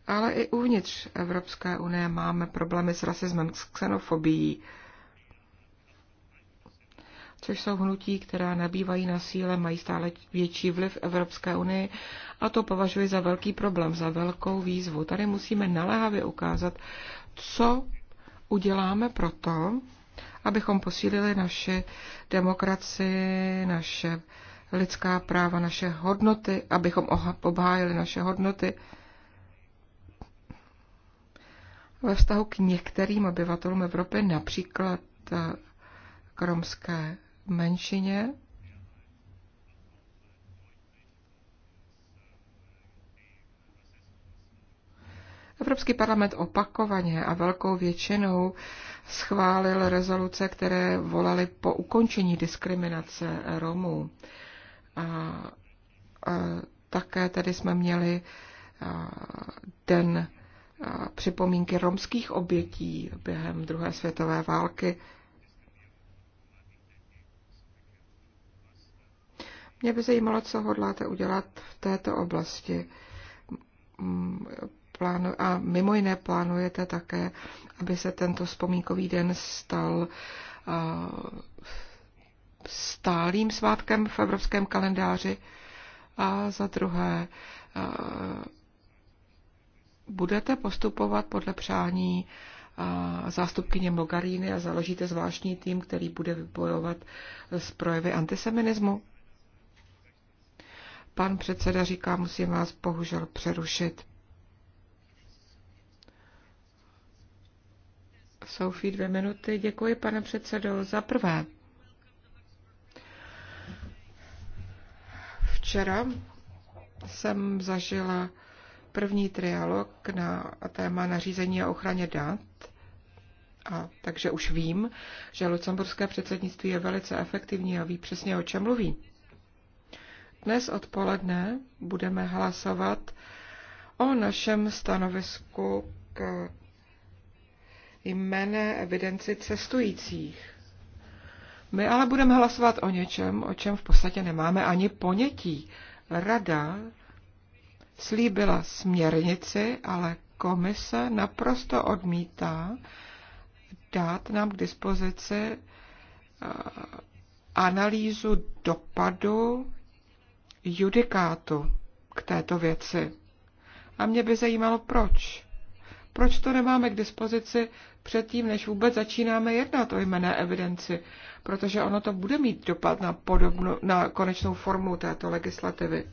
ale i uvnitř Evropské unie máme problémy s rasismem, s xenofobií, což jsou hnutí, která nabývají na síle, mají stále větší vliv v Evropské unii a to považuji za velký problém, za velkou výzvu. Tady musíme naléhavě ukázat, co uděláme pro to, abychom posílili naše demokracii, naše lidská práva, naše hodnoty, abychom obhájili naše hodnoty ve vztahu k některým obyvatelům Evropy, například eh, k romské menšině. Evropský parlament opakovaně a velkou většinou schválil rezoluce, které volaly po ukončení diskriminace Romů. A, a také tady jsme měli a, den a, připomínky romských obětí během druhé světové války. Mě by zajímalo, co hodláte udělat v této oblasti. Plánu, a mimo jiné plánujete také, aby se tento vzpomínkový den stal stálým svátkem v evropském kalendáři. A za druhé, budete postupovat podle přání zástupkyně Mogaríny a založíte zvláštní tým, který bude vybojovat z projevy antiseminismu? Pan předseda říká, musím vás bohužel přerušit. Sophie, dvě minuty. Děkuji, pane předsedo. Za prvé, včera jsem zažila první trialog na téma nařízení a ochraně dat. A takže už vím, že lucemburské předsednictví je velice efektivní a ví přesně, o čem mluví. Dnes odpoledne budeme hlasovat o našem stanovisku k jméne evidenci cestujících. My ale budeme hlasovat o něčem, o čem v podstatě nemáme ani ponětí. Rada slíbila směrnici, ale komise naprosto odmítá dát nám k dispozici eh, analýzu dopadu judikátu k této věci. A mě by zajímalo, proč. Proč to nemáme k dispozici předtím, než vůbec začínáme jednat o jmené evidenci? Protože ono to bude mít dopad na, podobnu, na konečnou formu této legislativy.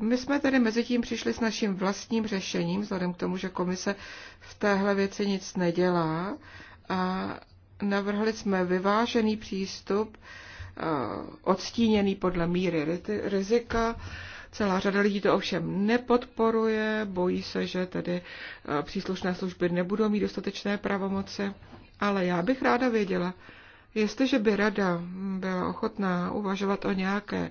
My jsme tedy mezi tím přišli s naším vlastním řešením, vzhledem k tomu, že komise v téhle věci nic nedělá. A navrhli jsme vyvážený přístup, Eh, odstíněný podle míry rizika. Celá řada lidí to ovšem nepodporuje, bojí se, že tedy eh, příslušné služby nebudou mít dostatečné pravomoci. Ale já bych ráda věděla, jestliže by rada byla ochotná uvažovat o nějaké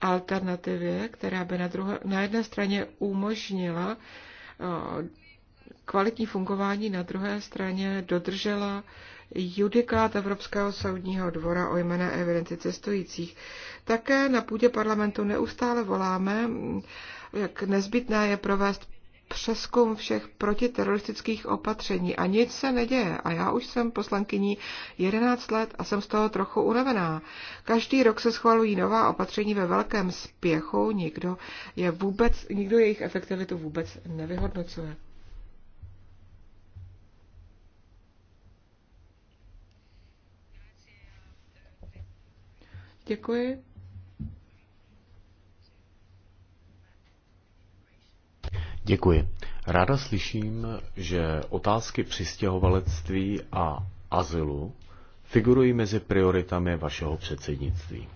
alternativě, která by na, druhé, na jedné straně umožnila eh, kvalitní fungování, na druhé straně dodržela judikát Evropského soudního dvora o jména evidenci cestujících. Také na půdě parlamentu neustále voláme, jak nezbytné je provést přeskum všech protiteroristických opatření a nic se neděje. A já už jsem poslankyní 11 let a jsem z toho trochu unavená. Každý rok se schvalují nová opatření ve velkém spěchu, nikdo, je vůbec, nikdo jejich efektivitu vůbec nevyhodnocuje. Děkuji. Děkuji. Ráda slyším, že otázky přistěhovalectví a azylu figurují mezi prioritami vašeho předsednictví.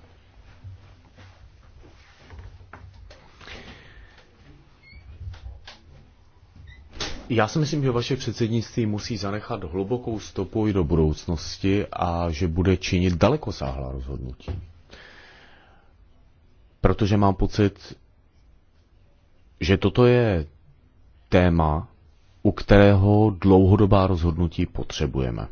Já si myslím, že vaše předsednictví musí zanechat hlubokou stopu i do budoucnosti a že bude činit dalekosáhlá rozhodnutí protože mám pocit, že toto je téma, u kterého dlouhodobá rozhodnutí potřebujeme.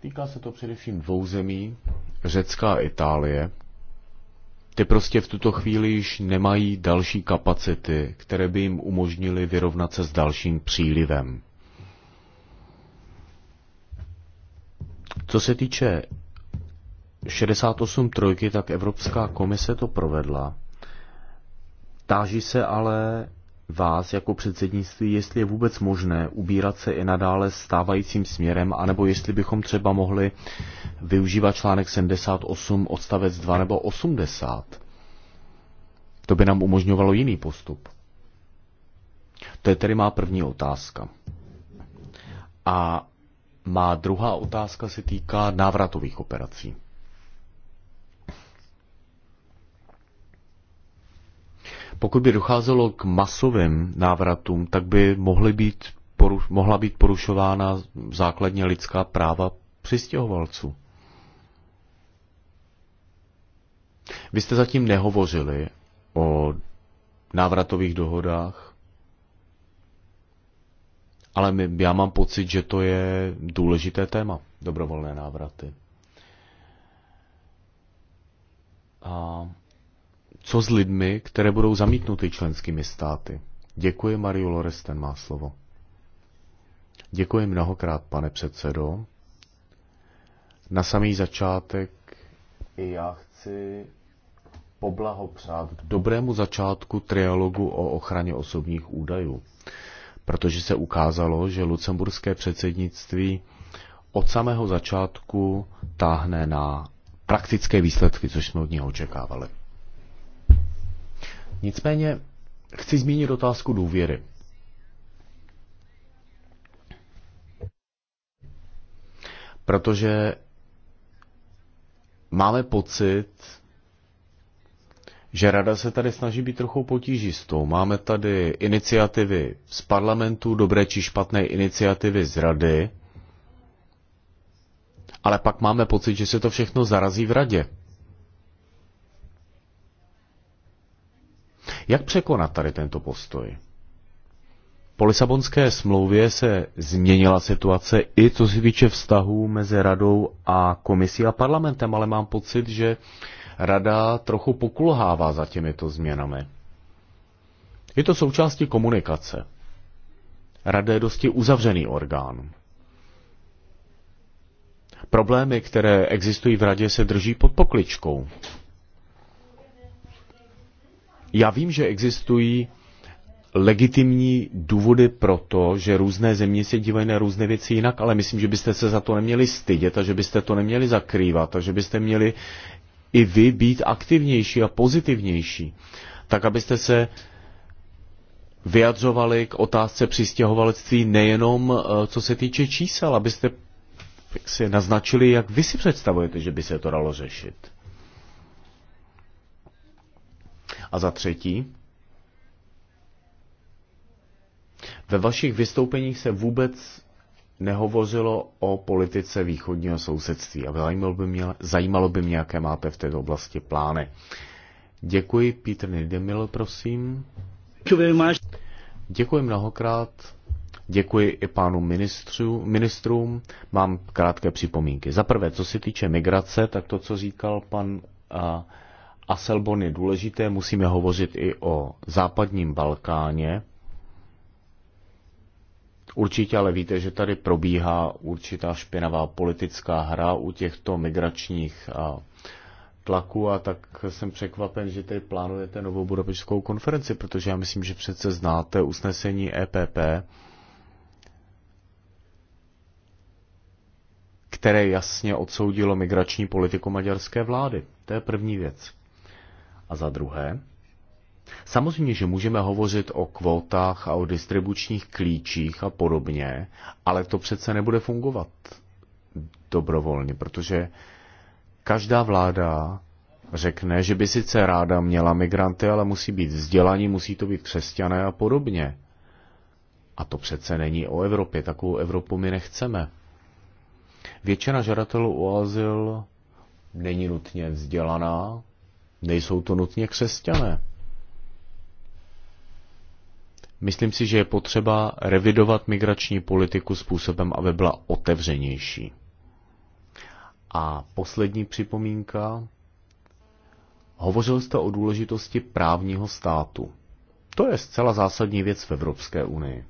Týká se to především dvou zemí, Řecka a Itálie. Ty prostě v tuto chvíli již nemají další kapacity, které by jim umožnily vyrovnat se s dalším přílivem. Co se týče 68 trojky, tak Evropská komise to provedla. Táží se ale vás jako předsednictví, jestli je vůbec možné ubírat se i nadále stávajícím směrem, anebo jestli bychom třeba mohli využívat článek 78 odstavec 2 nebo 80. To by nám umožňovalo jiný postup. To je tedy má první otázka. A má druhá otázka se týká návratových operací. Pokud by docházelo k masovým návratům, tak by mohly být, mohla být porušována základně lidská práva přistěhovalců. Vy jste zatím nehovořili o návratových dohodách ale my, já mám pocit, že to je důležité téma, dobrovolné návraty. A co s lidmi, které budou zamítnuty členskými státy? Děkuji, Mariu Loresten má slovo. Děkuji mnohokrát, pane předsedo. Na samý začátek i já chci poblahopřát k dobrému začátku trialogu o ochraně osobních údajů protože se ukázalo, že lucemburské předsednictví od samého začátku táhne na praktické výsledky, což jsme od něho očekávali. Nicméně chci zmínit otázku důvěry. Protože máme pocit, že rada se tady snaží být trochu potížistou. Máme tady iniciativy z parlamentu, dobré či špatné iniciativy z rady, ale pak máme pocit, že se to všechno zarazí v radě. Jak překonat tady tento postoj? Po Lisabonské smlouvě se změnila situace i co se týče vztahů mezi radou a komisí a parlamentem, ale mám pocit, že rada trochu pokulhává za těmito změnami. Je to součástí komunikace. Rada je dosti uzavřený orgán. Problémy, které existují v radě, se drží pod pokličkou. Já vím, že existují legitimní důvody pro to, že různé země se dívají na různé věci jinak, ale myslím, že byste se za to neměli stydět a že byste to neměli zakrývat a že byste měli i vy být aktivnější a pozitivnější, tak abyste se vyjadřovali k otázce přistěhovalectví nejenom eh, co se týče čísel, abyste si naznačili, jak vy si představujete, že by se to dalo řešit. A za třetí, ve vašich vystoupeních se vůbec nehovořilo o politice východního sousedství a zajímalo by mě, zajímalo by mě jaké máte v této oblasti plány. Děkuji, Petr Nidemil, prosím. Děkuji mnohokrát. Děkuji i pánu ministru, ministrům. Mám krátké připomínky. Za prvé, co se týče migrace, tak to, co říkal pan a, Aselbon, je důležité. Musíme hovořit i o západním Balkáně, Určitě ale víte, že tady probíhá určitá špinavá politická hra u těchto migračních tlaku a tak jsem překvapen, že tady plánujete novou budapeštskou konferenci, protože já myslím, že přece znáte usnesení EPP, které jasně odsoudilo migrační politiku maďarské vlády. To je první věc. A za druhé, Samozřejmě, že můžeme hovořit o kvótách a o distribučních klíčích a podobně, ale to přece nebude fungovat dobrovolně, protože každá vláda řekne, že by sice ráda měla migranty, ale musí být vzdělaní, musí to být křesťané a podobně. A to přece není o Evropě, takovou Evropu my nechceme. Většina žadatelů o azyl není nutně vzdělaná, nejsou to nutně křesťané. Myslím si, že je potřeba revidovat migrační politiku způsobem, aby byla otevřenější. A poslední připomínka. Hovořil jste o důležitosti právního státu. To je zcela zásadní věc v Evropské unii.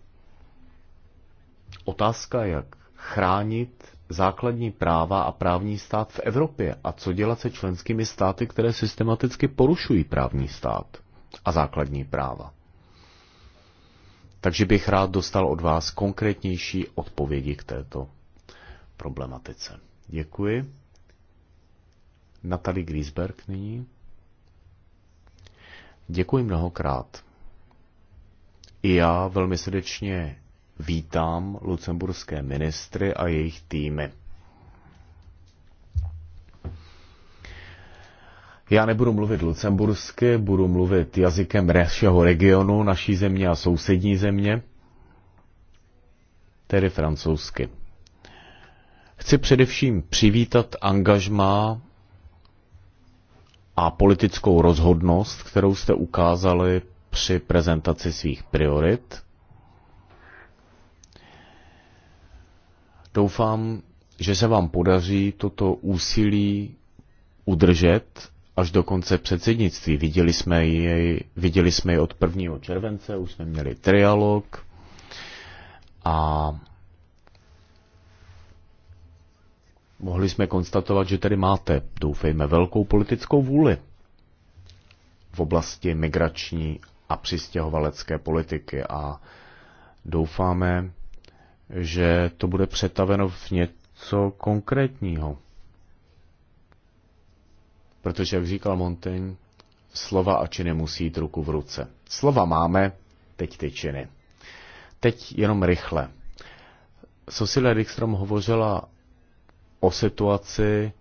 Otázka, jak chránit základní práva a právní stát v Evropě a co dělat se členskými státy, které systematicky porušují právní stát a základní práva. Takže bych rád dostal od vás konkrétnější odpovědi k této problematice. Děkuji. Natalie Griesberg nyní. Děkuji mnohokrát. I já velmi srdečně vítám lucemburské ministry a jejich týmy. Já nebudu mluvit lucembursky, budu mluvit jazykem našeho regionu, naší země a sousední země, tedy francouzsky. Chci především přivítat angažmá a politickou rozhodnost, kterou jste ukázali při prezentaci svých priorit. Doufám, že se vám podaří toto úsilí udržet až do konce předsednictví. Viděli jsme jej, viděli jsme jej od 1. července, už jsme měli trialog a mohli jsme konstatovat, že tady máte, doufejme, velkou politickou vůli v oblasti migrační a přistěhovalecké politiky a doufáme, že to bude přetaveno v něco konkrétního. Protože, jak říkal Montaigne, slova a činy musí jít ruku v ruce. Slova máme, teď ty činy. Teď jenom rychle. Cecilia Dickstrom hovořila o situaci,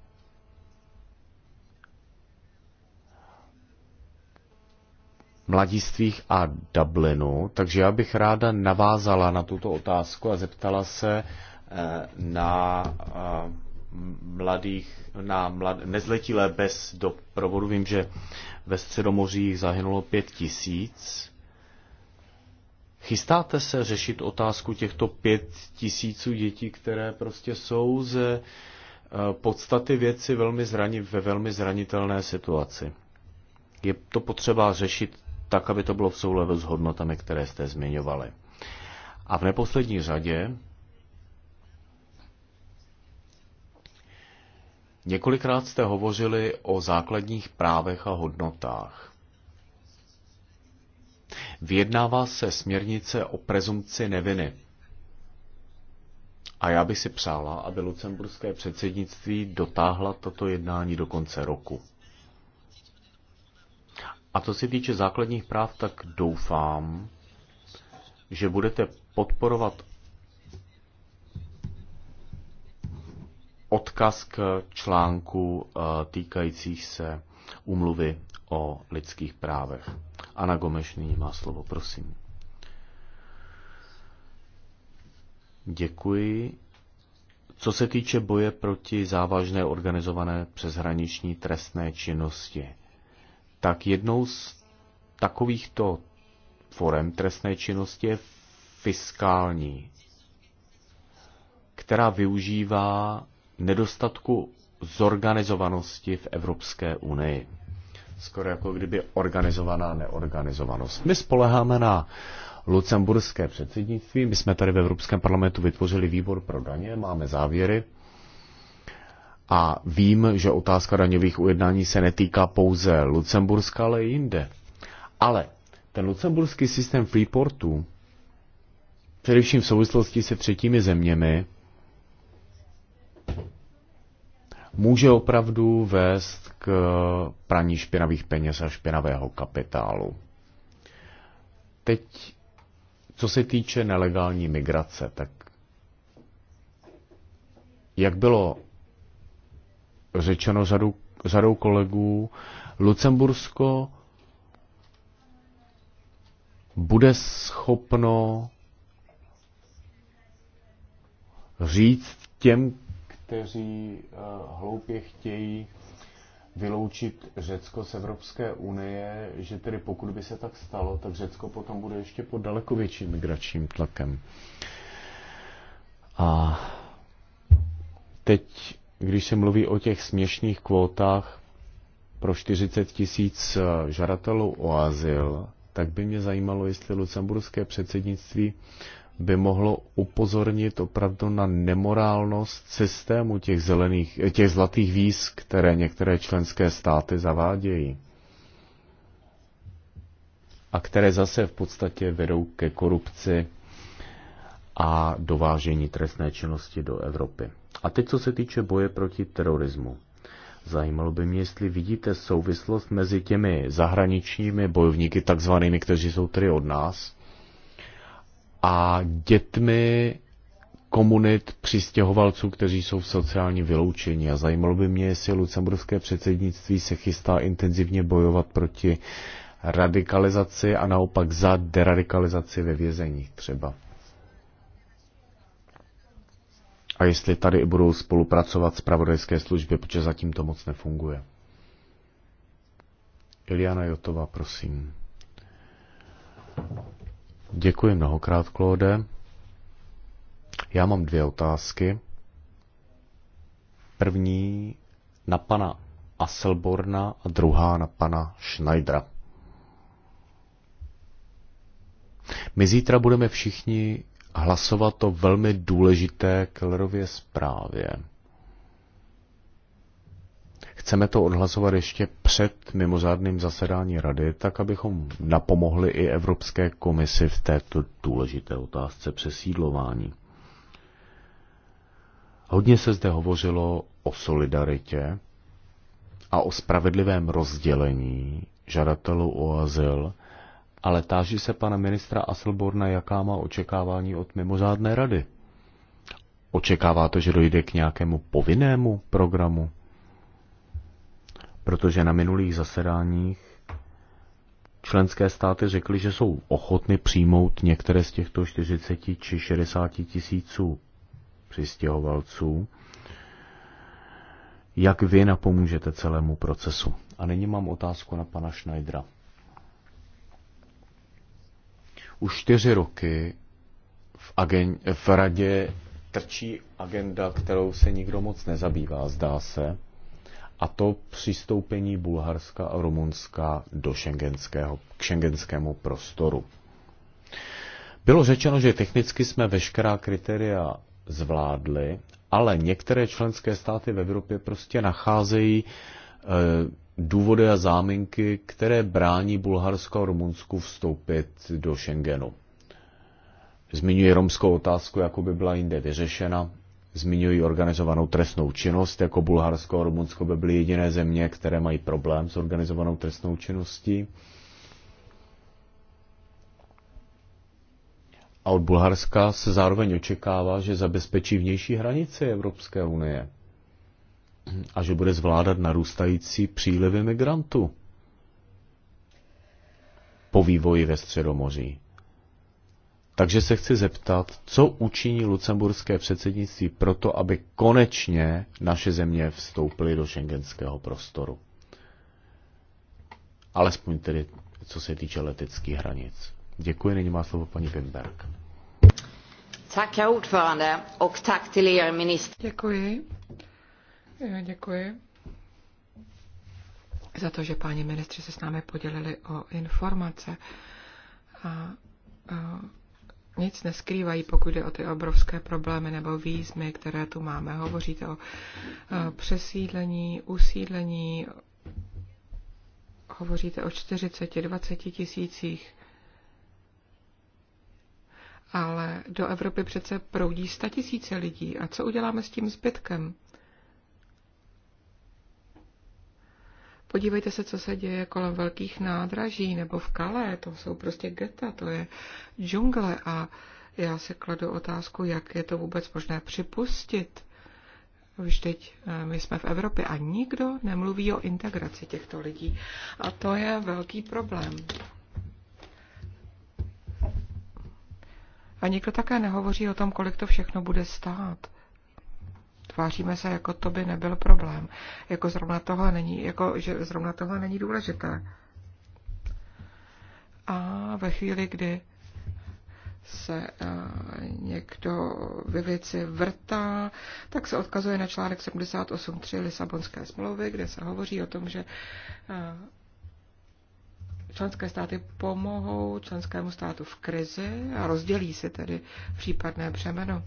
mladistvích a Dublinu, takže já bych ráda navázala na tuto otázku a zeptala se eh, na eh, mladých, na mlad, nezletilé bez doprovodu. Vím, že ve Středomoří zahynulo pět tisíc. Chystáte se řešit otázku těchto pět tisíců dětí, které prostě jsou ze eh, podstaty věci velmi zraní, ve velmi zranitelné situaci? Je to potřeba řešit tak, aby to bylo v souladu s hodnotami, které jste zmiňovali. A v neposlední řadě Několikrát jste hovořili o základních právech a hodnotách. Vyjednává se směrnice o prezumci neviny. A já bych si přála, aby lucemburské předsednictví dotáhla toto jednání do konce roku. A to se týče základních práv, tak doufám, že budete podporovat odkaz k článku eh, týkajících se umluvy o lidských právech. Ana Gomeš nyní má slovo, prosím. Děkuji. Co se týče boje proti závažné organizované přeshraniční trestné činnosti, tak jednou z takovýchto forem trestné činnosti je fiskální, která využívá nedostatku zorganizovanosti v Evropské unii. Skoro jako kdyby organizovaná neorganizovanost. My spoleháme na lucemburské předsednictví. My jsme tady v Evropském parlamentu vytvořili výbor pro daně, máme závěry. A vím, že otázka daňových ujednání se netýká pouze Lucemburska, ale i jinde. Ale ten lucemburský systém Freeportu, především v souvislosti se třetími zeměmi, může opravdu vést k praní špinavých peněz a špinavého kapitálu. Teď, co se týče nelegální migrace, tak jak bylo řečeno řadu, řadou kolegů, Lucembursko bude schopno říct těm, kteří eh, hloupě chtějí vyloučit Řecko z Evropské unie, že tedy pokud by se tak stalo, tak Řecko potom bude ještě pod daleko větším migračním tlakem. A teď, když se mluví o těch směšných kvótách pro 40 tisíc eh, žadatelů o azyl, tak by mě zajímalo, jestli lucemburské předsednictví by mohlo upozornit opravdu na nemorálnost systému těch, zelených, těch zlatých víz, které některé členské státy zavádějí a které zase v podstatě vedou ke korupci a dovážení trestné činnosti do Evropy. A teď, co se týče boje proti terorismu. Zajímalo by mě, jestli vidíte souvislost mezi těmi zahraničními bojovníky, takzvanými, kteří jsou tedy od nás, a dětmi komunit přistěhovalců, kteří jsou v sociální vyloučení. A zajímalo by mě, jestli lucemburské předsednictví se chystá intenzivně bojovat proti radikalizaci a naopak za deradikalizaci ve vězeních třeba. A jestli tady budou spolupracovat s pravodajské služby, protože zatím to moc nefunguje. Iliana Jotová, prosím. Děkuji mnohokrát, Klóde. Já mám dvě otázky. První na pana Aselborna a druhá na pana Schneidera. My zítra budeme všichni hlasovat o velmi důležité Kellerově zprávě. Chceme to odhlasovat ještě před mimořádným zasedání rady, tak abychom napomohli i Evropské komisi v této důležité otázce přesídlování. Hodně se zde hovořilo o solidaritě a o spravedlivém rozdělení žadatelů o azyl, ale táží se pana ministra Aselborna, jaká má očekávání od mimořádné rady. Očekává to, že dojde k nějakému povinnému programu? protože na minulých zasedáních členské státy řekly, že jsou ochotny přijmout některé z těchto 40 či 60 tisíců přistěhovalců. Jak vy napomůžete celému procesu? A nyní mám otázku na pana Schneidera. Už čtyři roky v, agen- v radě trčí agenda, kterou se nikdo moc nezabývá, zdá se a to přistoupení Bulharska a Rumunska do šengenského, k šengenskému prostoru. Bylo řečeno, že technicky jsme veškerá kritéria zvládli, ale některé členské státy v Evropě prostě nacházejí e, důvody a záminky, které brání Bulharsko a Rumunsku vstoupit do Schengenu. Zmiňuji romskou otázku, jako by byla jinde vyřešena, zmiňují organizovanou trestnou činnost, jako Bulharsko a Rumunsko by byly jediné země, které mají problém s organizovanou trestnou činností. A od Bulharska se zároveň očekává, že zabezpečí vnější hranice Evropské unie a že bude zvládat narůstající přílivy migrantů po vývoji ve Středomoří. Takže se chci zeptat, co učiní lucemburské předsednictví proto, aby konečně naše země vstoupily do šengenského prostoru. Alespoň tedy, co se týče leteckých hranic. Děkuji, nyní má slovo paní Wimberg. minister. Děkuji. Eh, děkuji za to, že páni ministři se s námi podělili o informace. A, a eh, nic neskrývají, pokud jde o ty obrovské problémy nebo výzmy, které tu máme. Hovoříte o eh, přesídlení, usídlení, hovoříte o 40-20 tisících ale do Evropy přece proudí tisíce lidí. A co uděláme s tím zbytkem? Podívejte se, co se děje kolem velkých nádraží nebo v Kalé, to jsou prostě geta, to je džungle a já si kladu otázku, jak je to vůbec možné připustit. teď eh, my jsme v Evropě a nikdo nemluví o integraci těchto lidí. A to je velký problém. A nikdo také nehovoří o tom, kolik to všechno bude stát tváříme se, jako to by nebyl problém, jako zrovna tohle není, jako, že zrovna tohle není důležité. A ve chvíli, kdy se eh, někdo ve věci vrtá, tak se odkazuje na článek 78.3 Lisabonské smlouvy, kde se hovoří o tom, že eh, členské státy pomohou členskému státu v krizi a rozdělí si tedy případné břemeno.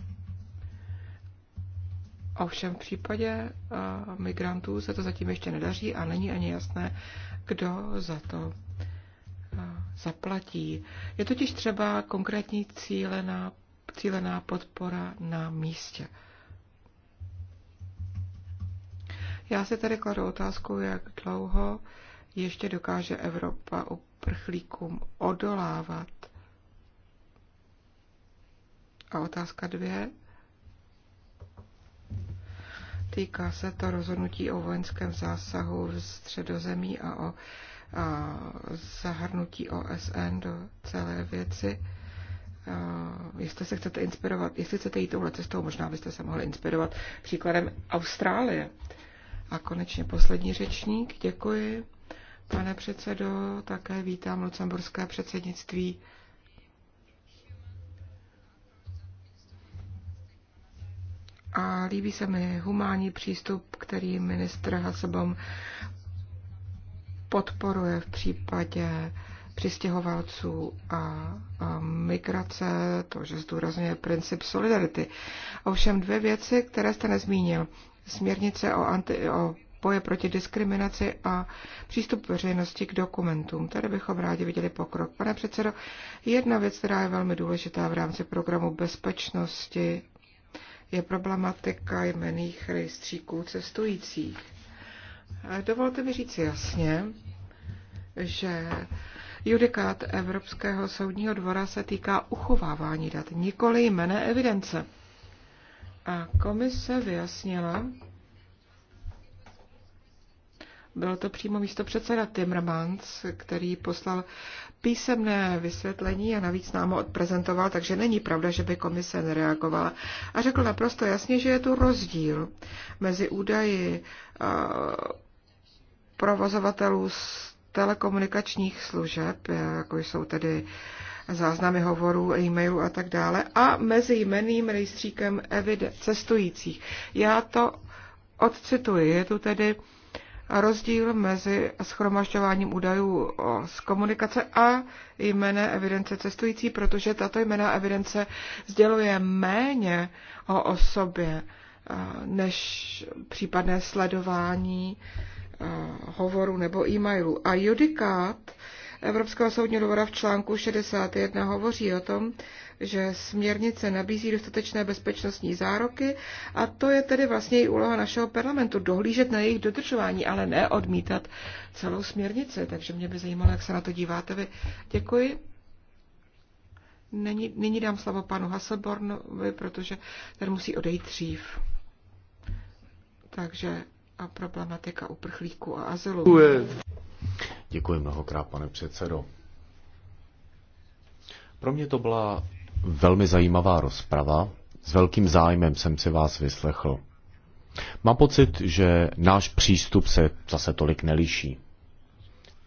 Ovšem v případě eh, migrantů se to zatím ještě nedaří a není ani jasné, kdo za to eh, zaplatí. Je totiž třeba konkrétní cílená, cílená podpora na místě. Já si tady kladu otázku, jak dlouho ještě dokáže Evropa uprchlíkům odolávat. A otázka dvě. Týká se to rozhodnutí o vojenském zásahu v středozemí a o a zahrnutí OSN do celé věci. A jestli se chcete inspirovat, jestli chcete jít touhle cestou, možná byste se mohli inspirovat příkladem Austrálie. A konečně poslední řečník, děkuji. Pane předsedo, také vítám lucemburské předsednictví. a líbí se mi humánní přístup, který ministr Hasebom podporuje v případě přistěhovalců a, a migrace, to, že zdůrazňuje princip solidarity. Ovšem dvě věci, které jste nezmínil. Směrnice o, anti, o boje proti diskriminaci a přístup veřejnosti k dokumentům. Tady bychom rádi viděli pokrok. Pane předsedo, jedna věc, která je velmi důležitá v rámci programu bezpečnosti je problematika jmených rejstříků cestujících. Dovolte mi říct jasně, že judikát Evropského soudního dvora se týká uchovávání dat, nikoli jmené evidence. A komise vyjasnila, bylo to přímo místo předseda Timmermans, který poslal písemné vysvětlení a navíc nám ho odprezentoval, takže není pravda, že by komise nereagovala. A řekl naprosto jasně, že je tu rozdíl mezi údaji eh, provozovatelů z telekomunikačních služeb, jako jsou tedy záznamy hovorů, e-mailů a tak dále, a mezi jmeným rejstříkem evide- cestujících. Já to odcituji, je tu tedy rozdíl mezi schromažďováním údajů z komunikace a jméne evidence cestující, protože tato jména evidence sděluje méně o osobě než případné sledování hovoru nebo e-mailu. A judikát Evropského soudního dvora v článku 61 hovoří o tom, že směrnice nabízí dostatečné bezpečnostní zároky a to je tedy vlastně i úloha našeho parlamentu, dohlížet na jejich dodržování, ale ne odmítat celou směrnici. Takže mě by zajímalo, jak se na to díváte vy. Děkuji. Není nyní dám slovo panu Hasselbornovi, protože ten musí odejít dřív. Takže a problematika uprchlíků a azylu. Děkuji mnohokrát, pane předsedo. Pro mě to byla velmi zajímavá rozprava. S velkým zájmem jsem si vás vyslechl. Mám pocit, že náš přístup se zase tolik neliší.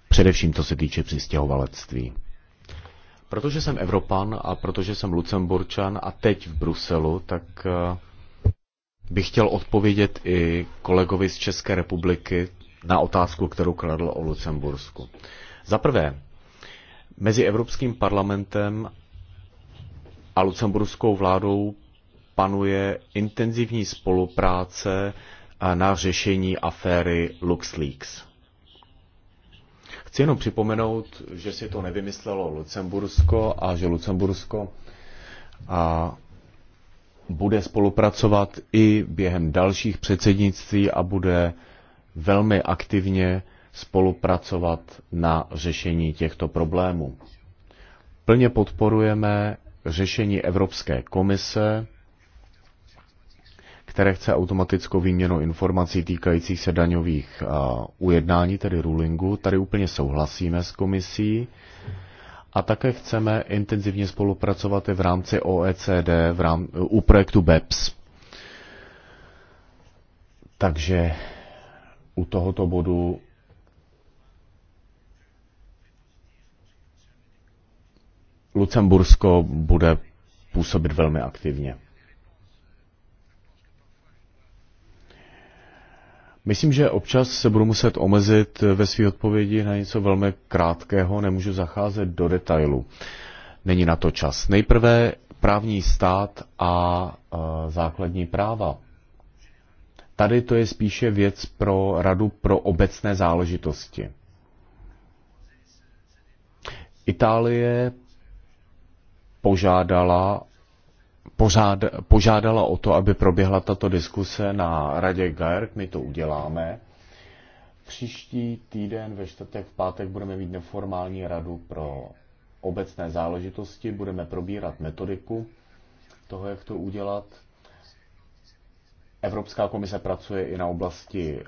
Především to se týče přistěhovalectví. Protože jsem Evropan a protože jsem Lucemburčan a teď v Bruselu, tak eh, bych chtěl odpovědět i kolegovi z České republiky na otázku, kterou kladl o Lucembursku. Za prvé, mezi Evropským parlamentem a lucemburskou vládou panuje intenzivní spolupráce eh, na řešení aféry LuxLeaks. Chci jenom připomenout, že si to nevymyslelo Lucembursko a že Lucembursko a bude spolupracovat i během dalších předsednictví a bude velmi aktivně spolupracovat na řešení těchto problémů. Plně podporujeme řešení Evropské komise, které chce automatickou výměnu informací týkajících se daňových uh, ujednání, tedy rulingu. Tady úplně souhlasíme s komisí. A také chceme intenzivně spolupracovat i v rámci OECD v rám- u projektu BEPS. Takže u tohoto bodu Lucembursko bude působit velmi aktivně. Myslím, že občas se budu muset omezit ve své odpovědi na něco velmi krátkého, nemůžu zacházet do detailu. Není na to čas. Nejprve právní stát a e, základní práva. Tady to je spíše věc pro Radu pro obecné záležitosti. Itálie požádala, pořád, požádala o to, aby proběhla tato diskuse na Radě GAERK, my to uděláme. Příští týden ve čtvrtek, v pátek budeme mít neformální radu pro obecné záležitosti, budeme probírat metodiku toho, jak to udělat. Evropská komise pracuje i na oblasti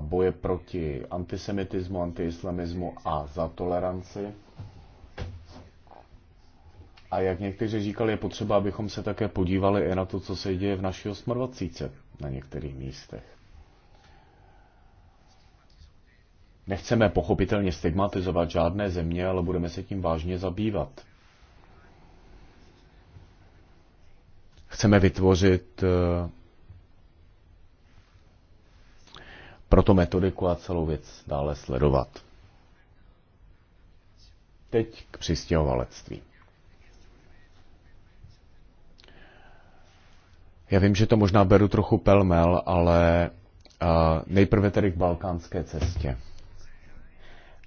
boje proti antisemitismu, antiislamismu a za toleranci. A jak někteří říkali, je potřeba, abychom se také podívali i na to, co se děje v naší osmrvacíce na některých místech. Nechceme pochopitelně stigmatizovat žádné země, ale budeme se tím vážně zabývat. Chceme vytvořit eh, Proto metodiku a celou věc dále sledovat. Teď k přistěhovalectví. Já vím, že to možná beru trochu pelmel, ale uh, nejprve tedy k balkánské cestě.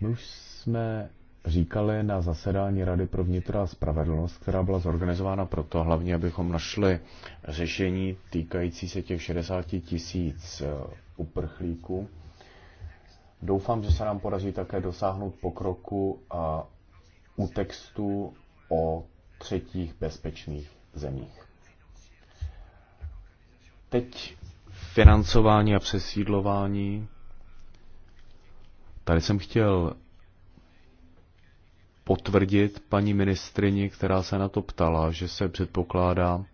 My už jsme říkali na zasedání Rady pro vnitra a spravedlnost, která byla zorganizována proto, hlavně abychom našli řešení týkající se těch 60 tisíc eh, uprchlíků. Doufám, že se nám podaří také dosáhnout pokroku a u textu o třetích bezpečných zemích. Teď financování a přesídlování. Tady jsem chtěl potvrdit paní ministrini, která se na to ptala, že se předpokládá,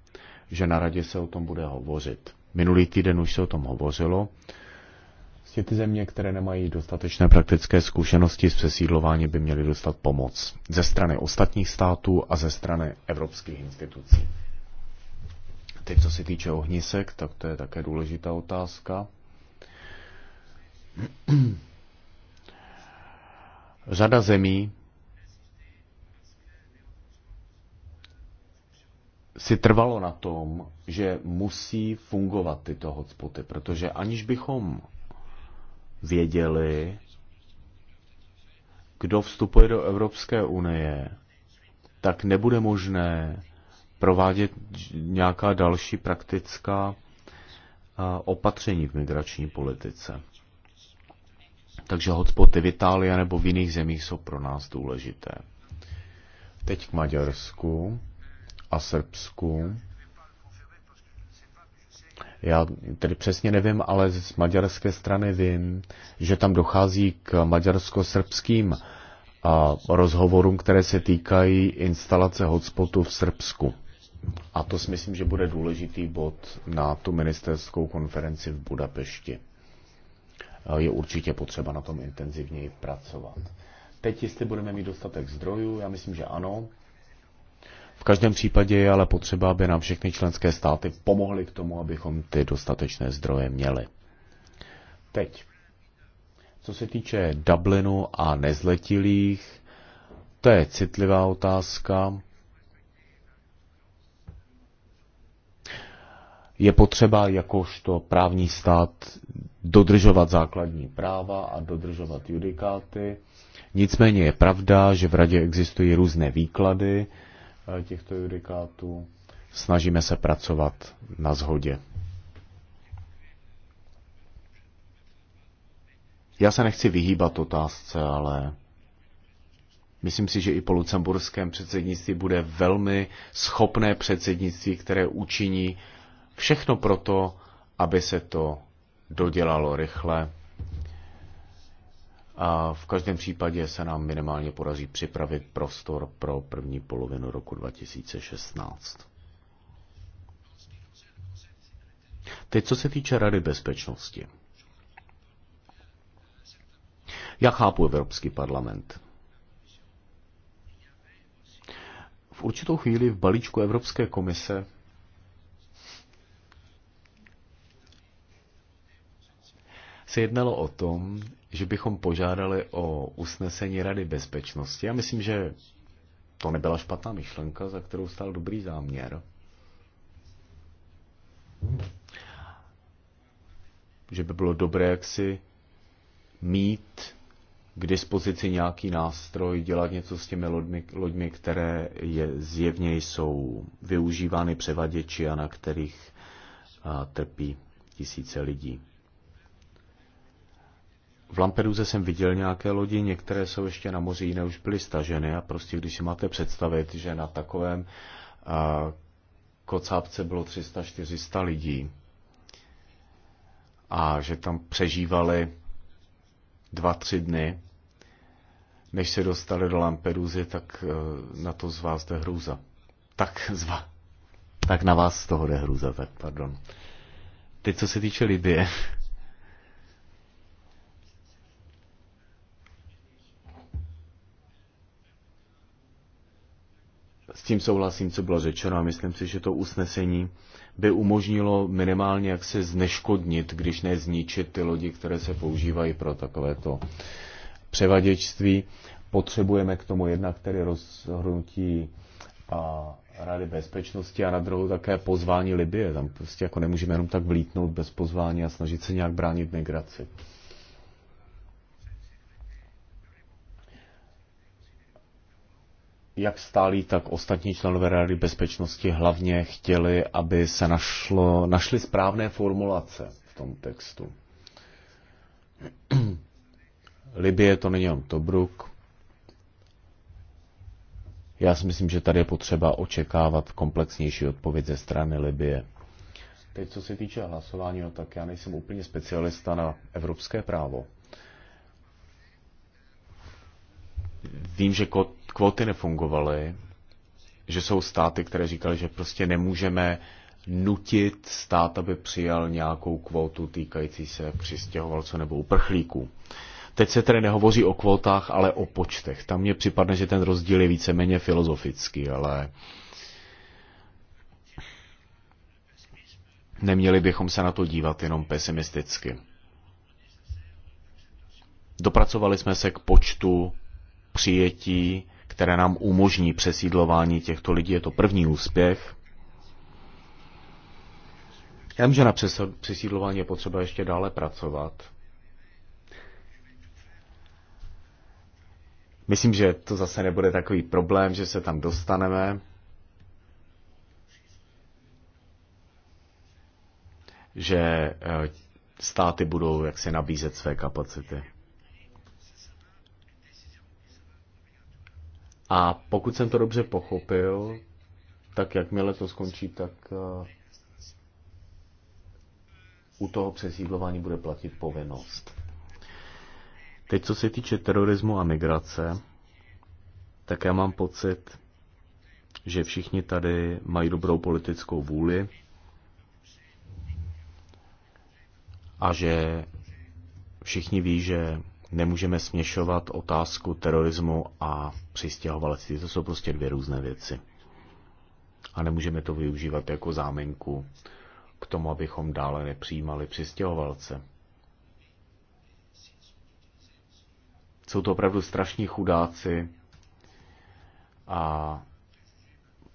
že na radě se o tom bude hovořit. Minulý týden už se o tom hovořilo. Vlastně ty země, které nemají dostatečné praktické zkušenosti s přesídlováním, by měly dostat pomoc ze strany ostatních států a ze strany evropských institucí. Teď, co se týče ohnisek, tak to je také důležitá otázka. Řada zemí si trvalo na tom, že musí fungovat tyto hotspoty, protože aniž bychom věděli, kdo vstupuje do Evropské unie, tak nebude možné provádět nějaká další praktická opatření v migrační politice. Takže hotspoty v Itálii nebo v jiných zemích jsou pro nás důležité. Teď k Maďarsku a Srbsku. Já tedy přesně nevím, ale z maďarské strany vím, že tam dochází k maďarsko-srbským rozhovorům, které se týkají instalace hotspotu v Srbsku. A to si myslím, že bude důležitý bod na tu ministerskou konferenci v Budapešti. Je určitě potřeba na tom intenzivněji pracovat. Teď, jestli budeme mít dostatek zdrojů, já myslím, že ano, v každém případě je ale potřeba, aby nám všechny členské státy pomohly k tomu, abychom ty dostatečné zdroje měli. Teď, co se týče Dublinu a nezletilých, to je citlivá otázka. Je potřeba jakožto právní stát dodržovat základní práva a dodržovat judikáty. Nicméně je pravda, že v radě existují různé výklady Eh, těchto judikátů. Snažíme se pracovat na zhodě. Já se nechci vyhýbat otázce, ale myslím si, že i po lucemburském předsednictví bude velmi schopné předsednictví, které učiní všechno proto, aby se to dodělalo rychle a v každém případě se nám minimálně podaří připravit prostor pro první polovinu roku 2016. Teď, co se týče Rady bezpečnosti. Já chápu Evropský parlament. V určitou chvíli v balíčku Evropské komise se jednalo o tom, že bychom požádali o usnesení Rady bezpečnosti. Já myslím, že to nebyla špatná myšlenka, za kterou stál dobrý záměr. Že by bylo dobré jak si mít k dispozici nějaký nástroj, dělat něco s těmi loďmi, loďmi které je, zjevně jsou využívány převaděči a na kterých a, trpí tisíce lidí. V Lampeduze jsem viděl nějaké lodi, některé jsou ještě na moři, jiné už byly staženy a prostě když si máte představit, že na takovém a, kocápce bylo 300-400 lidí a že tam přežívali dva, tři dny, než se dostali do Lampeduzy, tak e, na to z vás jde hrůza. Tak, zva, tak na vás z toho jde hrůza, tak pardon. Teď co se týče Libie, S tím souhlasím, co bylo řečeno a myslím si, že to usnesení by umožnilo minimálně jak se zneškodnit, když ne zničit ty lodi, které se používají pro takovéto převaděčství. Potřebujeme k tomu jednak tedy rozhodnutí a Rady bezpečnosti a na druhou také pozvání Libie. Tam prostě jako nemůžeme jenom tak vlítnout bez pozvání a snažit se nějak bránit migraci. jak stálí, tak ostatní členové Rady bezpečnosti hlavně chtěli, aby se našlo, našly správné formulace v tom textu. Libie to není jenom Tobruk. Já si myslím, že tady je potřeba očekávat komplexnější odpověď ze strany Libie. Teď, co se týče hlasování, no, tak já nejsem úplně specialista na evropské právo. Vím, že kvóty nefungovaly, že jsou státy, které říkali, že prostě nemůžeme nutit stát, aby přijal nějakou kvótu týkající se přistěhovalců nebo uprchlíků. Teď se tedy nehovoří o kvótách, ale o počtech. Tam mně připadne, že ten rozdíl je víceméně filozofický, ale neměli bychom se na to dívat jenom pesimisticky. Dopracovali jsme se k počtu přijetí které nám umožní přesídlování těchto lidí. Je to první úspěch. Já vím, že na přesídlování je potřeba ještě dále pracovat. Myslím, že to zase nebude takový problém, že se tam dostaneme. Že eh, státy budou jaksi nabízet své kapacity. A pokud jsem to dobře pochopil, tak jakmile to skončí, tak eh, u toho přesídlování bude platit povinnost. Teď, co se týče terorismu a migrace, tak já mám pocit, že všichni tady mají dobrou politickou vůli a že všichni ví, že nemůžeme směšovat otázku terorismu a přistěhovalectví. To jsou prostě dvě různé věci. A nemůžeme to využívat jako záminku k tomu, abychom dále nepřijímali přistěhovalce. Jsou to opravdu strašní chudáci a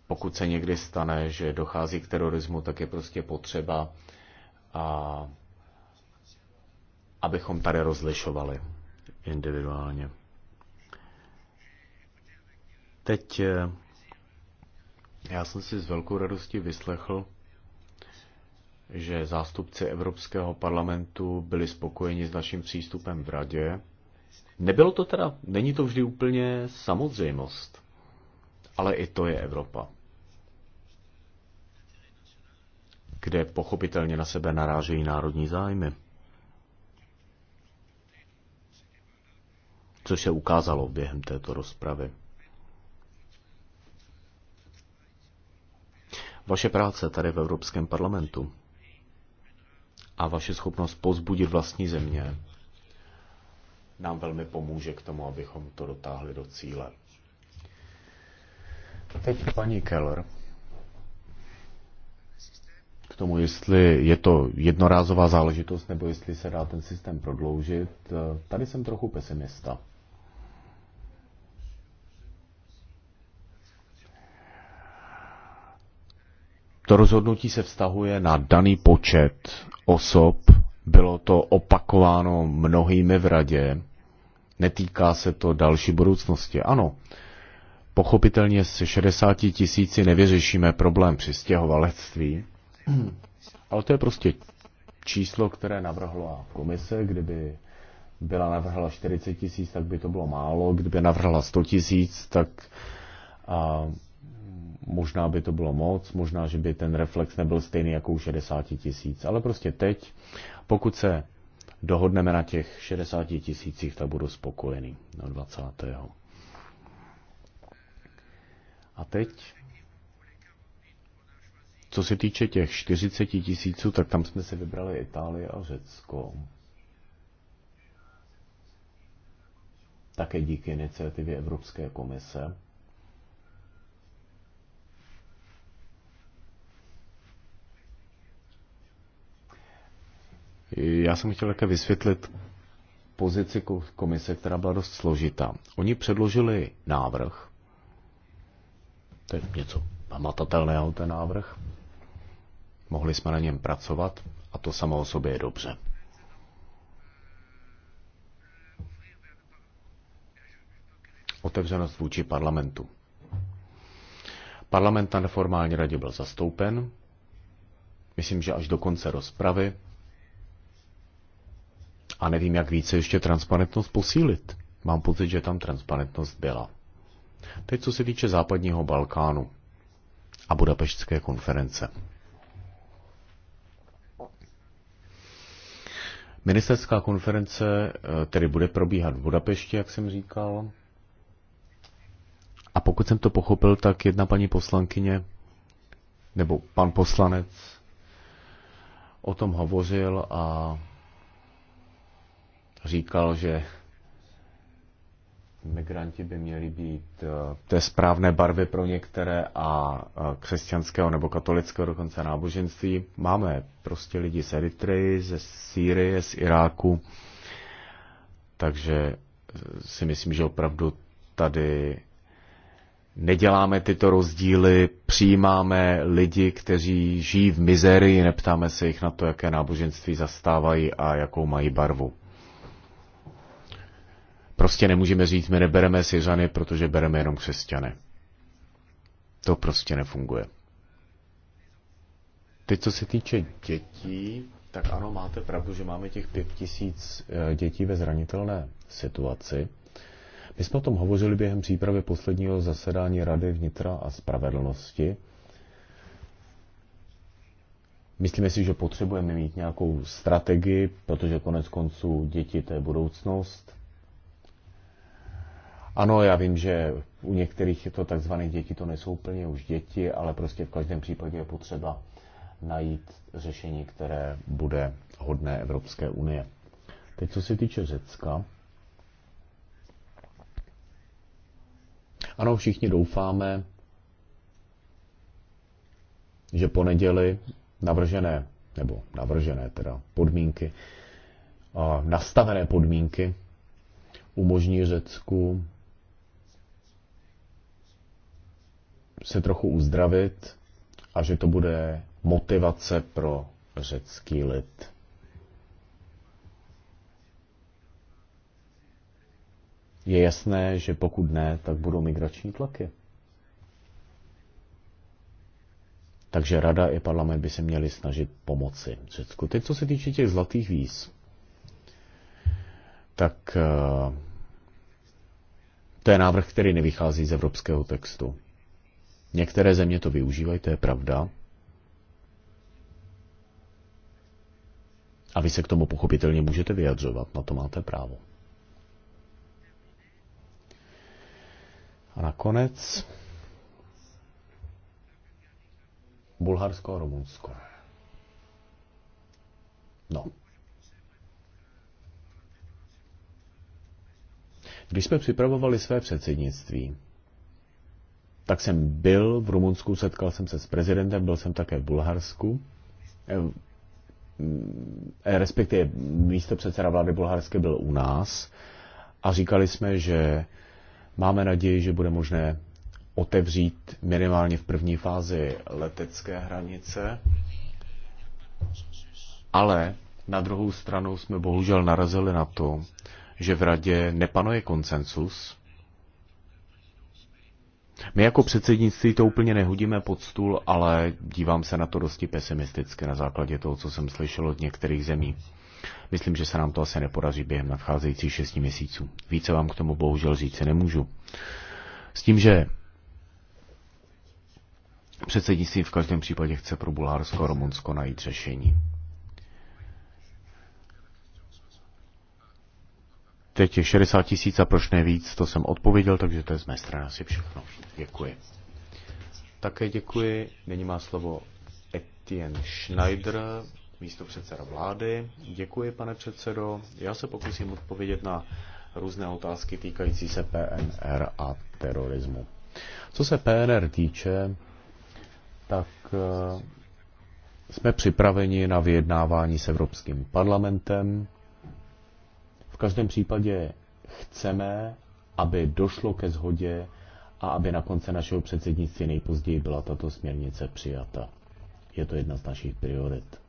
pokud se někdy stane, že dochází k terorismu, tak je prostě potřeba, a, abychom tady rozlišovali individuálně. Teď eh, já jsem si s velkou radostí vyslechl, že zástupci Evropského parlamentu byli spokojeni s naším přístupem v radě. Nebylo to teda, není to vždy úplně samozřejmost, ale i to je Evropa, kde pochopitelně na sebe narážejí národní zájmy. což se ukázalo během této rozpravy. Vaše práce tady v Evropském parlamentu a vaše schopnost pozbudit vlastní země nám velmi pomůže k tomu, abychom to dotáhli do cíle. Teď paní Keller. K tomu, jestli je to jednorázová záležitost, nebo jestli se dá ten systém prodloužit, tady jsem trochu pesimista. To rozhodnutí se vztahuje na daný počet osob, bylo to opakováno mnohými v radě, netýká se to další budoucnosti. Ano, pochopitelně se 60 tisíci nevyřešíme problém při stěhovalectví, ale to je prostě číslo, které navrhla komise, kdyby byla navrhla 40 tisíc, tak by to bylo málo, kdyby navrhla 100 tisíc, tak Možná by to bylo moc, možná, že by ten reflex nebyl stejný jako u 60 tisíc, ale prostě teď, pokud se dohodneme na těch 60 tisících, tak budu spokojený na 20. A teď, co se týče těch 40 tisíců, tak tam jsme si vybrali Itálii a Řecko. Také díky iniciativě Evropské komise. Já jsem chtěl také vysvětlit pozici komise, která byla dost složitá. Oni předložili návrh, to je něco pamatatelného ten návrh, mohli jsme na něm pracovat a to samo o sobě je dobře. Otevřenost vůči parlamentu. Parlament na neformální radě byl zastoupen, myslím, že až do konce rozpravy a nevím, jak více ještě transparentnost posílit. Mám pocit, že tam transparentnost byla. Teď co se týče západního Balkánu a budapeštské konference. Ministerská konference eh, tedy bude probíhat v Budapešti, jak jsem říkal. A pokud jsem to pochopil, tak jedna paní poslankyně nebo pan poslanec o tom hovořil a říkal, že migranti by měli být eh, té správné barvy pro některé a křesťanského nebo katolického dokonce náboženství. Máme prostě lidi z Eritreji, ze Sýrie, z Iráku, takže si myslím, že opravdu tady neděláme tyto rozdíly, přijímáme lidi, kteří žijí v mizérii, neptáme se jich na to, jaké náboženství zastávají a jakou mají barvu. Prostě nemůžeme říct, my nebereme Syřany, protože bereme jenom křesťany. To prostě nefunguje. Teď, co se týče dětí, tak ano, máte pravdu, že máme těch pět tisíc eh, dětí ve zranitelné situaci. My jsme o tom hovořili během přípravy posledního zasedání Rady vnitra a spravedlnosti. Myslíme si, že potřebujeme mít nějakou strategii, protože konec konců děti to je budoucnost. Ano, já vím, že u některých je to takzvané děti, to nejsou úplně už děti, ale prostě v každém případě je potřeba najít řešení, které bude hodné Evropské unie. Teď co se týče Řecka, ano, všichni doufáme, že po neděli navržené, nebo navržené teda podmínky, nastavené podmínky umožní Řecku se trochu uzdravit a že to bude motivace pro řecký lid. Je jasné, že pokud ne, tak budou migrační tlaky. Takže rada i parlament by se měli snažit pomoci Řecku. Teď, co se týče těch zlatých víz, tak eh, to je návrh, který nevychází z evropského textu. Některé země to využívají, to je pravda. A vy se k tomu pochopitelně můžete vyjadřovat, na to máte právo. A nakonec Bulharsko a Rumunsko. No. Když jsme připravovali své předsednictví, tak jsem byl v Rumunsku, setkal jsem se s prezidentem, byl jsem také v Bulharsku, ehm, mm, eh, respektive místo předseda vlády Bulharské byl u nás a říkali jsme, že máme naději, že bude možné otevřít minimálně v první fázi letecké hranice, ale na druhou stranu jsme bohužel narazili na to, že v radě nepanuje konsensus my jako předsednictví to úplně nehodíme pod stůl, ale dívám se na to dosti pesimisticky na základě toho, co jsem slyšel od některých zemí. Myslím, že se nám to asi nepodaří během nadcházejících šesti měsíců. Více vám k tomu bohužel říct nemůžu. S tím, že předsednictví v každém případě chce pro Bulharsko a Rumunsko najít řešení. teď je 60 tisíc a proč ne víc, to jsem odpověděl, takže to je z mé strany asi všechno. Děkuji. Také děkuji. Nyní má slovo Etienne Schneider, místo předseda vlády. Děkuji, pane předsedo. Já se pokusím odpovědět na různé otázky týkající se PNR a terorismu. Co se PNR týče, tak eh, jsme připraveni na vyjednávání s Evropským parlamentem každém případě chceme, aby došlo ke shodě a aby na konci našeho předsednictví nejpozději byla tato směrnice přijata. Je to jedna z našich priorit.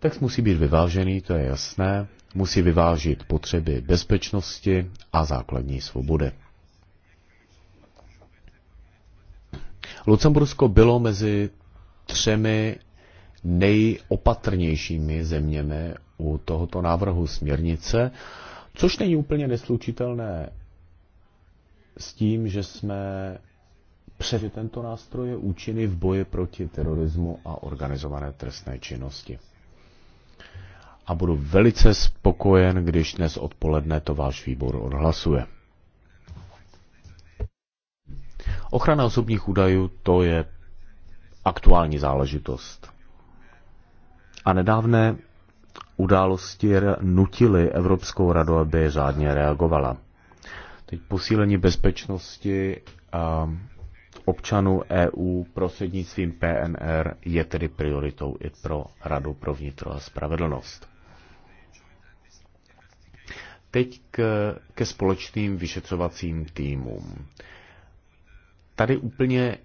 Text musí být vyvážený, to je jasné. Musí vyvážit potřeby bezpečnosti a základní svobody. Lucembursko bylo mezi třemi nejopatrnějšími zeměmi u tohoto návrhu směrnice, což není úplně neslučitelné s tím, že jsme před tento nástroj je účinný v boji proti terorismu a organizované trestné činnosti. A budu velice spokojen, když dnes odpoledne to váš výbor odhlasuje. Ochrana osobních údajů to je aktuální záležitost. A nedávné události nutily Evropskou radu, aby řádně reagovala. Teď posílení bezpečnosti občanů EU prostřednictvím PNR je tedy prioritou i pro Radu pro vnitro a spravedlnost. Teď k, ke společným vyšetřovacím týmům. Tady úplně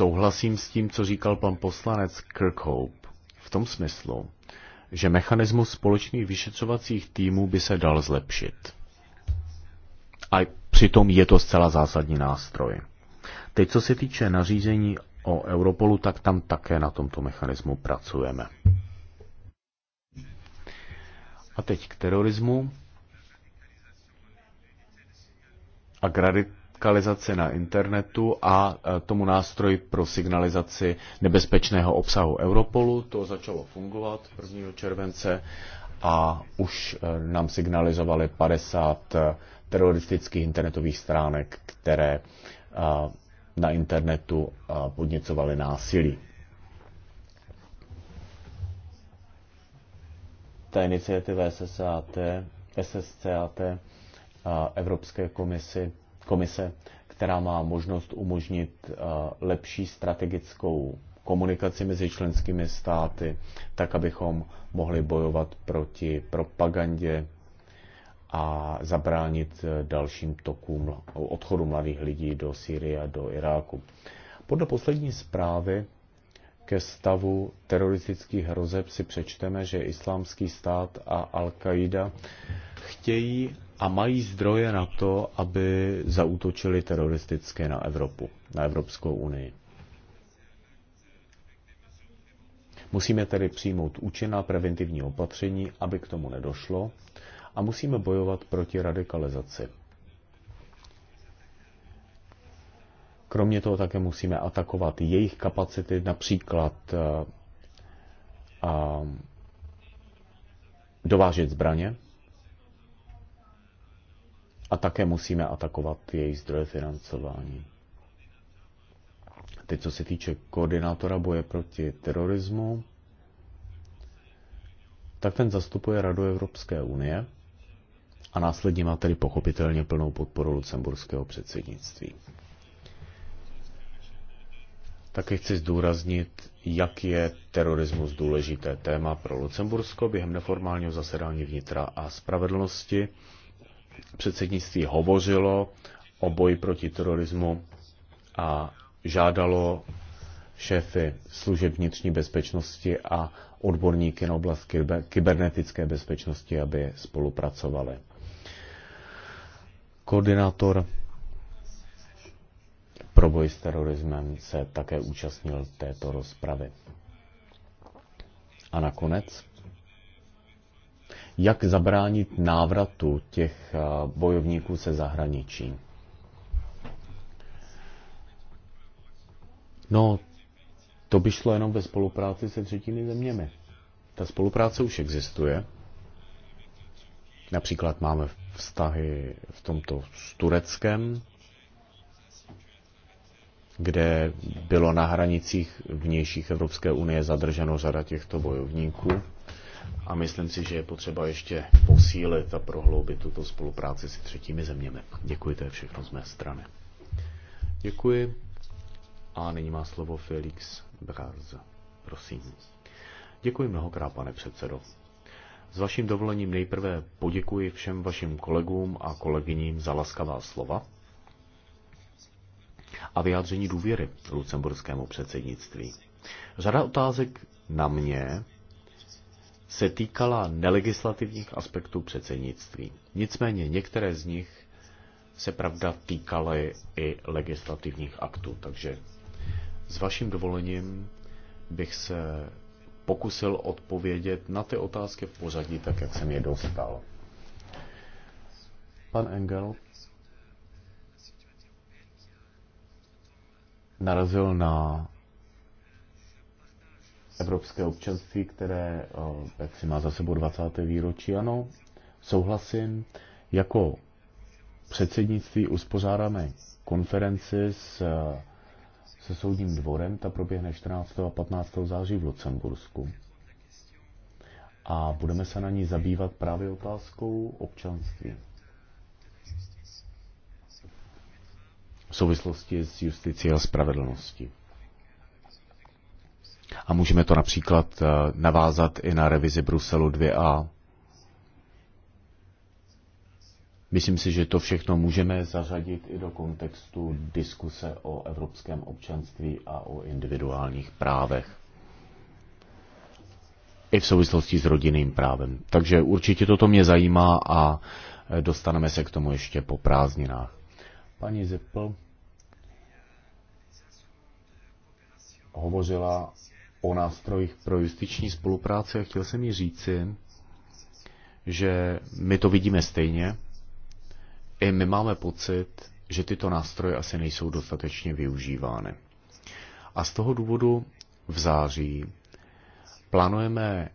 souhlasím s tím, co říkal pan poslanec Kirkhope v tom smyslu, že mechanismus společných vyšetřovacích týmů by se dal zlepšit. A přitom je to zcela zásadní nástroj. Teď, co se týče nařízení o Europolu, tak tam také na tomto mechanismu pracujeme. A teď k terorismu a k lokalizaci na internetu a e, tomu nástroj pro signalizaci nebezpečného obsahu Europolu. To začalo fungovat 1. července a už e, nám signalizovali 50 e, teroristických internetových stránek, které na internetu podněcovaly násilí. Ta iniciativa SSAT, SSCAT a Evropské komisi komise, která má možnost umožnit eh, lepší strategickou komunikaci mezi členskými státy, tak abychom mohli bojovat proti propagandě a zabránit eh, dalším tokům odchodu mladých lidí do Sýrie a do Iráku. Podle poslední zprávy ke stavu teroristických hrozeb si přečteme, že islámský stát a Al-Qaida chtějí a mají zdroje na to, aby zautočili teroristicky na Evropu, na Evropskou unii. Musíme tedy přijmout účinná preventivní opatření, aby k tomu nedošlo, a musíme bojovat proti radikalizaci. Kromě toho také musíme atakovat jejich kapacity, například a, eh, a, dovážet zbraně, a také musíme atakovat její zdroje financování. Teď, co se týče koordinátora boje proti terorismu, tak ten zastupuje Radu Evropské unie a následně má tedy pochopitelně plnou podporu lucemburského předsednictví. Taky chci zdůraznit, jak je terorismus důležité téma pro Lucembursko během neformálního zasedání vnitra a spravedlnosti předsednictví hovořilo o boji proti terorismu a žádalo šéfy služeb vnitřní bezpečnosti a odborníky na oblast kybernetické bezpečnosti, aby spolupracovali. Koordinátor pro boj s terorismem se také účastnil této rozpravy. A nakonec jak zabránit návratu těch eh, bojovníků se zahraničí. No, to by šlo jenom ve spolupráci se třetími zeměmi. Ta spolupráce už existuje. Například máme vztahy v tomto s Tureckem, kde bylo na hranicích vnějších Evropské unie zadrženo řada těchto bojovníků a myslím si, že je potřeba ještě posílit a prohloubit tuto spolupráci s třetími zeměmi. Děkuji, to je všechno z mé strany. Děkuji. A nyní má slovo Felix Bráz. Prosím. Děkuji mnohokrát, pane předsedo. S vaším dovolením nejprve poděkuji všem vašim kolegům a kolegyním za laskavá slova a vyjádření důvěry lucemburskému předsednictví. Řada otázek na mě se týkala nelegislativních aspektů předsednictví. Nicméně některé z nich se pravda týkaly i legislativních aktů, takže s vaším dovolením bych se pokusil odpovědět na ty otázky v pořadí, tak jak jsem je dostal. Pan Engel narazil na evropské občanství, které eh, jak si má za sebou 20. výročí. Ano, souhlasím. Jako předsednictví uspořádáme konferenci s, eh, se soudním dvorem, ta proběhne 14. a 15. září v Lucembursku. A budeme se na ní zabývat právě otázkou občanství. V souvislosti s justicí a spravedlností. A můžeme to například eh, navázat i na revizi Bruselu 2a. Myslím si, že to všechno můžeme zařadit i do kontextu diskuse o evropském občanství a o individuálních právech. I v souvislosti s rodinným právem. Takže určitě toto mě zajímá a eh, dostaneme se k tomu ještě po prázdninách. Paní Zippel hovořila o nástrojích pro justiční spolupráci a chtěl jsem jí říci, že my to vidíme stejně. I my máme pocit, že tyto nástroje asi nejsou dostatečně využívány. A z toho důvodu v září plánujeme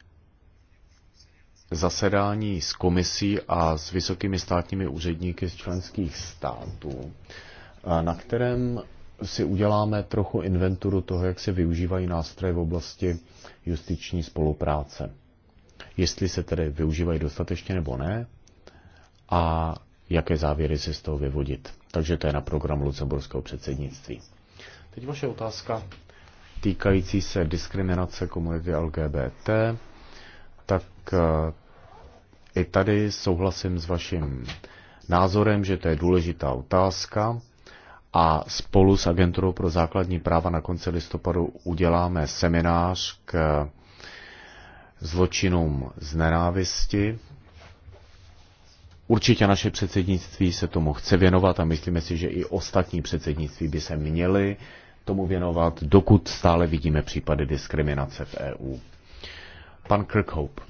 zasedání s komisí a s vysokými státními úředníky z členských států, na kterém si uděláme trochu inventuru toho, jak se využívají nástroje v oblasti justiční spolupráce. Jestli se tedy využívají dostatečně nebo ne a jaké závěry se z toho vyvodit. Takže to je na program lucemburského předsednictví. Teď vaše otázka týkající se diskriminace komunity LGBT, tak eh, i tady souhlasím s vaším názorem, že to je důležitá otázka a spolu s Agenturou pro základní práva na konci listopadu uděláme seminář k zločinům z nenávisti. Určitě naše předsednictví se tomu chce věnovat a myslíme si, že i ostatní předsednictví by se měly tomu věnovat, dokud stále vidíme případy diskriminace v EU. Pan Kirkhope.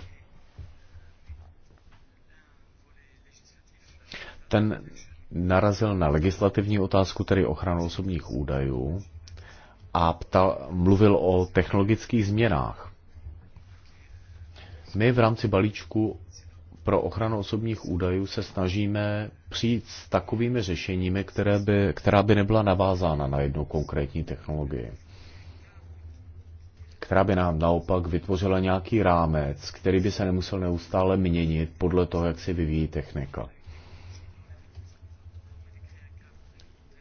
Ten narazil na legislativní otázku, tedy ochranu osobních údajů, a ptal, mluvil o technologických změnách. My v rámci balíčku pro ochranu osobních údajů se snažíme přijít s takovými řešeními, které by, která by nebyla navázána na jednu konkrétní technologii. Která by nám naopak vytvořila nějaký rámec, který by se nemusel neustále měnit podle toho, jak se vyvíjí technika.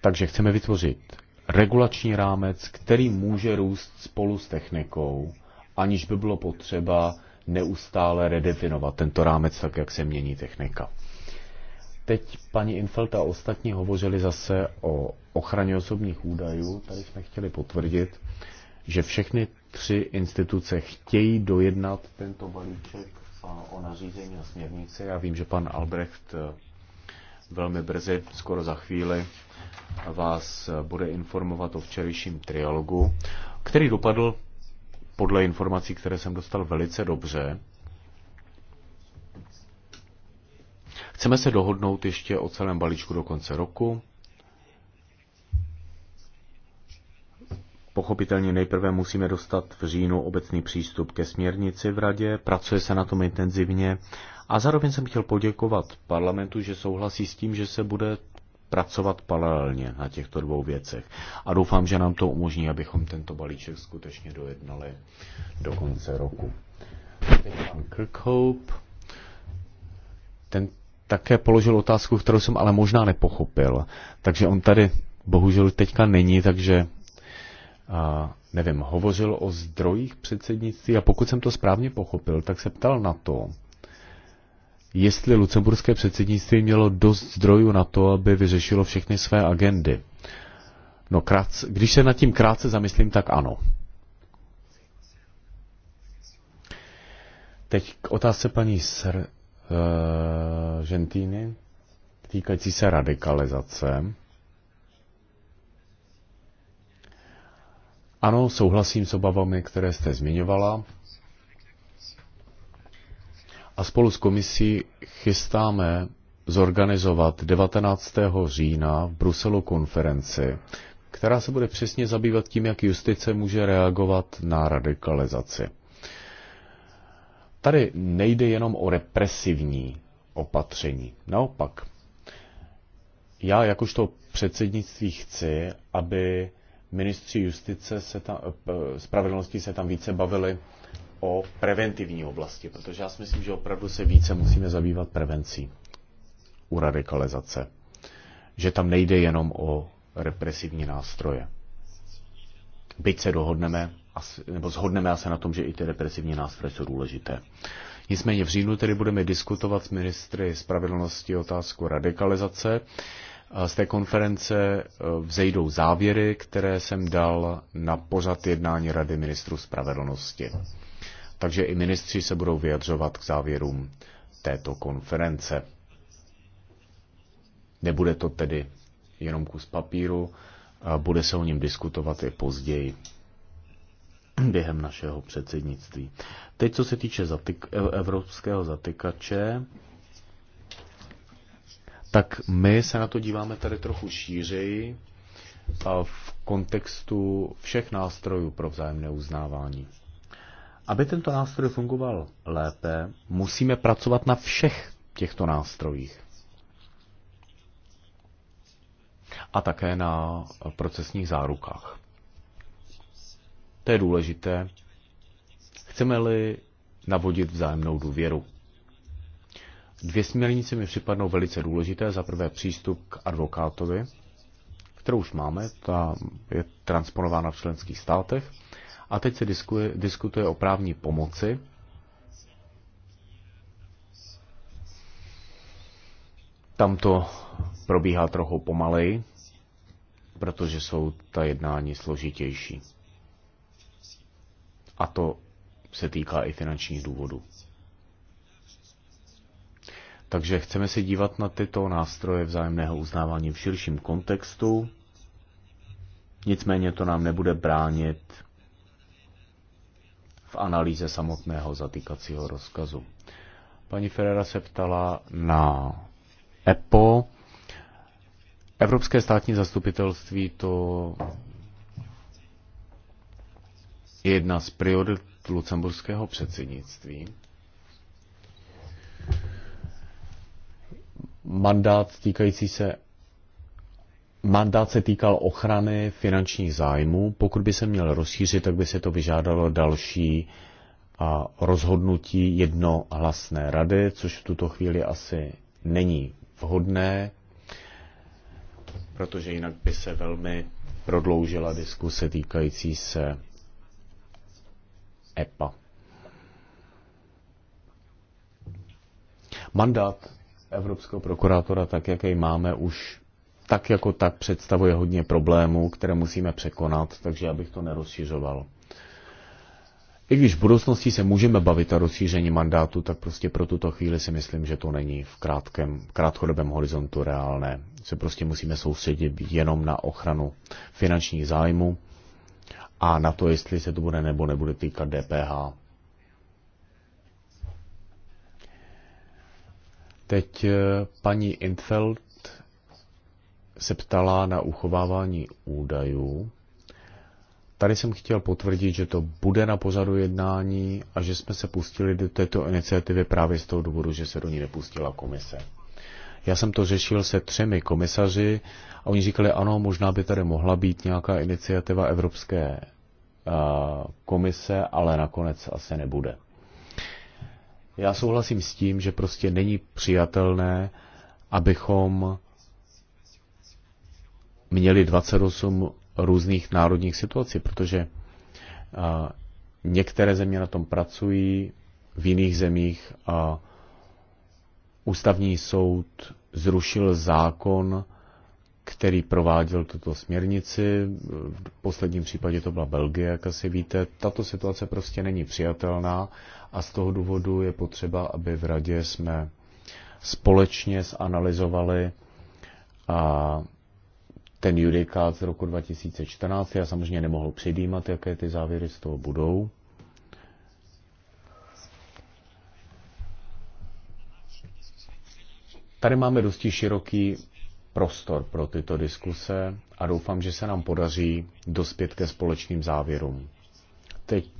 Takže chceme vytvořit regulační rámec, který může růst spolu s technikou, aniž by bylo potřeba neustále redefinovat tento rámec tak, jak se mění technika. Teď paní Infelta a ostatní hovořili zase o ochraně osobních údajů. Tady jsme chtěli potvrdit, že všechny tři instituce chtějí dojednat tento balíček o nařízení a směrnice. Já vím, že pan Albrecht eh, velmi brzy, skoro za chvíli, vás bude informovat o včerejším trialogu, který dopadl podle informací, které jsem dostal velice dobře. Chceme se dohodnout ještě o celém balíčku do konce roku. Pochopitelně nejprve musíme dostat v říjnu obecný přístup ke směrnici v radě, pracuje se na tom intenzivně a zároveň jsem chtěl poděkovat parlamentu, že souhlasí s tím, že se bude pracovat paralelně na těchto dvou věcech. A doufám, že nám to umožní, abychom tento balíček skutečně dojednali do konce roku. Teď pan Kirkhope. Ten také položil otázku, kterou jsem ale možná nepochopil. Takže on tady bohužel teďka není, takže a, nevím, hovořil o zdrojích předsednictví a pokud jsem to správně pochopil, tak se ptal na to, jestli lucemburské předsednictví mělo dost zdrojů na to, aby vyřešilo všechny své agendy. No, krátce, když se nad tím krátce zamyslím, tak ano. Teď k otázce paní Sr, uh, eh, Žentýny, týkající se radikalizace. Ano, souhlasím s obavami, které jste zmiňovala. A spolu s komisí chystáme zorganizovat 19. října v Bruselu konferenci, která se bude přesně zabývat tím, jak justice může reagovat na radikalizaci. Tady nejde jenom o represivní opatření. Naopak, já jakožto předsednictví chci, aby ministři justice se tam, eh, spravedlnosti se tam více bavili o preventivní oblasti, protože já si myslím, že opravdu se více musíme zabývat prevencí u radikalizace. Že tam nejde jenom o represivní nástroje. Byť se dohodneme, nebo zhodneme se na tom, že i ty represivní nástroje jsou důležité. Nicméně v říjnu tedy budeme diskutovat s ministry spravedlnosti otázku radikalizace. Z té konference e, vzejdou závěry, které jsem dal na pořad jednání Rady ministrů spravedlnosti. Takže i ministři se budou vyjadřovat k závěrům této konference. Nebude to tedy jenom kus papíru, a bude se o něm diskutovat i později během našeho předsednictví. Teď, co se týče zatyk, evropského zatykače, tak my se na to díváme tady trochu šířeji v kontextu všech nástrojů pro vzájemné uznávání. Aby tento nástroj fungoval lépe, musíme pracovat na všech těchto nástrojích. A také na procesních zárukách. To je důležité. Chceme-li navodit vzájemnou důvěru. Dvě směrnice mi připadnou velice důležité. Za prvé přístup k advokátovi, kterou už máme, ta je transponována v členských státech. A teď se diskuje, diskutuje o právní pomoci. Tam to probíhá trochu pomaleji, protože jsou ta jednání složitější. A to se týká i finančních důvodů. Takže chceme se dívat na tyto nástroje vzájemného uznávání v širším kontextu. Nicméně to nám nebude bránit v analýze samotného zatýkacího rozkazu. Paní Ferrera se ptala na EPO. Evropské státní zastupitelství to je jedna z priorit lucemburského předsednictví. Mandát týkající se Mandát se týkal ochrany finančních zájmů. Pokud by se měl rozšířit, tak by se to vyžádalo další a rozhodnutí jednohlasné rady, což v tuto chvíli asi není vhodné, protože jinak by se velmi prodloužila diskuse týkající se EPA. Mandát Evropského prokurátora, tak jak jej máme, už tak jako tak představuje hodně problémů, které musíme překonat, takže abych to nerozšiřoval. I když v budoucnosti se můžeme bavit o rozšíření mandátu, tak prostě pro tuto chvíli si myslím, že to není v krátkém, krátkodobém horizontu reálné. Se prostě musíme soustředit jenom na ochranu finančních zájmů a na to, jestli se to bude nebo nebude týkat DPH. Teď eh, paní Intfeld se ptala na uchovávání údajů. Tady jsem chtěl potvrdit, že to bude na pořadu jednání a že jsme se pustili do této iniciativy právě z toho důvodu, že se do ní nepustila komise. Já jsem to řešil se třemi komisaři a oni říkali, ano, možná by tady mohla být nějaká iniciativa Evropské komise, ale nakonec asi nebude. Já souhlasím s tím, že prostě není přijatelné, abychom měli 28 různých národních situací, protože některé země na tom pracují, v jiných zemích a ústavní soud zrušil zákon, který prováděl tuto směrnici. V posledním případě to byla Belgie, jak asi víte. Tato situace prostě není přijatelná a z toho důvodu je potřeba, aby v radě jsme společně zanalizovali a ten judikát z roku 2014. Já samozřejmě nemohl předjímat, jaké ty závěry z toho budou. Tady máme dosti široký prostor pro tyto diskuse a doufám, že se nám podaří dospět ke společným závěrům. Teď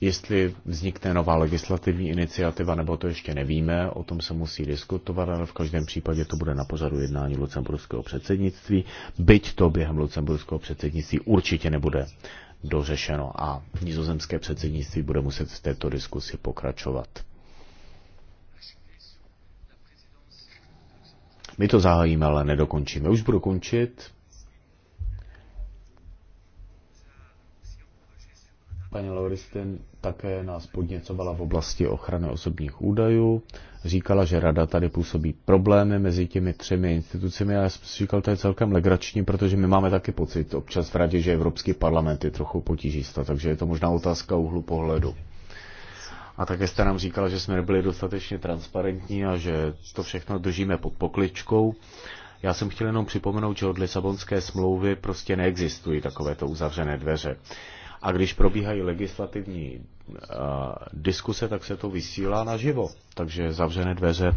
Jestli vznikne nová legislativní iniciativa, nebo to ještě nevíme, o tom se musí diskutovat, ale v každém případě to bude na pořadu jednání lucemburského předsednictví, byť to během lucemburského předsednictví určitě nebude dořešeno a nizozemské předsednictví bude muset v této diskusi pokračovat. My to zahájíme, ale nedokončíme. Už budu končit. Paní Lauristin také nás podněcovala v oblasti ochrany osobních údajů. Říkala, že rada tady působí problémy mezi těmi třemi institucemi a já jsem si říkal, to je celkem legrační, protože my máme taky pocit občas v radě, že Evropský parlament je trochu potížista, takže je to možná otázka úhlu pohledu. A také jste nám říkala, že jsme nebyli dostatečně transparentní a že to všechno držíme pod pokličkou. Já jsem chtěl jenom připomenout, že od Lisabonské smlouvy prostě neexistují takovéto uzavřené dveře. A když probíhají legislativní eh, diskuse, tak se to vysílá naživo. Takže zavřené dveře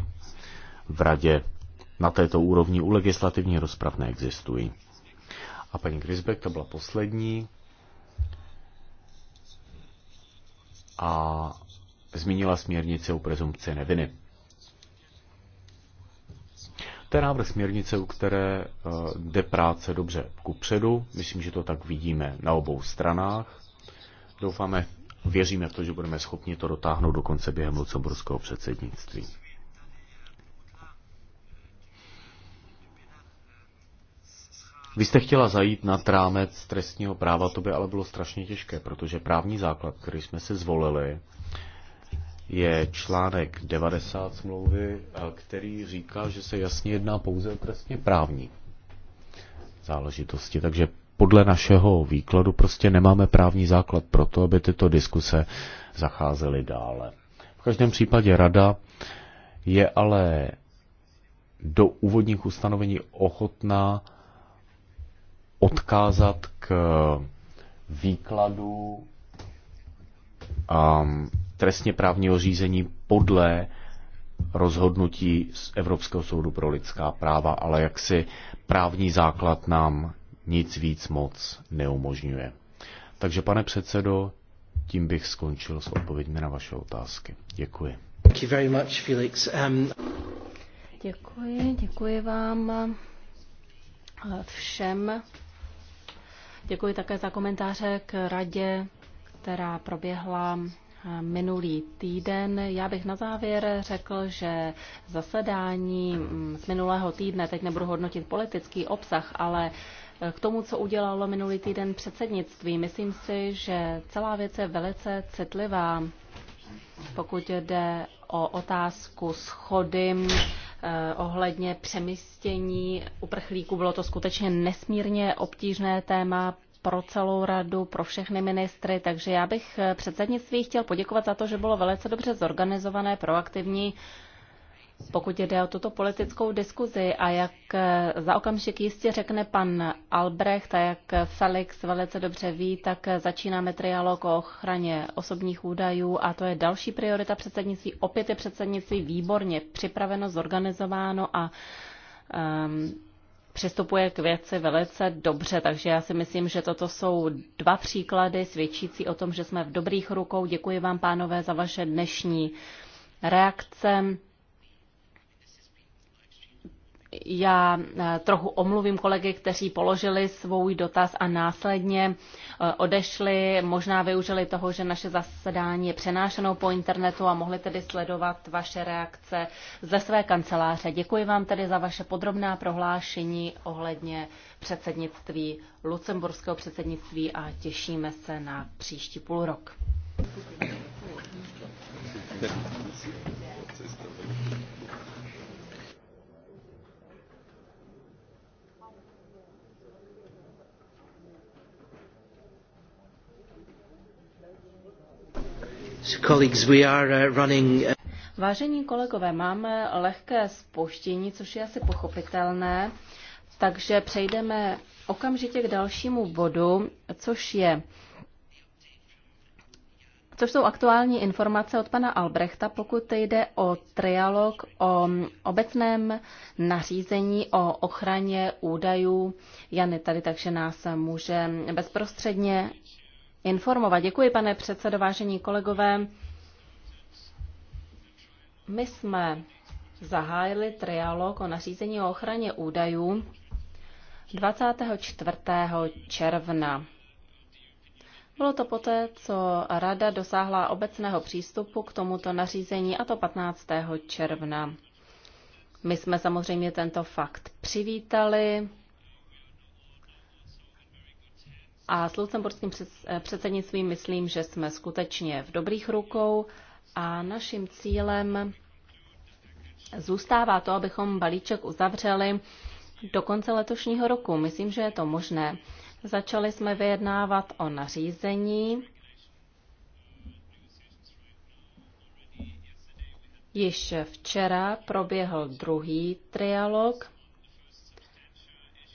v radě na této úrovni u legislativní rozprav neexistují. A paní Grisbeck, to byla poslední. A zmínila směrnice o prezumpci neviny. To je návrh směrnice, u které eh, jde práce dobře ku předu. Myslím, že to tak vidíme na obou stranách. Doufáme, věříme v to, že budeme schopni to dotáhnout do konce během lucemburského předsednictví. Vy jste chtěla zajít na trámec trestního práva, to by ale bylo strašně těžké, protože právní základ, který jsme si zvolili, je článek 90 smlouvy, eh, který říká, že se jasně jedná pouze o trestně právní záležitosti. Takže podle našeho výkladu prostě nemáme právní základ pro to, aby tyto diskuse zacházely dále. V každém případě rada je ale do úvodních ustanovení ochotná odkázat k výkladu um, trestně právního řízení podle rozhodnutí z Evropského soudu pro lidská práva, ale jaksi právní základ nám nic víc moc neumožňuje. Takže pane předsedo, tím bych skončil s odpověďmi na vaše otázky. Děkuji. Thank you very much, Felix. Um... Děkuji, děkuji vám eh, všem. Děkuji také za komentáře k radě, která proběhla minulý týden. Já bych na závěr řekl, že zasedání mm, z minulého týdne, teď nebudu hodnotit politický obsah, ale eh, k tomu, co udělalo minulý týden předsednictví, myslím si, že celá věc je velice citlivá, pokud jde o otázku schody eh, ohledně přemístění uprchlíků. Bylo to skutečně nesmírně obtížné téma pro celou radu, pro všechny ministry, takže já bych eh, předsednictví chtěl poděkovat za to, že bylo velice dobře zorganizované, proaktivní, pokud jde o tuto politickou diskuzi a jak eh, za okamžik jistě řekne pan Albrecht a jak Felix velice dobře ví, tak eh, začínáme trialog o ochraně osobních údajů a to je další priorita předsednictví. Opět je předsednictví výborně připraveno, zorganizováno a um, přistupuje k věci velice dobře, takže já si myslím, že toto jsou dva příklady svědčící o tom, že jsme v dobrých rukou. Děkuji vám, pánové, za vaše dnešní reakce já eh, trochu omluvím kolegy, kteří položili svůj dotaz a následně eh, odešli, možná využili toho, že naše zasedání je přenášeno po internetu a mohli tedy sledovat vaše reakce ze své kanceláře. Děkuji vám tedy za vaše podrobná prohlášení ohledně předsednictví, lucemburského předsednictví a těšíme se na příští půlrok. rok. Uh, uh, Vážení kolegové, máme lehké spoštění, což je asi pochopitelné, takže přejdeme okamžitě k dalšímu bodu, což je což jsou aktuální informace od pana Albrechta, pokud jde o trialog o obecném nařízení o ochraně údajů Jany tady, takže nás může bezprostředně informovat. Děkuji, pane předsedo, vážení kolegové. My jsme zahájili trialog o nařízení o ochraně údajů 24. června. Bylo to poté, co Rada dosáhla obecného přístupu k tomuto nařízení, a to 15. června. My jsme samozřejmě tento fakt přivítali A s lucemburským eh, předsednictvím myslím, že jsme skutečně v dobrých rukou a naším cílem zůstává to, abychom balíček uzavřeli do konce letošního roku. Myslím, že je to možné. Začali jsme vyjednávat o nařízení. Již včera proběhl druhý trialog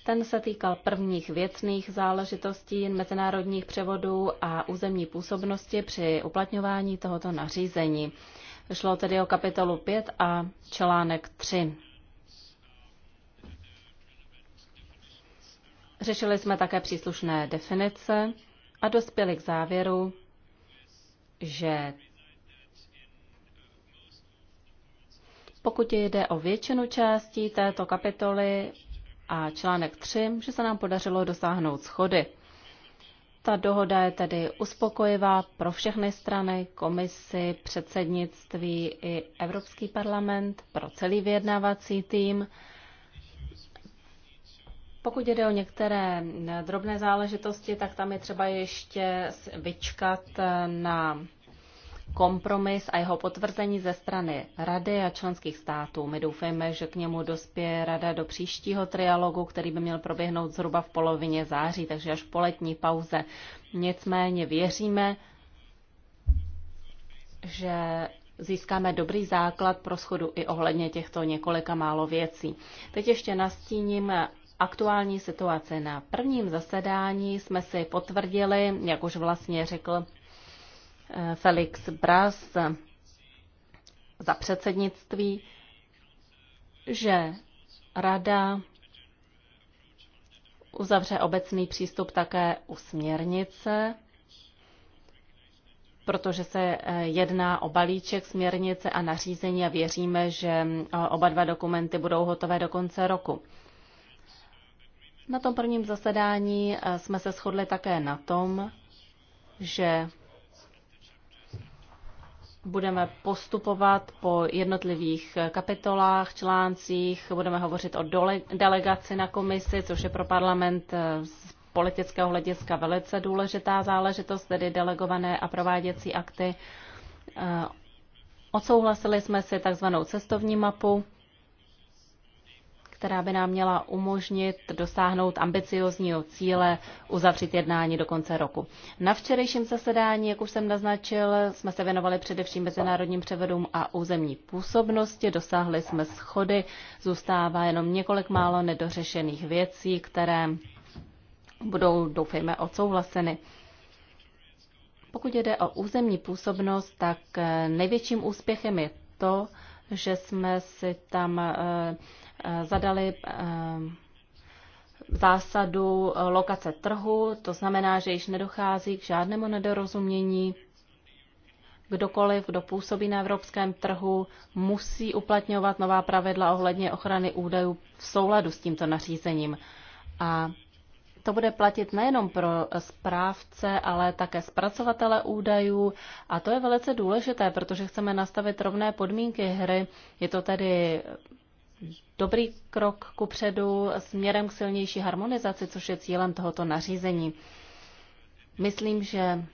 ten se týkal prvních věcných záležitostí, mezinárodních převodů a územní působnosti při uplatňování tohoto nařízení. Šlo tedy o kapitolu 5 a článek 3. Řešili jsme také příslušné definice a dospěli k závěru, že pokud jde o většinu částí této kapitoly, a článek 3, že se nám podařilo dosáhnout schody. Ta dohoda je tedy uspokojivá pro všechny strany, komisi, předsednictví i Evropský parlament, pro celý vyjednávací tým. Pokud jde o některé drobné záležitosti, tak tam je třeba ještě vyčkat na kompromis a jeho potvrzení ze strany Rady a členských států. My doufáme, že k němu dospěje Rada do příštího trialogu, který by měl proběhnout zhruba v polovině září, takže až po letní pauze. Nicméně věříme, že získáme dobrý základ pro schodu i ohledně těchto několika málo věcí. Teď ještě nastíním aktuální situace. Na prvním zasedání jsme si potvrdili, jak už vlastně řekl Felix Braz za předsednictví, že Rada uzavře obecný přístup také u směrnice, protože se eh, jedná o balíček směrnice a nařízení a věříme, že eh, oba dva dokumenty budou hotové do konce roku. Na tom prvním zasedání eh, jsme se shodli také na tom, že budeme postupovat po jednotlivých kapitolách, článcích, budeme hovořit o dole, delegaci na komisi, což je pro parlament eh, z politického hlediska velice důležitá záležitost, tedy delegované a prováděcí akty. Eh, odsouhlasili jsme si takzvanou cestovní mapu, která by nám měla umožnit dosáhnout ambiciozního cíle uzavřít jednání do konce roku. Na včerejším zasedání, jak už jsem naznačil, jsme se věnovali především mezinárodním převedům a územní působnosti. Dosáhli jsme schody, zůstává jenom několik málo nedořešených věcí, které budou, doufejme, odsouhlaseny. Pokud jde o územní působnost, tak eh, největším úspěchem je to, že jsme si tam eh, Eh, zadali eh, zásadu lokace trhu, to znamená, že již nedochází k žádnému nedorozumění. Kdokoliv, kdo působí na evropském trhu, musí uplatňovat nová pravidla ohledně ochrany údajů v souladu s tímto nařízením. A to bude platit nejenom pro správce, ale také zpracovatele údajů a to je velice důležité, protože chceme nastavit rovné podmínky hry. Je to tedy dobrý krok ku předu směrem k silnější harmonizaci, což je cílem tohoto nařízení. Myslím, že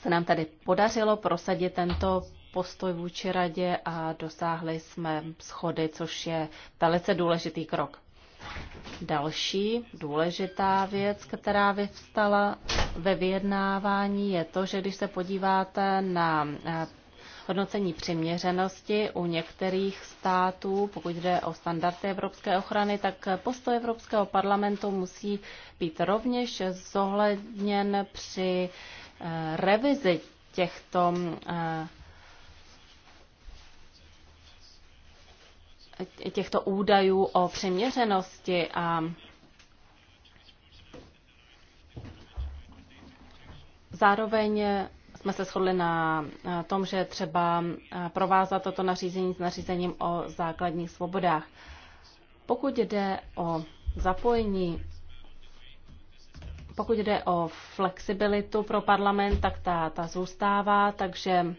se nám tady podařilo prosadit tento postoj vůči radě a dosáhli jsme schody, což je velice důležitý krok. Další důležitá věc, která vyvstala ve vyjednávání, je to, že když se podíváte na hodnocení přiměřenosti u některých států, pokud jde o standardy evropské ochrany, tak postoj Evropského parlamentu musí být rovněž zohledněn při eh, revizi těchto eh, těchto údajů o přiměřenosti a zároveň jsme se shodli na tom, že třeba eh, provázat toto nařízení s nařízením o základních svobodách. Pokud jde o zapojení, pokud jde o flexibilitu pro parlament, tak ta, ta zůstává, takže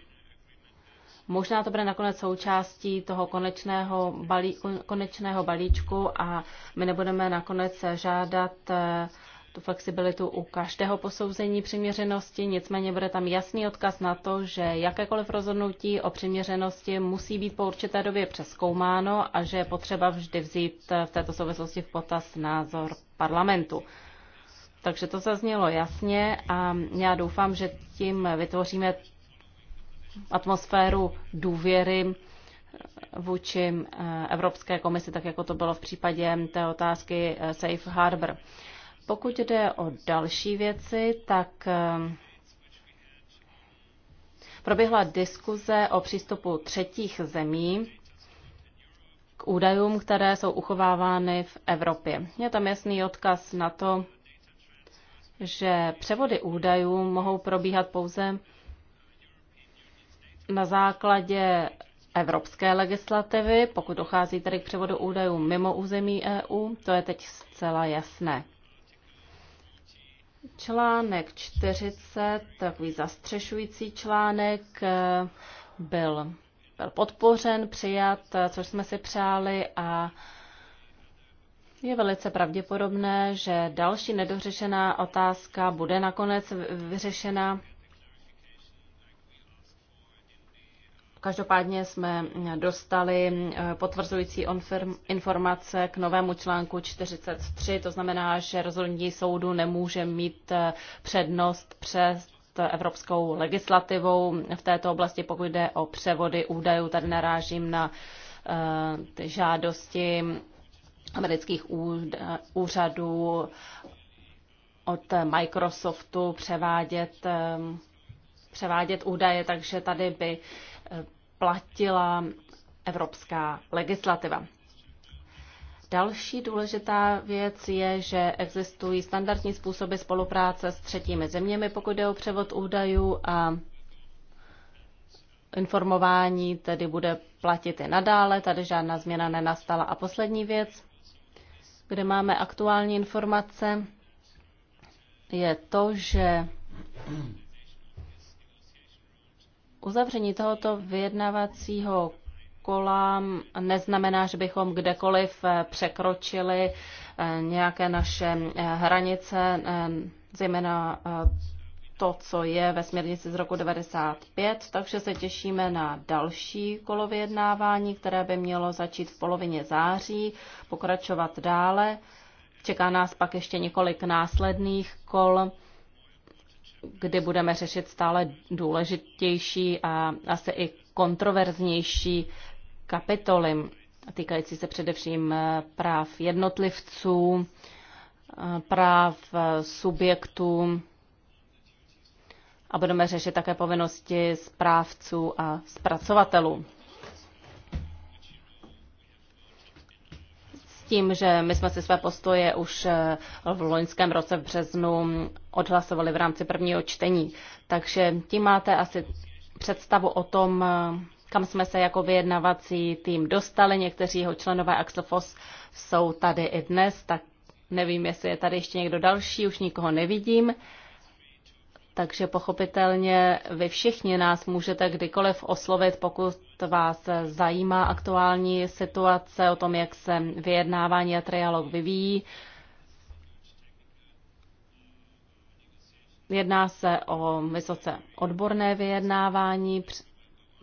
Možná to bude nakonec součástí toho konečného, balí, konečného balíčku a my nebudeme nakonec žádat eh, tu flexibilitu u každého posouzení přiměřenosti, nicméně bude tam jasný odkaz na to, že jakékoliv rozhodnutí o přiměřenosti musí být po určité době přeskoumáno a že je potřeba vždy vzít v této souvislosti v potaz názor parlamentu. Takže to zaznělo jasně a já doufám, že tím vytvoříme atmosféru důvěry vůči eh, Evropské komisi, tak jako to bylo v případě té otázky eh, Safe Harbor. Pokud jde o další věci, tak ehm, proběhla diskuze o přístupu třetích zemí k údajům, které jsou uchovávány v Evropě. Je tam jasný odkaz na to, že převody údajů mohou probíhat pouze na základě evropské legislativy, pokud dochází tedy k převodu údajů mimo území EU, to je teď zcela jasné. Článek 40, takový zastřešující článek, byl, byl podpořen, přijat, což jsme si přáli a je velice pravděpodobné, že další nedořešená otázka bude nakonec vyřešena Každopádně jsme dostali eh, potvrzující informace k novému článku 43, to znamená, že rozhodnutí soudu nemůže mít eh, přednost přes evropskou legislativou v této oblasti, pokud jde o převody údajů. Tady narážím na eh, ty žádosti amerických úřadů od Microsoftu převádět, převádět údaje, takže tady by Eh, platila evropská legislativa. Další důležitá věc je, že existují standardní způsoby spolupráce s třetími zeměmi, pokud jde o převod údajů a informování tedy bude platit i nadále, tady žádná změna nenastala. A poslední věc, kde máme aktuální informace, je to, že Uzavření tohoto vyjednavacího kola neznamená, že bychom kdekoliv eh, překročili eh, nějaké naše eh, hranice, zejména to, co je ve směrnici z roku 95, takže se těšíme na další kolo vyjednávání, které by mělo začít v polovině září, pokračovat dále. Čeká nás pak ještě několik následných kol kdy budeme řešit stále důležitější a asi i kontroverznější kapitoly, týkající se především eh, práv jednotlivců, eh, práv eh, subjektů a budeme řešit také povinnosti zprávců a zpracovatelů. tím, že my jsme si své postoje už eh, v loňském roce v březnu odhlasovali v rámci prvního čtení. Takže tím máte asi představu o tom, eh, kam jsme se jako vyjednavací tým dostali. Někteří jeho členové Axel Foss jsou tady i dnes, tak nevím, jestli je tady ještě někdo další, už nikoho nevidím takže pochopitelně vy všichni nás můžete kdykoliv oslovit, pokud vás zajímá aktuální situace o tom, jak se vyjednávání a trialog vyvíjí. Jedná se o vysoce odborné vyjednávání,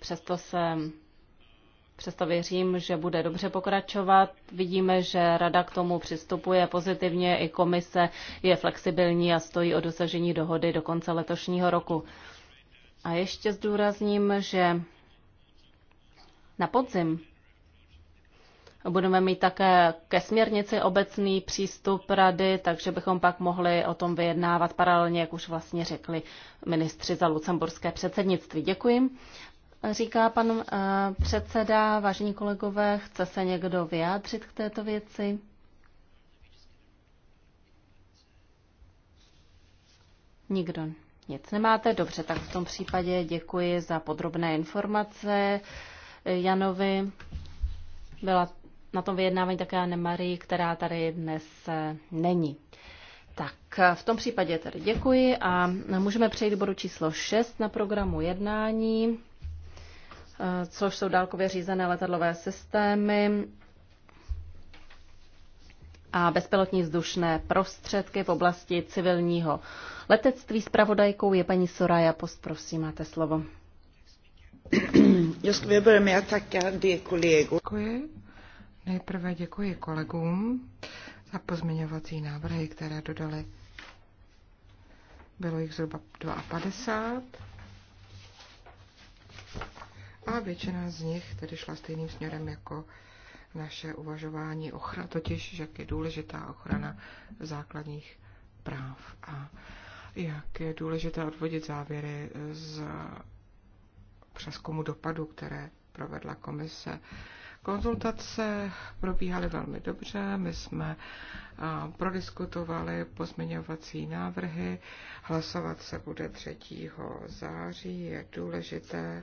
přesto se Přesto věřím, že bude dobře pokračovat. Vidíme, že rada k tomu přistupuje pozitivně, i komise je flexibilní a stojí o dosažení dohody do konce letošního roku. A ještě zdůrazním, že na podzim Budeme mít také ke směrnici obecný přístup rady, takže bychom pak mohli o tom vyjednávat paralelně, jak už vlastně řekli ministři za lucemburské předsednictví. Děkuji. Říká pan eh, předseda, vážení kolegové, chce se někdo vyjádřit k této věci? Nikdo. Nic nemáte? Dobře, tak v tom případě děkuji za podrobné informace eh, Janovi. Byla na tom vyjednávání také Anne Marie, která tady dnes eh, není. Tak v tom případě tedy děkuji a můžeme přejít k bodu číslo 6 na programu jednání. Eh, což jsou dálkově řízené letadlové systémy a bezpilotní vzdušné prostředky v oblasti civilního letectví. Spravodajkou je paní Soraya Post. Prosím, máte slovo. Děkuji. Nejprve děkuji kolegům za pozměňovací návrhy, které dodali. Bylo jich zhruba 52 a většina z nich tedy šla stejným směrem jako naše uvažování ochrana, totiž, jak je důležitá ochrana základních práv a jak je důležité odvodit závěry z přeskumu dopadu, které provedla komise. Konzultace probíhaly velmi dobře, my jsme prodiskutovali pozměňovací návrhy, hlasovat se bude 3. září, je důležité,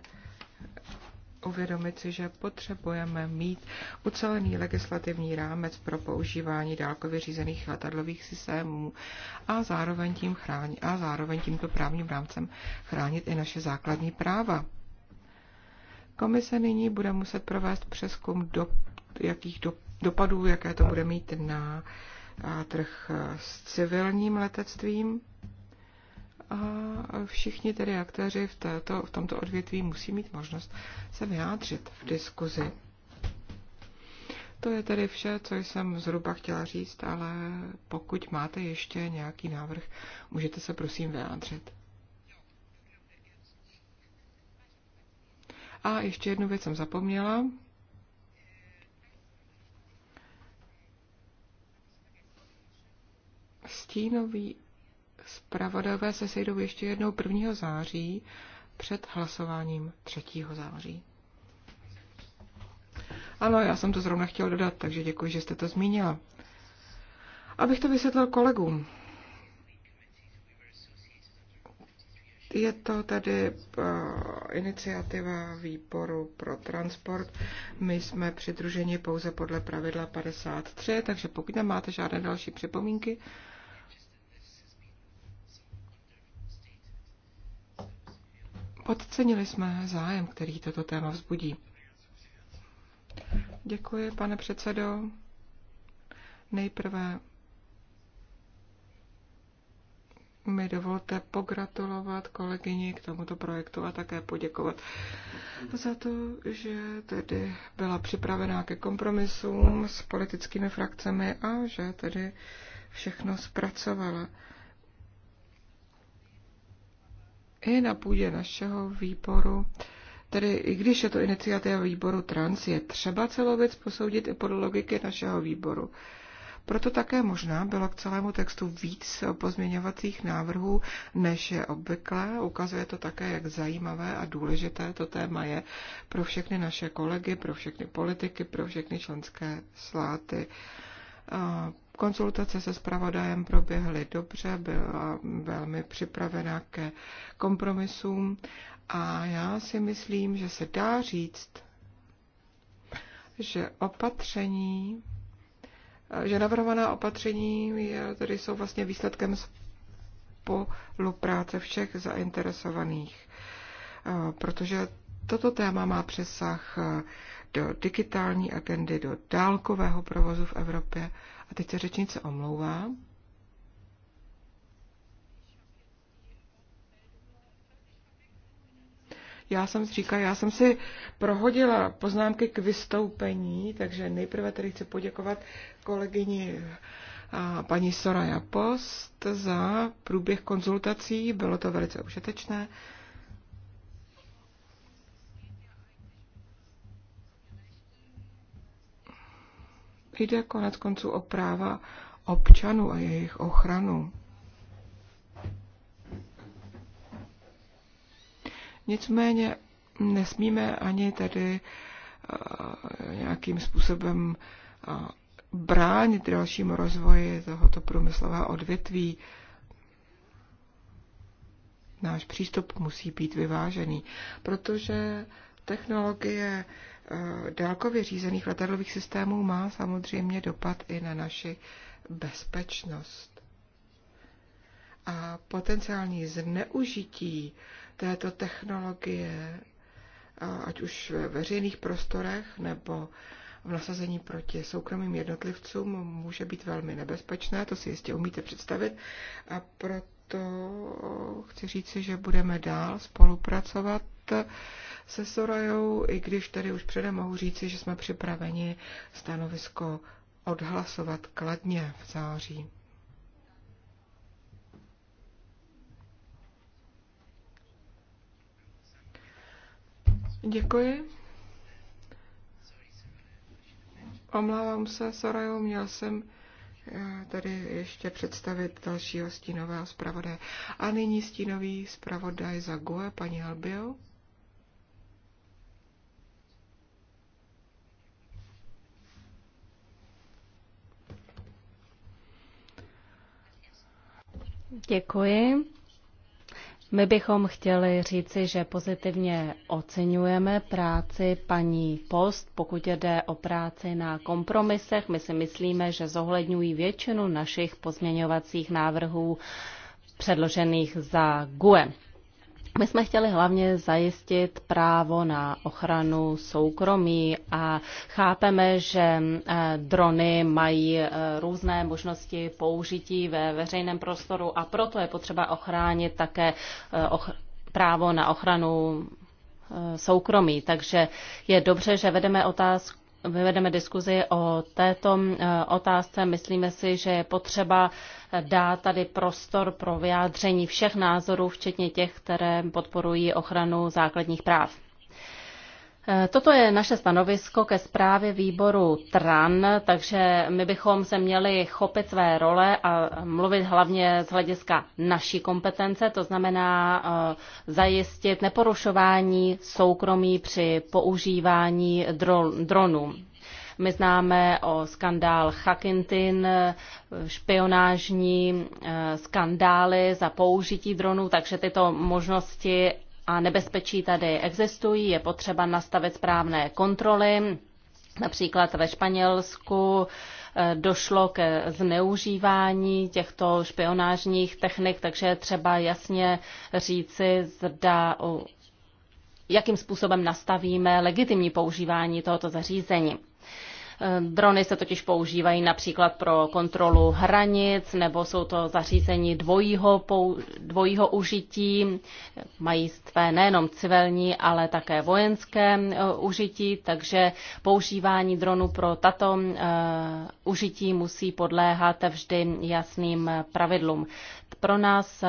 uvědomit si, že potřebujeme mít ucelený legislativní rámec pro používání dálkově řízených letadlových systémů a zároveň, tím chrání, a zároveň tímto právním rámcem chránit i naše základní práva. Komise nyní bude muset provést přeskum do, jakých do, dopadů, jaké to bude mít na trh s civilním letectvím a všichni tedy aktéři v, této, v tomto odvětví musí mít možnost se vyjádřit v diskuzi. To je tedy vše, co jsem zhruba chtěla říct, ale pokud máte ještě nějaký návrh, můžete se prosím vyjádřit. A ještě jednu věc jsem zapomněla. Stínový Spravodajové se sejdou ještě jednou 1. září před hlasováním 3. září. Ano, já jsem to zrovna chtěl dodat, takže děkuji, že jste to zmínila. Abych to vysvětlil kolegům. Je to tady eh, iniciativa výboru pro transport. My jsme přidruženi pouze podle pravidla 53, takže pokud nemáte žádné další připomínky, podcenili jsme zájem, který toto téma vzbudí. Děkuji, pane předsedo. Nejprve mi dovolte pogratulovat kolegyni k tomuto projektu a také poděkovat za to, že tedy byla připravená ke kompromisům s politickými frakcemi a že tedy všechno zpracovala i na půdě našeho výboru, tedy i když je to iniciativa výboru trans, je třeba celou věc posoudit i podle logiky našeho výboru. Proto také možná bylo k celému textu víc pozměňovacích návrhů, než je obvyklé. Ukazuje to také, jak zajímavé a důležité to téma je pro všechny naše kolegy, pro všechny politiky, pro všechny členské sláty Konzultace se zpravodajem proběhly dobře, byla velmi připravená ke kompromisům a já si myslím, že se dá říct, že opatření, že navrhovaná opatření je, tedy jsou vlastně výsledkem spolupráce všech zainteresovaných, eh, protože toto téma má přesah eh, do digitální agendy, do dálkového provozu v Evropě a teď se řečnice omlouvá. Já jsem si říkala, já jsem si prohodila poznámky k vystoupení, takže nejprve tedy chci poděkovat kolegyni a paní Soraya Post za průběh konzultací, bylo to velice užitečné. Jde konec konců o práva občanů a jejich ochranu. Nicméně nesmíme ani tedy eh, nějakým způsobem eh, bránit dalšímu rozvoji tohoto průmyslového odvětví. Náš přístup musí být vyvážený, protože technologie Eh, dálkově řízených letadlových systémů má samozřejmě dopad i na naši bezpečnost. A potenciální zneužití této technologie, eh, ať už ve veřejných prostorech nebo v nasazení proti soukromým jednotlivcům může být velmi nebezpečné, to si jistě umíte představit, a proto to chci říci, že budeme dál spolupracovat se Sorajou, i když tady už předem mohu říci, že jsme připraveni stanovisko odhlasovat kladně v září. Děkuji. Omlávám se, Sorajo, měl jsem tady ještě představit dalšího stínového zpravodaje. A nyní stínový zpravodaj za GUE, paní Albio. Děkuji. My bychom chtěli říci, že pozitivně oceňujeme práci paní Post, pokud jde o práci na kompromisech. My si myslíme, že zohledňují většinu našich pozměňovacích návrhů předložených za GUE. My jsme chtěli hlavně zajistit právo na ochranu soukromí a chápeme, že eh, drony mají eh, různé možnosti použití ve veřejném prostoru a proto je potřeba ochránit také eh, právo na ochranu soukromí. Takže je dobře, že vedeme otázku vyvedeme diskuzi o této e, otázce. Myslíme si, že je potřeba dát tady prostor pro vyjádření všech názorů, včetně těch, které podporují ochranu základních práv. Eh, toto je naše stanovisko ke zprávě výboru TRAN, takže my bychom se měli chopit své role a mluvit hlavně z hlediska naší kompetence, to znamená eh, zajistit neporušování soukromí při používání dronů. My známe o skandál Hackintin, eh, špionážní skandály za použití dronů, takže tyto možnosti a nebezpečí tady existují, je potřeba nastavit správné kontroly. Například ve Španělsku eh, došlo ke zneužívání těchto špionážních technik, takže je třeba jasně říci, zda, jakým způsobem nastavíme legitimní používání tohoto zařízení. Eh, drony se totiž používají například pro kontrolu hranic, nebo jsou to zařízení dvojího, pou, dvojího užití. Mají své nejenom civilní, ale také vojenské eh, užití, takže používání dronu pro tato eh, užití musí podléhat vždy jasným pravidlům. Pro nás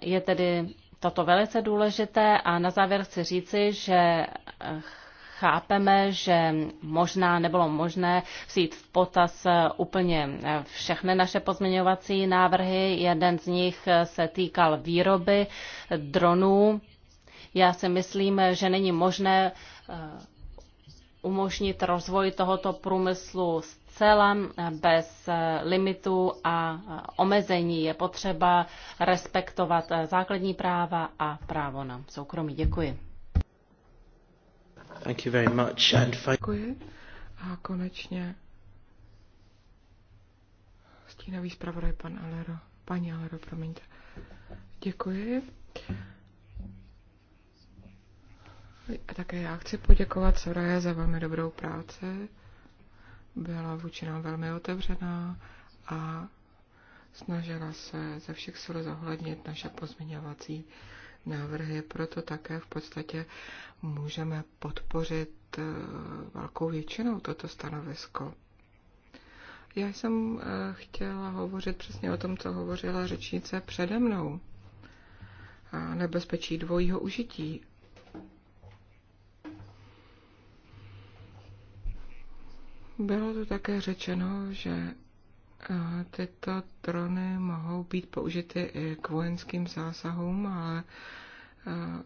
je tedy toto velice důležité a na závěr chci říci, že chápeme, že možná nebylo možné vzít v potaz úplně všechny naše pozměňovací návrhy. Jeden z nich se týkal výroby dronů. Já si myslím, že není možné eh, umožnit rozvoj tohoto průmyslu zcela eh, bez eh, limitů a omezení. Je potřeba respektovat základní práva a právo na soukromí. Děkuji. Thank you very much. And Děkuji. A konečně stínový zpravodaj pan Alero. Paní Alero, promiňte. Děkuji. A také já chci poděkovat Soraya za velmi dobrou práci. Byla vůči nám velmi otevřená a snažila se ze všech sil zohlednit naše pozměňovací návrhy, proto také v podstatě můžeme podpořit eh, velkou většinou toto stanovisko. Já jsem eh, chtěla hovořit přesně o tom, co hovořila řečnice přede mnou. A nebezpečí dvojího užití. Bylo tu také řečeno, že tyto drony mohou být použity i k vojenským zásahům, ale eh,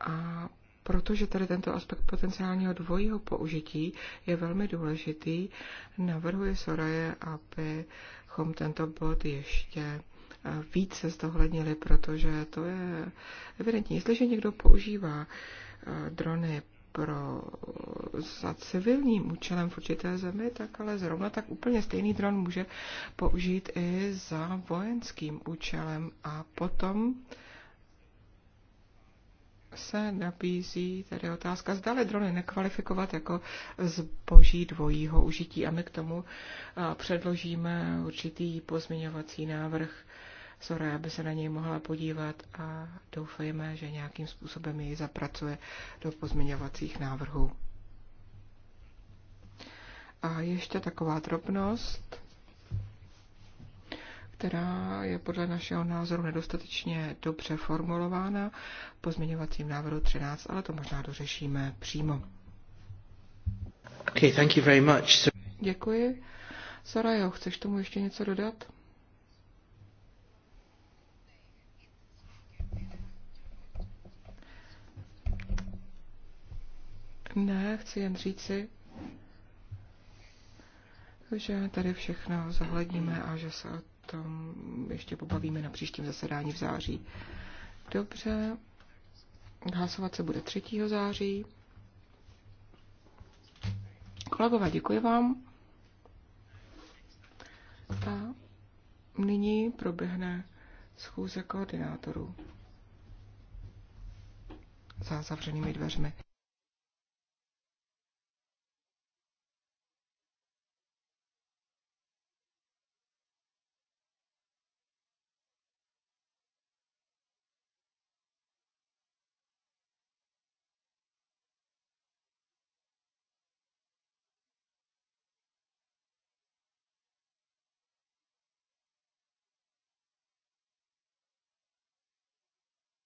a protože tady tento aspekt potenciálního dvojího použití je velmi důležitý, navrhuje Soraje, abychom tento bod ještě eh, více zdohlednili, protože to je evidentní. Jestliže někdo používá eh, drony pro, za civilním účelem v určité zemi, tak ale zrovna tak úplně stejný dron může použít i za vojenským účelem a potom se nabízí tady otázka, zdali drony nekvalifikovat jako zboží dvojího užití a my k tomu eh, předložíme určitý pozměňovací návrh. Sora, aby se na něj mohla podívat a doufejme, že nějakým způsobem jej zapracuje do pozměňovacích návrhů. A ještě taková drobnost, která je podle našeho názoru nedostatečně dobře formulována v pozměňovacím návrhu 13, ale to možná dořešíme přímo. Okay, thank you very much. Děkuji. Sarajo, chceš tomu ještě něco dodat? Ne, chci jen říci, že tady všechno zohledníme a že se o tom ještě pobavíme na příštím zasedání v září. Dobře, hlasovat se bude 3. září. Kolegové, děkuji vám. A nyní proběhne schůze koordinátorů za zavřenými dveřmi.